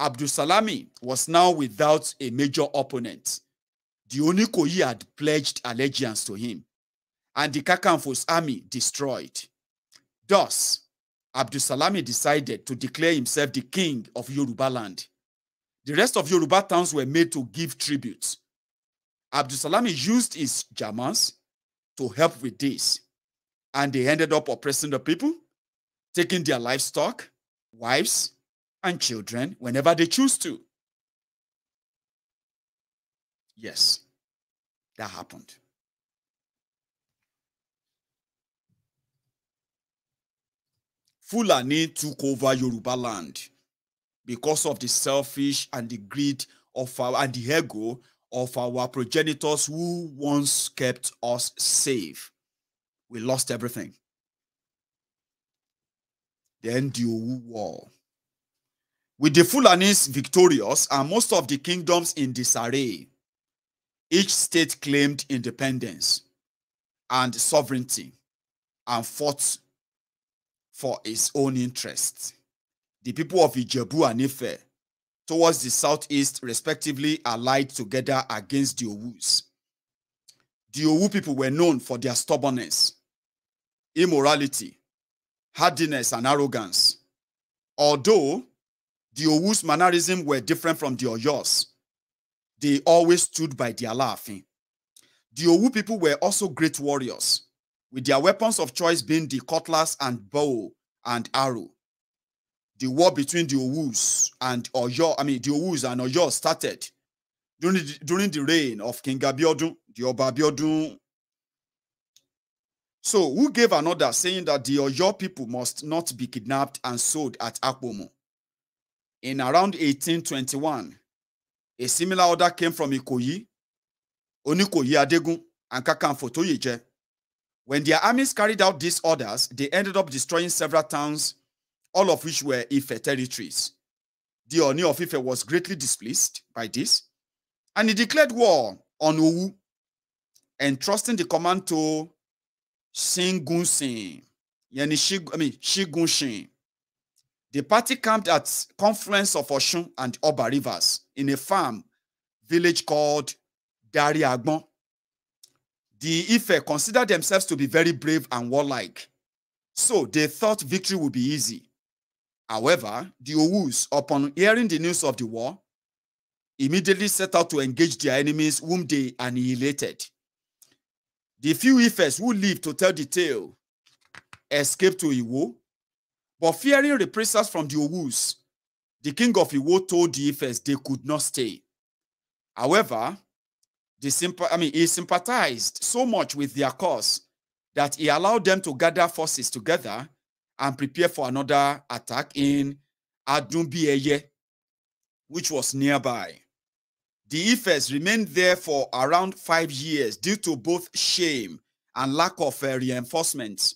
Abdul was now without a major opponent. The Onikoyi had pledged allegiance to him, and the Kakanfo's army destroyed. Thus, Abdul decided to declare himself the king of Yoruba land. The rest of Yoruba towns were made to give tribute. Abdusalami used his Germans to help with this. And they ended up oppressing the people, taking their livestock, wives, and children whenever they choose to. Yes, that happened. Fulani took over Yoruba land because of the selfish and the greed of our and the ego of our progenitors who once kept us safe. We lost everything. Then The War. With the Fulanis victorious and most of the kingdoms in disarray, each state claimed independence and sovereignty and fought for its own interests. The people of Ijebu and Ife towards the southeast respectively allied together against the Owus. The Owu people were known for their stubbornness, immorality, hardiness, and arrogance. Although the Owu's mannerism were different from the Oyos, they always stood by their laughing. The Owu people were also great warriors, with their weapons of choice being the cutlass and bow and arrow. the war between the Owus and Oyo, I mean, the Owus and Oyo started during the, during the reign of King Abiodun, the Oba Abiodun. So, who gave an order saying that the Oyo people must not be kidnapped and sold at Akpomo? In around 1821, a similar order came from Ikoyi, Onikoyi Adegun, and Kakanfo Toyeje. When their armies carried out these orders, they ended up destroying several towns all of which were Ife territories. The Oni of Ife was greatly displeased by this, and he declared war on Owu, entrusting the command to Singun yani I mean, Shigunshin. The party camped at confluence of Oshun and Oba rivers in a farm village called Dariagbon. The Ife considered themselves to be very brave and warlike, so they thought victory would be easy. However, the Owus, upon hearing the news of the war, immediately set out to engage their enemies whom they annihilated. The few Ifes who lived to tell the tale escaped to Iwo, but fearing reprisals from the Owus, the king of Iwo told the Ifes they could not stay. However, the I mean, he sympathized so much with their cause that he allowed them to gather forces together and prepare for another attack in Adumbieye, which was nearby. The Ifes remained there for around five years due to both shame and lack of uh, reinforcement.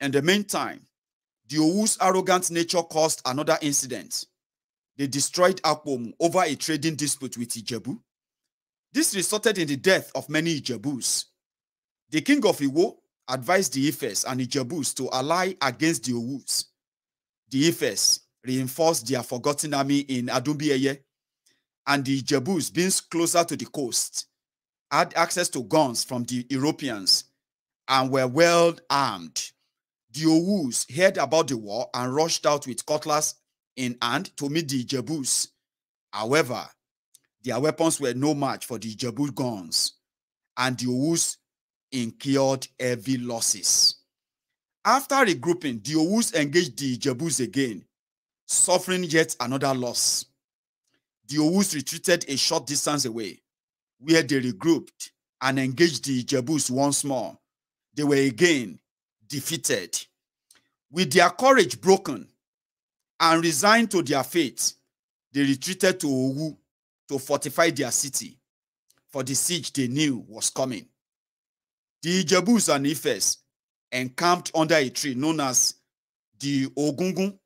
In the meantime, the Owu's arrogant nature caused another incident. They destroyed Akpom over a trading dispute with Ijebu. This resulted in the death of many Ijebus. The king of Iwo, advised the Ifes and the Jebus to ally against the Owus. The Ifes reinforced their forgotten army in Adumbiye, and the Jebus, being closer to the coast, had access to guns from the Europeans and were well armed. The Owus heard about the war and rushed out with cutlass in hand to meet the Jebus. However, their weapons were no match for the Jebus guns, and the Owus incurred heavy losses. After regrouping, the Owus engaged the Jebus again, suffering yet another loss. The Owus retreated a short distance away, where they regrouped and engaged the Jebus once more. They were again defeated. With their courage broken and resigned to their fate, they retreated to Owu to fortify their city, for the siege they knew was coming. The Jebus and Ifes encamped under a tree known as the Ogungun.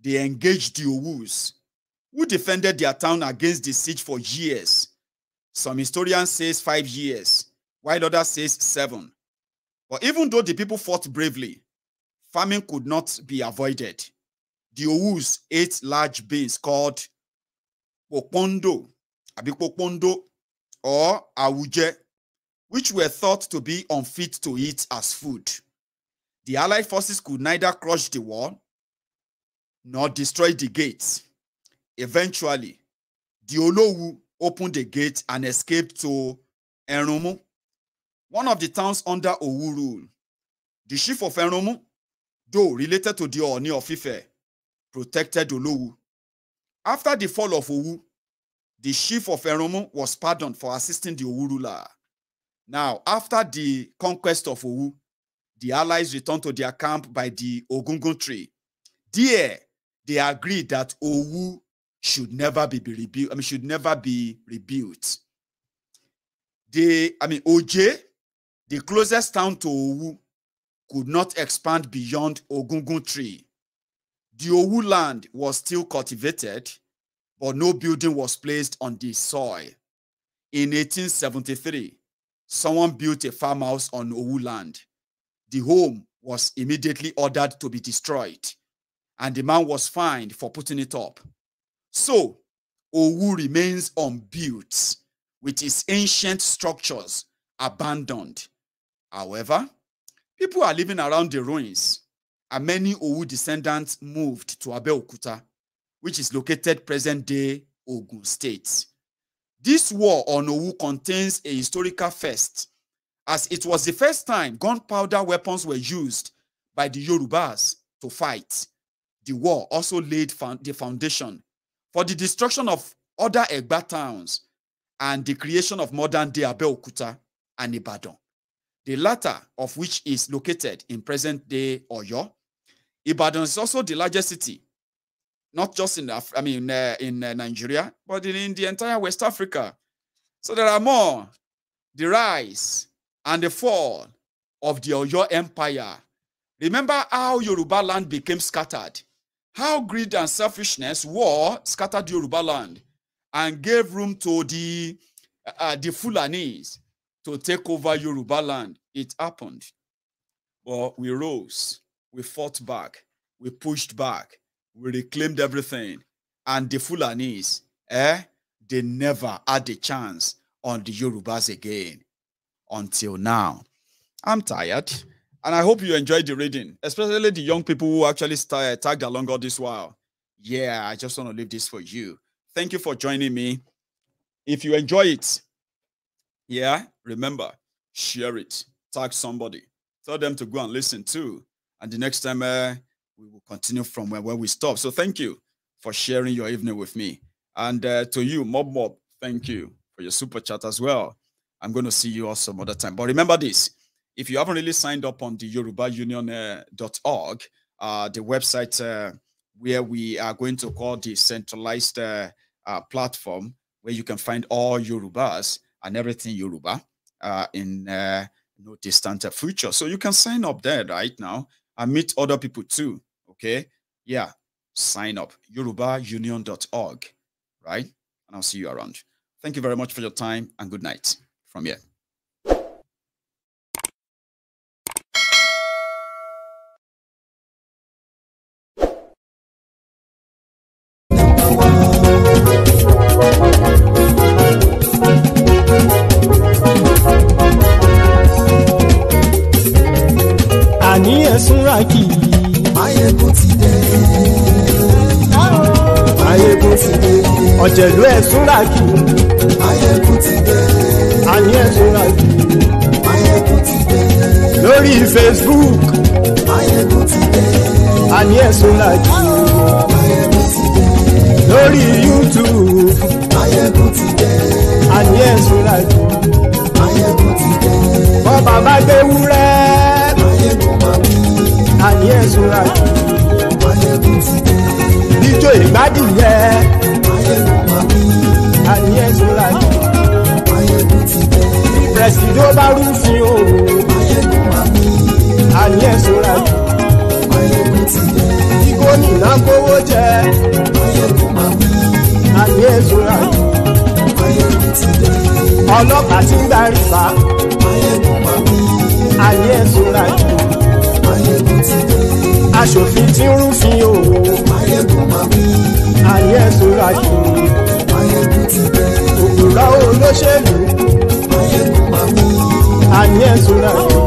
They engaged the Owus, who defended their town against the siege for years. Some historians say five years, while others say seven. But even though the people fought bravely, famine could not be avoided. The Owus ate large beans called Popondo, Abi or Awuje, which were thought to be unfit to eat as food. The Allied forces could neither crush the wall nor destroy the gates. Eventually, the Olowu opened the gate and escaped to Erumu, one of the towns under Owu rule. The chief of Erumu, though related to the Oni of Ife, protected Olowu. After the fall of Owu, the chief of Erumu was pardoned for assisting the Owu ruler. Now, after the conquest of Owu, the allies returned to their camp by the Ogungun tree. There, they agreed that Owu should never be, be rebuilt. I mean, should never be rebuilt. They, I mean, Oje, the closest town to Owu, could not expand beyond Ogungun tree. The Owu land was still cultivated, but no building was placed on the soil. In 1873, someone built a farmhouse on Owu land. The home was immediately ordered to be destroyed, and the man was fined for putting it up. So, Owu remains unbuilt, with its ancient structures abandoned. However, people are living around the ruins, and many Owu descendants moved to Abeokuta, which is located present-day Ogun State. This war on Owu contains a historical first, as it was the first time gunpowder weapons were used by the Yorubas to fight. The war also laid the foundation for the destruction of other Egba towns and the creation of modern-day Abeokuta and Ibadan, the latter of which is located in present-day Oyo. Ibadan is also the largest city not just in Af- I mean uh, in uh, Nigeria, but in, in the entire West Africa. So there are more the rise and the fall of the Oyo Empire. Remember how Yoruba land became scattered, how greed and selfishness, war scattered Yoruba land and gave room to the uh, the Fulanese to take over Yoruba land. It happened. Well, we rose, we fought back, we pushed back, we reclaimed everything. And the Fulanis, eh, they never had a chance on the Yorubas again until now. I'm tired. And I hope you enjoyed the reading, especially the young people who actually started, tagged along all this while. Yeah, I just want to leave this for you. Thank you for joining me. If you enjoy it, yeah, remember, share it, tag somebody, tell them to go and listen too. And the next time uh, we will continue from where, where we stop. So thank you for sharing your evening with me. And uh, to you, Mob Mob, thank you for your super chat as well. I'm going to see you all some other time. But remember this, if you haven't really signed up on the yorubaunion.org, uh, uh, the website uh, where we are going to call the centralized uh, uh, platform where you can find all Yorubas and everything Yoruba in no distant future. So you can sign up there right now and meet other people too. Okay. Yeah. Sign up. YorubaUnion.org. Right. And I'll see you around. Thank you very much for your time and good night from here. ìjẹ̀lú ẹ̀ súnra kì í. Máyẹ̀kún ti dé. Àní ẹ̀ súnra kì ti dé. Lórí Facebook. Máyẹ̀kún ti dé. Àní ẹ̀ súnra kì í. Máyẹ̀kún ti dé. Lórí YouTube. Máyẹ̀kún ti dé. Àní ẹ̀ súnra kì í. Máyẹ̀kún ti dé. Bọ́ bàbá gbé wúrẹ́. Máyẹ̀kún máa bí. Àní ẹ̀ súnra kì ti dé jíjó ìgbádùn yẹn. ayélujára mi. àníyàn tó la jù. ayélujára ti bẹ̀. ìfẹ̀sì ló bá rúfin o. ayélujára mi. àníyàn tó la jù. ayélujára ti bẹ̀. igbó nìna kówó jẹ. ayélujára mi. àníyàn tó la jù. ayélujára ti bẹ̀. ọlọ́pàá ti ń darí fa. ayélujára tó la jù. ayélujára ti bẹ̀ aṣòfin tí ń rúfin o. Máyégún máa wí. Ayé sora jù. Máyégún ti bẹ̀. Òkúra olóṣèlú. Máyégún máa wí. Ayé sora jù.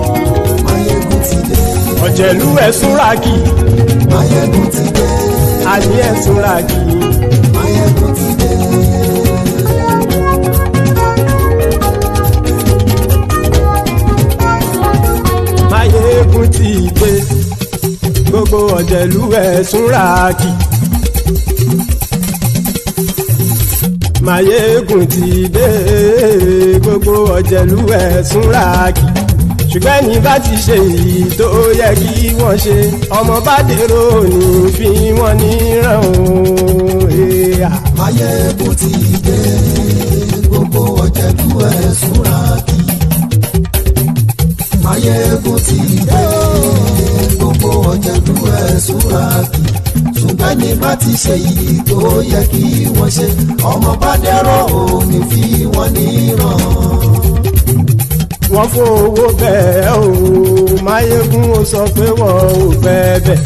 Máyégún ti bẹ̀. Ọ̀jẹ̀lú ẹ̀ súra kì. Máyégún ti bẹ̀. Ayé sora kì. Máyégún ti ti bẹ̀ òṣogbo ọ̀jẹ̀lú ẹ̀sùn ràákì. màyégùn ti dé gbogbo ọ̀jẹ̀lú ẹ̀sùn ràákì. ṣùgbọ́n ẹni bá ti ṣe èyí tó yẹ kí wọ́n ṣe ọmọ bá dèrò ní fi wọ́n níran o. E màyégùn ti dé gbogbo ọ̀jẹ̀lú ẹ̀sùn ràákì. màyégùn ti dé gbogbo ọjà lu ẹ̀sùnra kì ṣùgbọ́n ní bá ti ṣe yìí tó yẹ kí wọ́n ṣe ọmọ bá dẹ́rọ̀ òun fi wọ́n níran. wọ́n fowó bẹ́ẹ̀ o máyégún ó sọ pé wọ́n ò bẹ́ẹ̀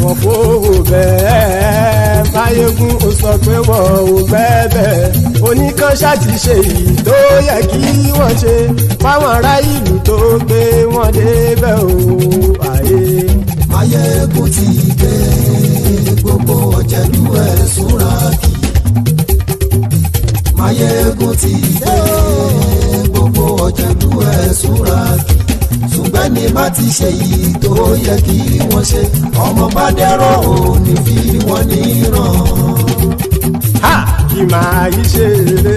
wọ́n fowó bẹ́ẹ̀ máyégún ó sọ pé wọ́n ò bẹ́ẹ̀ oníkan ṣáàtì ṣe èyí tó yẹ kí wọ́n ṣe fáwọn ará ìlú tó gbé wọn débẹ̀ o àyè. ayẹ́kùn ti dé gbogbo ọ̀jẹ̀lú ẹ̀ súnra kì ayẹ́kùn ti dé gbogbo ọ̀jẹ̀lú ẹ̀ súnra kì ṣùgbọ́n ní bá ti ṣe yìí tó yẹ kí wọ́n ṣe ọmọ bá dẹ́rọ̀ ò ní fi wọ́n níran kì máa yí ṣeré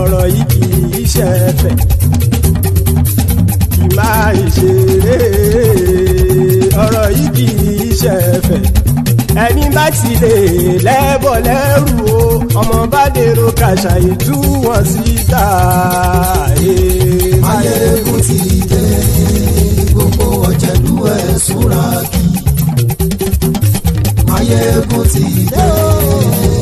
ọ̀rọ̀ yìí kì í ṣẹ̀fẹ̀ kì máa yí ṣeré ọ̀rọ̀ yìí kì í ṣẹ̀fẹ̀ ẹni bá ti lè lẹ́bọ̀ lẹ́rù o ọmọ bá dèrò kàṣà ìtú wọn síta. Ayẹ̀rẹ̀kùn ti dé gbogbo ọ̀jẹ̀lú ẹ̀ súnra kì. Ayẹ̀rẹ̀kùn ti dé.